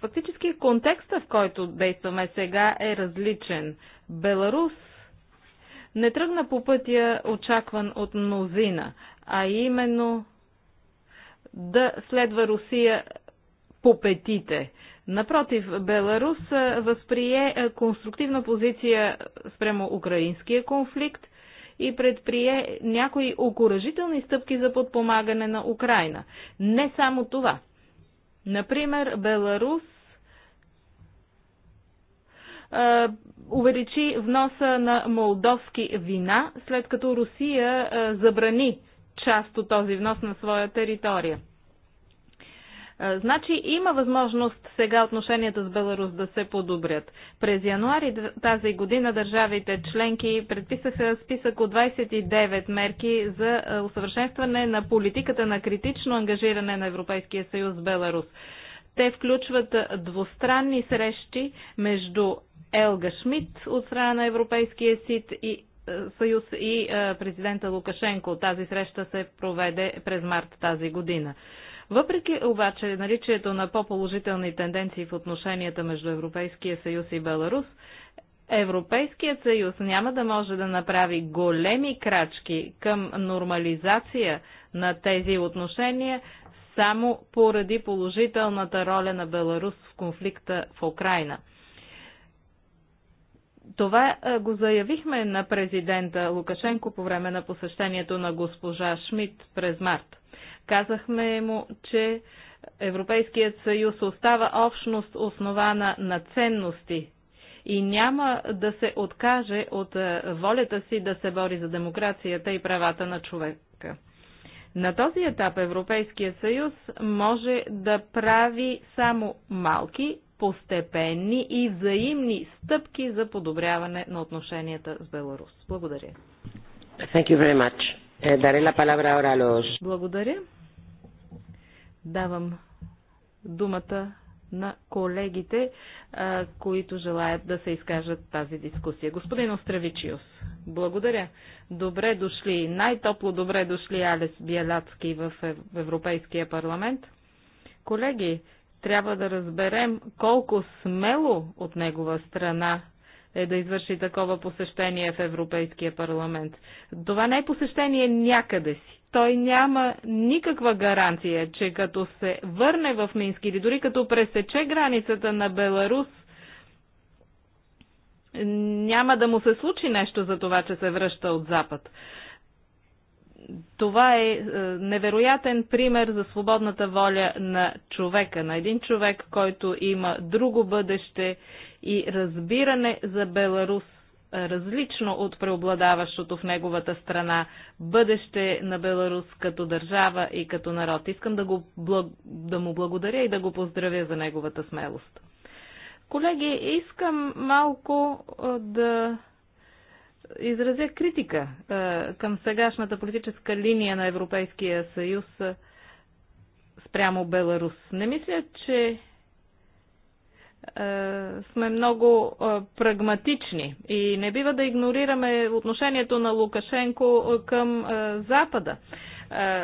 Фактически контекста, в който действаме сега, е различен. Беларус не тръгна по пътя, очакван от мнозина, а именно да следва Русия по петите. Напротив, Беларус възприе конструктивна позиция спрямо украинския конфликт и предприе някои окоръжителни стъпки за подпомагане на Украина. Не само това. Например, Беларус увеличи вноса на молдовски вина, след като Русия забрани част от този внос на своя територия. Значи има възможност сега отношенията с Беларус да се подобрят. През януари тази година държавите членки предписаха списък от 29 мерки за усъвършенстване на политиката на критично ангажиране на Европейския съюз с Беларус. Те включват двустранни срещи между Елга Шмидт от страна на Европейския СИД и съюз и президента Лукашенко. Тази среща се проведе през март тази година. Въпреки обаче наличието на по-положителни тенденции в отношенията между Европейския съюз и Беларус, Европейският съюз няма да може да направи големи крачки към нормализация на тези отношения само поради положителната роля на Беларус в конфликта в Украина – това го заявихме на президента Лукашенко по време на посещението на госпожа Шмидт през март. Казахме му, че Европейският съюз остава общност основана на ценности и няма да се откаже от волята си да се бори за демокрацията и правата на човека. На този етап Европейският съюз може да прави само малки постепенни и взаимни стъпки за подобряване на отношенията с Беларус. Благодаря. Thank you very much. Eh, la palabra ahora los... Благодаря. Давам думата на колегите, които желаят да се изкажат тази дискусия. Господин Остравичиус, благодаря. Добре дошли, най-топло добре дошли Алес Биелацки в Европейския парламент. Колеги, трябва да разберем колко смело от негова страна е да извърши такова посещение в Европейския парламент. Това не е посещение някъде си. Той няма никаква гаранция, че като се върне в Мински или дори като пресече границата на Беларус, няма да му се случи нещо за това, че се връща от Запад това е, е невероятен пример за свободната воля на човека, на един човек, който има друго бъдеще и разбиране за Беларус, е, различно от преобладаващото в неговата страна бъдеще на Беларус като държава и като народ. Искам да, го, да му благодаря и да го поздравя за неговата смелост. Колеги, искам малко е, да изразя критика е, към сегашната политическа линия на Европейския съюз е, спрямо Беларус. Не мисля, че е, сме много прагматични и не бива да игнорираме отношението на Лукашенко към Запада.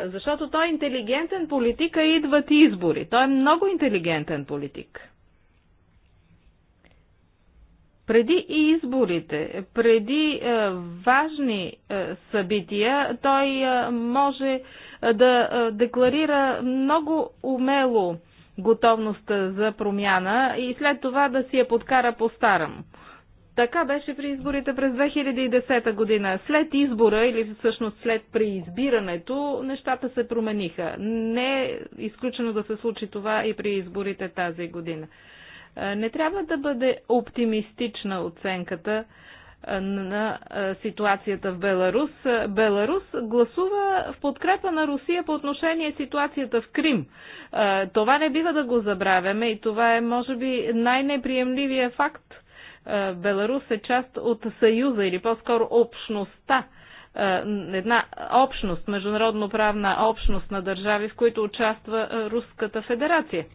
защото той е интелигентен политик, а идват избори. Той е много интелигентен политик преди и изборите, преди е, важни е, събития, той е, може е, да е, декларира много умело готовността за промяна и след това да си я подкара по-старам. Така беше при изборите през 2010 година. След избора или всъщност след преизбирането нещата се промениха. Не е изключено да се случи това и при изборите тази година. Е, не трябва да бъде оптимистична оценката е, на е, ситуацията в Беларус. Беларус гласува в подкрепа на Русия по отношение ситуацията в Крим. Това не бива да го забравяме и това е, може би, най-неприемливия факт. Беларус е част от Съюза или по-скоро общността една общност, международно правна общност на държави, в които участва Руската федерация.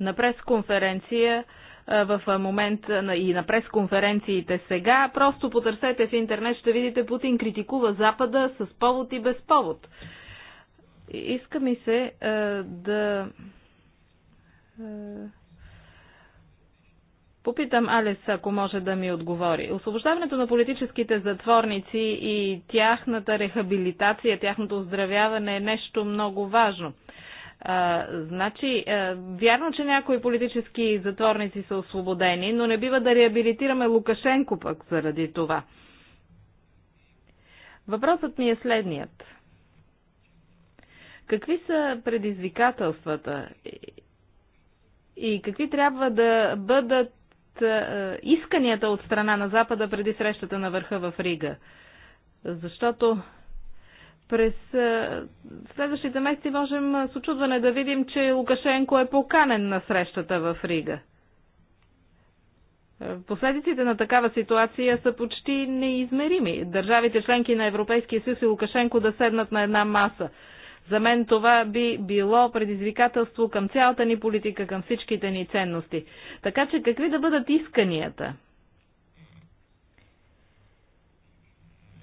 на пресконференция е, в момента и на пресконференциите сега. Просто потърсете в интернет, ще видите Путин критикува Запада с повод и без повод. Иска ми се е, да е, попитам Алес, ако може да ми отговори. Освобождаването на политическите затворници и тяхната рехабилитация, тяхното оздравяване е нещо много важно. Е, а, значи, а, вярно, че някои политически затворници са освободени, но не бива да реабилитираме Лукашенко пък заради това. Въпросът ми е следният. Какви са предизвикателствата и какви трябва да бъдат исканията от страна на Запада преди срещата на върха в Рига? Защото през следващите месеци можем с очудване да видим, че Лукашенко е поканен на срещата в Рига. Последиците на такава ситуация са почти неизмерими. Държавите членки на Европейския съюз и Лукашенко да седнат на една маса. За мен това би било предизвикателство към цялата ни политика, към всичките ни ценности. Така че какви да бъдат исканията?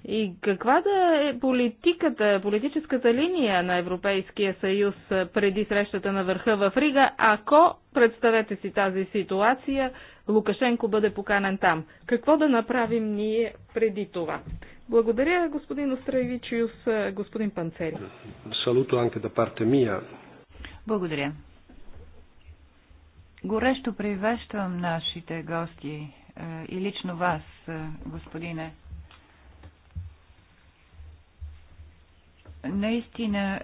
И каква да е политиката, политическата линия на Европейския съюз преди срещата на върха в Рига, ако, представете си тази ситуация, Лукашенко бъде поканен там? Какво да направим ние преди това? Благодаря, господин Остраевичиус, господин Панцери. Салуто анке да парте мия. Благодаря. Горещо приветствам нашите гости е, и лично вас, е, господине наистина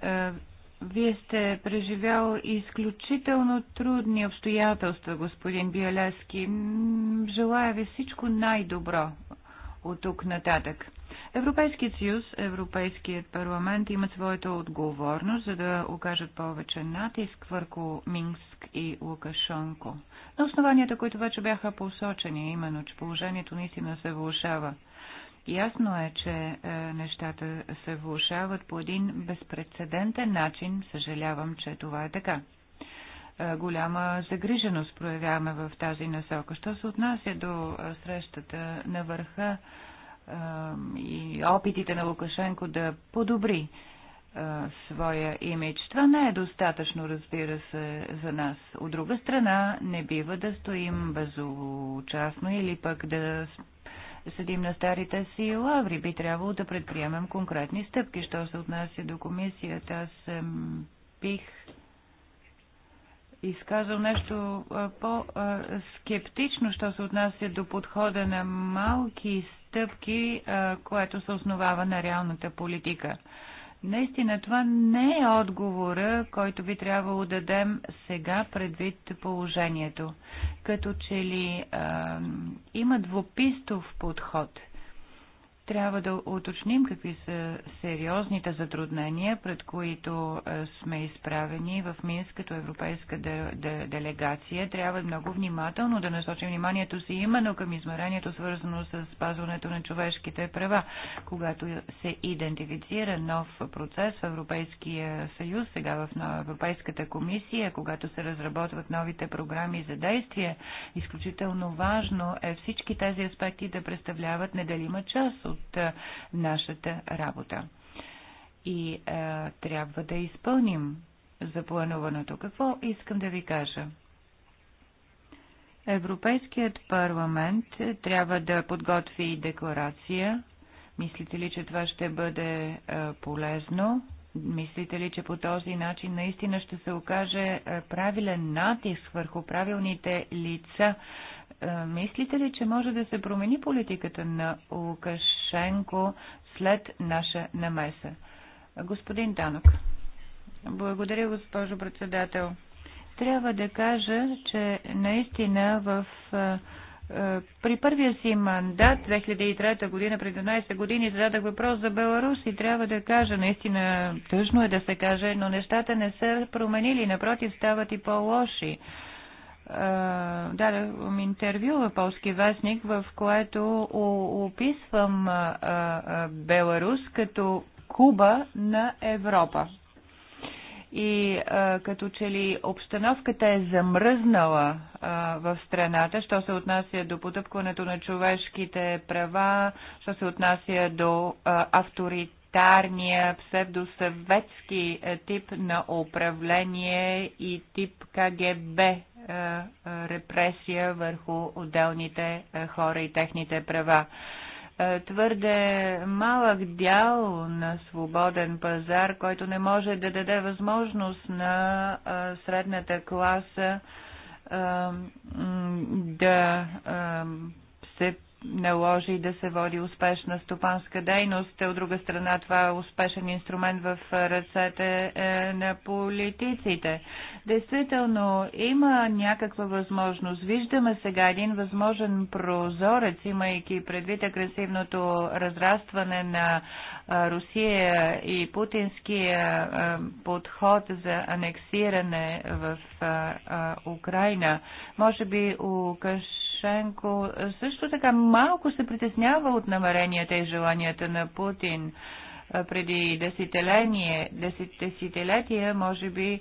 вие сте преживял изключително трудни обстоятелства, господин Биелески. Желая ви всичко най-добро от тук нататък. Европейският съюз, Европейският парламент имат своята отговорност, за да окажат повече натиск върху Минск и Лукашонко. На основанията, които вече бяха посочени, именно, че положението наистина се влушава. Ясно е, че е, нещата се влушават по един безпредседентен начин. Съжалявам, че това е така е, голяма загриженост проявяваме в тази насока. Що се отнася до е, срещата на върха и опитите на Лукашенко да подобри своя имидж. Това не е достатъчно, разбира се, за нас. От друга страна, не бива да стоим безучастно или пък да седим на старите си лаври. Би трябвало да предприемем конкретни стъпки. Що се отнася до комисията, аз бих изказал нещо по-скептично, що се отнася до подхода на малки стъпки, което се основава на реалната политика. Наистина това не е отговора, който би трябвало да дадем сега предвид положението. Като че ли а, има двупистов подход – трябва да уточним какви са сериозните затруднения, пред които е, сме изправени в Минск като европейска де, де, делегация. Трябва много внимателно да насочим вниманието си именно към измерението, свързано с спазването на човешките права. Когато се идентифицира нов процес в Европейския съюз, сега в Европейската комисия, когато се разработват новите програми за действие, изключително важно е всички тези аспекти да представляват неделима част от от нашата работа. И е, трябва да изпълним заплануваното. Какво искам да ви кажа? Европейският парламент трябва да подготви декларация. Мислите ли, че това ще бъде полезно? Мислите ли, че по този начин наистина ще се окаже правилен натиск върху правилните лица е, мислите ли, че може да се промени политиката на Лукашенко след наша намеса? Господин Танок. Благодаря, госпожо председател. Трябва да кажа, че наистина в е, е, при първия си мандат 2003 година, при 12 години, зададах въпрос за Беларус и трябва да кажа, наистина тъжно е да се каже, но нещата не са променили, напротив стават и по-лоши. Даде интервю в Полски вестник, в което описвам Беларус като Куба на Европа. И а, като че ли обстановката е замръзнала а, в страната, що се отнася до потъпкването на човешките права, що се отнася до а, авторитет авторитарния, псевдосъветски е, тип на управление и тип КГБ е, е, репресия върху отделните хора и техните права твърде малък дял на свободен пазар, който не може да даде възможност на средната класа да се наложи да се води успешна стопанска дейност. От друга страна, това е успешен инструмент в ръцете е, на политиците. Действително, има някаква възможност. Виждаме сега един възможен прозорец, имайки предвид агресивното разрастване на Русия и путинския подход за анексиране в Украина. Може би Лукаш Порошенко също така малко се притеснява от намеренията и желанията на Путин преди десетилетия, може би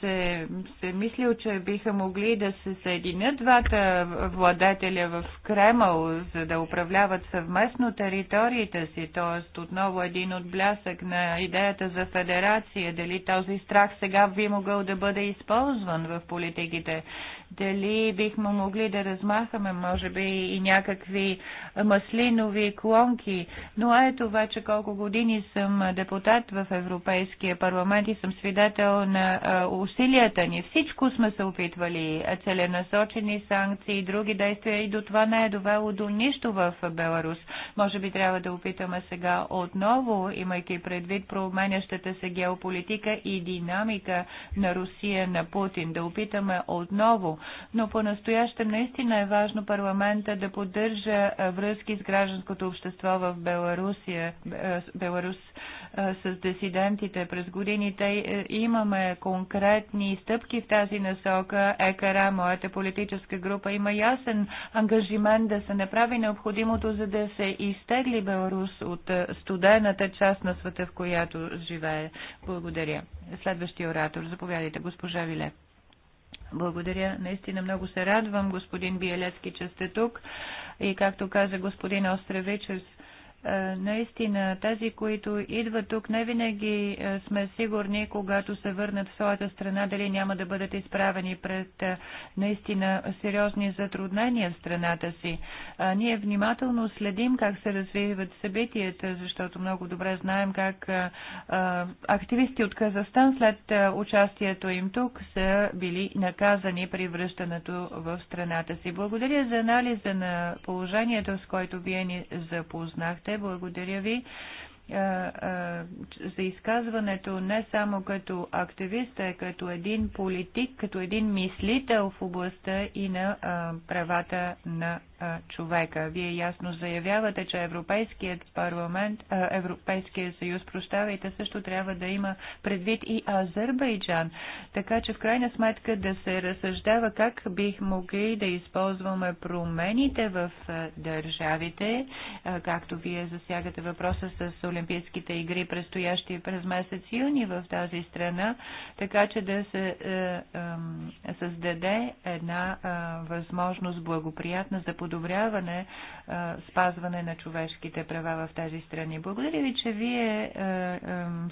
се, се мислил, че биха могли да се съединят двата владетеля в Кремъл, за да управляват съвместно териториите си, т.е. отново един от блясък на идеята за федерация, дали този страх сега би могъл да бъде използван в политиките, дали бихме могли да размахаме, може би, и някакви маслинови клонки. Но ето вече колко години съм депутат в Европейския парламент и съм свидетел на усилията ни. Всичко сме се опитвали. Целенасочени санкции и други действия и до това не е довело до нищо в Беларус. Може би трябва да опитаме сега отново, имайки предвид променящата се геополитика и динамика на Русия на Путин, да опитаме отново. Но по-настоящем наистина е важно парламента да поддържа връзки с гражданското общество в Беларусия, Беларус с десидентите през годините. Е, имаме конкретни стъпки в тази насока. ЕКРА, моята политическа група, има ясен ангажимент да се направи необходимото, за да се изтегли Беларус от е, студената част на света, в която живее. Благодаря. Следващия оратор. Заповядайте, госпожа Виле. Благодаря. Наистина много се радвам, господин Биелецки, че сте тук. И както каза господин Остревичев, е, наистина тези, които идват тук, не винаги е, сме сигурни, когато се върнат в своята страна, дали няма да бъдат изправени пред е, наистина сериозни затруднения в страната си. Ние внимателно следим как се развиват събитията, защото много добре знаем как активисти от Казахстан след участието им тук са били наказани при връщането в страната си. Благодаря за анализа на положението, с който вие ни запознахте те. Благодаря ви е, е, за изказването не само като активист, а като един политик, като един мислител в областта и на е, правата на човека. Вие ясно заявявате, че Европейският парламент, Европейския съюз, прощавайте, също трябва да има предвид и Азербайджан. Така че в крайна сметка да се разсъждава как бих могли да използваме промените в държавите, както вие засягате въпроса с Олимпийските игри, предстоящи през месец юни в тази страна, така че да се е, е, създаде една е, възможност благоприятна за подобрение подобряване спазване на човешките права в тези страни. Благодаря ви, че вие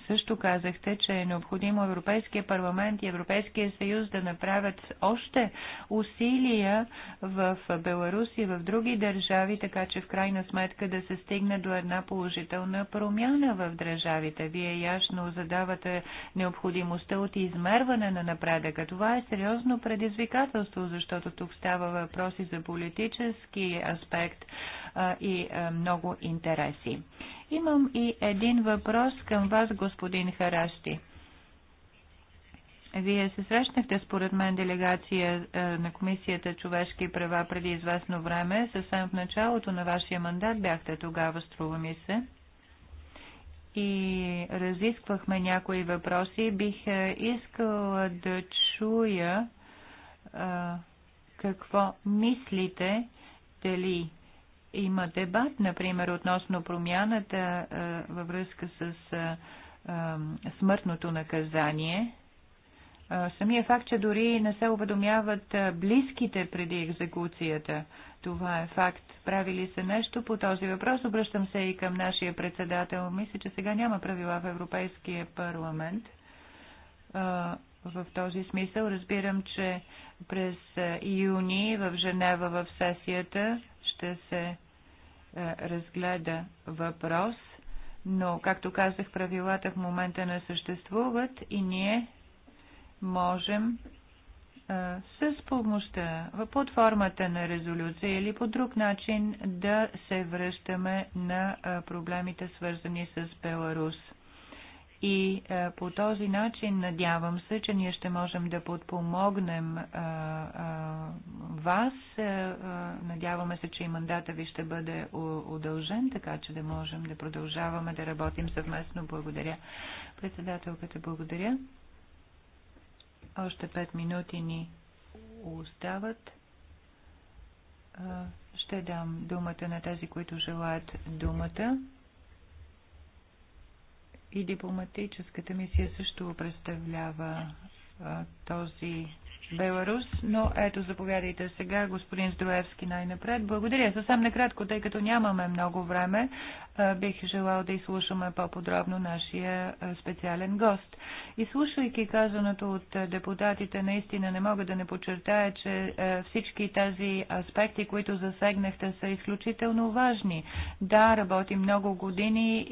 също казахте, че е необходимо Европейския парламент и Европейския съюз да направят още усилия в Беларус и в други държави, така че в крайна сметка да се стигне до една положителна промяна в държавите. Вие ясно задавате необходимостта от измерване на напредъка. Това е сериозно предизвикателство, защото тук става въпроси за политически политически аспект и много интереси. Имам и един въпрос към вас, господин Харашти. Вие се срещнахте, според мен, делегация на Комисията човешки права преди известно време. Съвсем в началото на вашия мандат бяхте тогава, струва ми се. И разисквахме някои въпроси. Бих искала да чуя какво мислите дали има дебат, например, относно промяната във връзка с смъртното наказание. Самия факт, че дори не се уведомяват близките преди екзекуцията, това е факт. Правили се нещо по този въпрос? Обръщам се и към нашия председател. Мисля, че сега няма правила в Европейския парламент. В този смисъл разбирам, че през е, юни в Женева в сесията ще се е, разгледа въпрос, но, както казах, правилата в момента не съществуват и ние можем е, с помощта, под формата на резолюция или по друг начин да се връщаме на проблемите свързани с Беларус. И е, по този начин надявам се, че ние ще можем да подпомогнем е, е, вас. Е, е, надяваме се, че и мандата ви ще бъде удължен, така че да можем да продължаваме да работим съвместно. Благодаря. Председателката, благодаря. Още пет минути ни остават. Е, ще дам думата на тези, които желаят думата. И дипломатическата мисия също представлява този Беларус, но ето заповядайте сега господин Здроевски най-напред. Благодаря. Съвсем накратко, тъй като нямаме много време, бих желал да изслушаме по-подробно нашия специален гост. И слушайки казаното от депутатите, наистина не мога да не подчертая, че всички тези аспекти, които засегнахте, са изключително важни. Да, работи много години,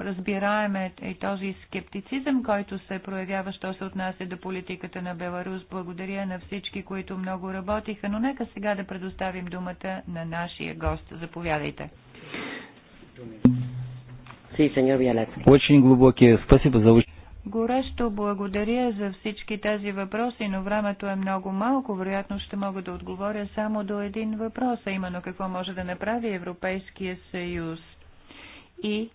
разбираеме и този скептицизъм, който се проявява, що се отнася до политиката на Беларус. Благодаря благодаря на всички, които много работиха, но нека сега да предоставим думата на нашия гост. Заповядайте. Очень глубокие спасибо за Горещо благодаря за всички тези въпроси, но времето е много малко. Вероятно ще мога да отговоря само до един въпрос, а именно какво може да направи Европейския съюз и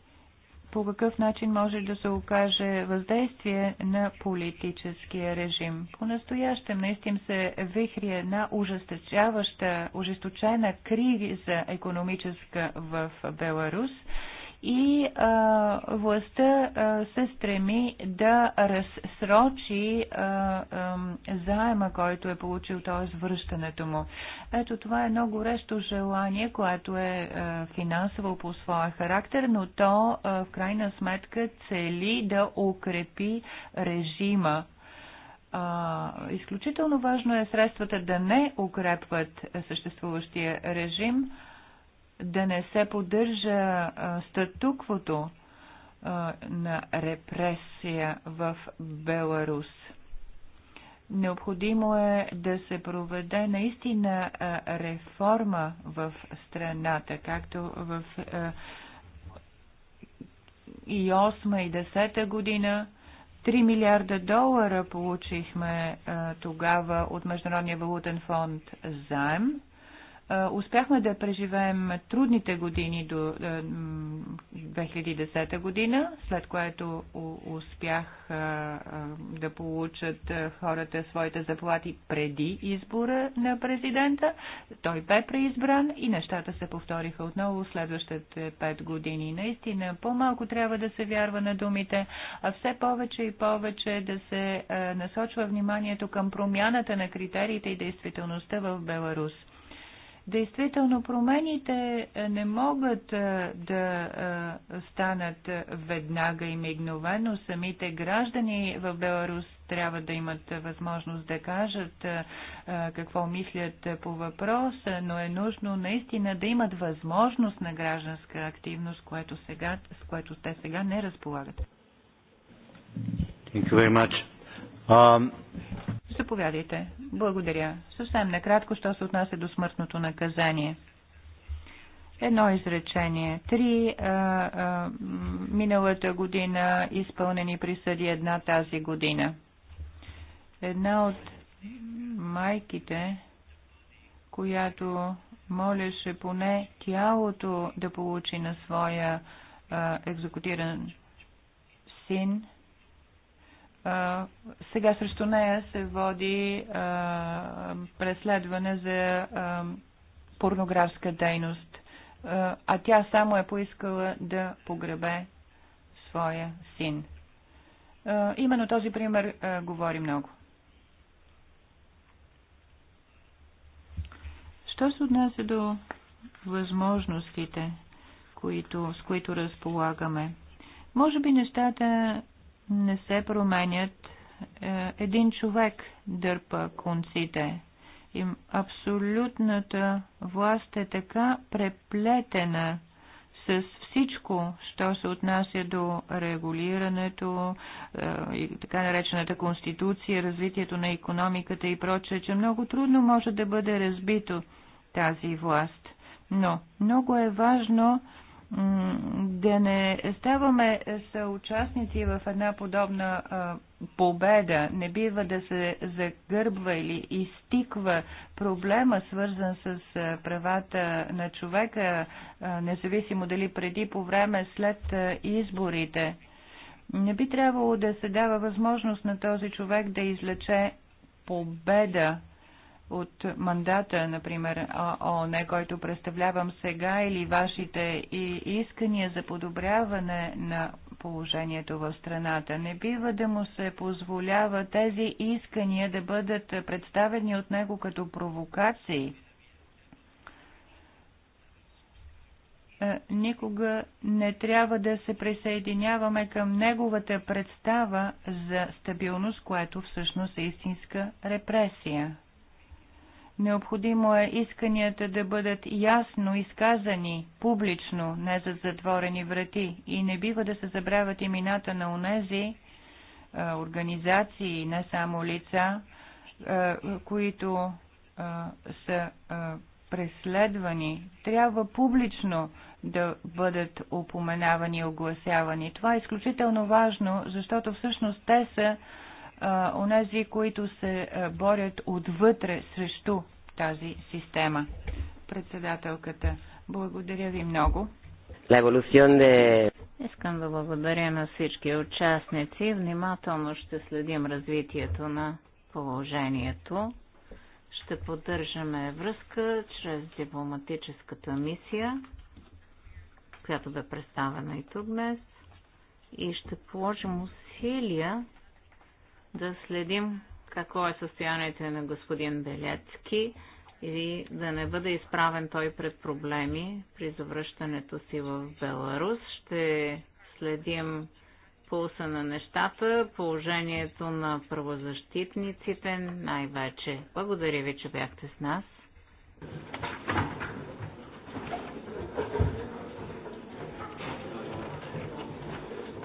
по какъв начин може да се окаже въздействие на политическия режим. По-настоящем наистина се вихри една ужесточаваща, ужесточена криза економическа в Беларус – и а, властта а, се стреми да разсрочи а, а, заема, който е получил, т.е. връщането му. Ето това е едно горещо желание, което е а, финансово по своя характер, но то а, в крайна сметка цели да укрепи режима а, изключително важно е средствата да не укрепват съществуващия режим, да не се поддържа статуквото на репресия в Беларус. Необходимо е да се проведе наистина реформа в страната, както в и 8 и 10 година. 3 милиарда долара получихме тогава от Международния валутен фонд заем успяхме да преживеем трудните години до 2010 година, след което успях да получат хората своите заплати преди избора на президента. Той бе преизбран и нещата се повториха отново следващите пет години. Наистина, по-малко трябва да се вярва на думите, а все повече и повече да се насочва вниманието към промяната на критериите и действителността в Беларус. Действително промените е, не могат е, да е, станат веднага и мигновено. Самите граждани в Беларус трябва да имат възможност да кажат какво мислят по въпроса, но е нужно наистина да имат възможност на гражданска активност, което сега, с което те сега не разполагат. Thank you very much. Um, Заповядайте. Благодаря. Съвсем накратко, що се отнася до смъртното наказание. Едно изречение. Три а, а, миналата година изпълнени присъди, една тази година. Една от майките, която молеше поне тялото да получи на своя а, екзекутиран син, сега срещу нея се води преследване за порнографска дейност, а тя само е поискала да погребе своя син. Именно този пример говори много. Що се отнася до възможностите, които, с които разполагаме? Може би нещата не се променят. Е, един човек дърпа конците И Абсолютната власт е така преплетена с всичко, що се отнася до регулирането, е, и така наречената конституция, развитието на економиката и прочее, че много трудно може да бъде разбито тази власт. Но много е важно да не ставаме съучастници в една подобна а, победа. Не бива да се загърбва или изтиква проблема, свързан с правата на човека, а, независимо дали преди, по време, след изборите. Не би трябвало да се дава възможност на този човек да излече победа от мандата, например, ООН, който представлявам сега, или вашите искания за подобряване на положението в страната. Не бива да му се позволява тези искания да бъдат представени от него като провокации. Е, никога не трябва да се присъединяваме към неговата представа за стабилност, което всъщност е истинска репресия. Необходимо е исканията да бъдат ясно изказани, публично, не за затворени врати и не бива да се забравят имената на унези а, е, организации, не само лица, а, е, които а, е, са преследвани, трябва публично да бъдат упоменавани и огласявани. Това е изключително важно, защото всъщност те са онези, които се борят отвътре срещу тази система. Председателката, благодаря ви много. De... Искам да благодаря на всички участници. Внимателно ще следим развитието на положението. Ще поддържаме връзка чрез дипломатическата мисия, която бе представена и тук днес. И ще положим усилия да следим какво е състоянието на господин Белецки и да не бъде изправен той пред проблеми при завръщането си в Беларус. Ще следим пулса на нещата, положението на правозащитниците най-вече. Благодаря ви, че бяхте с нас.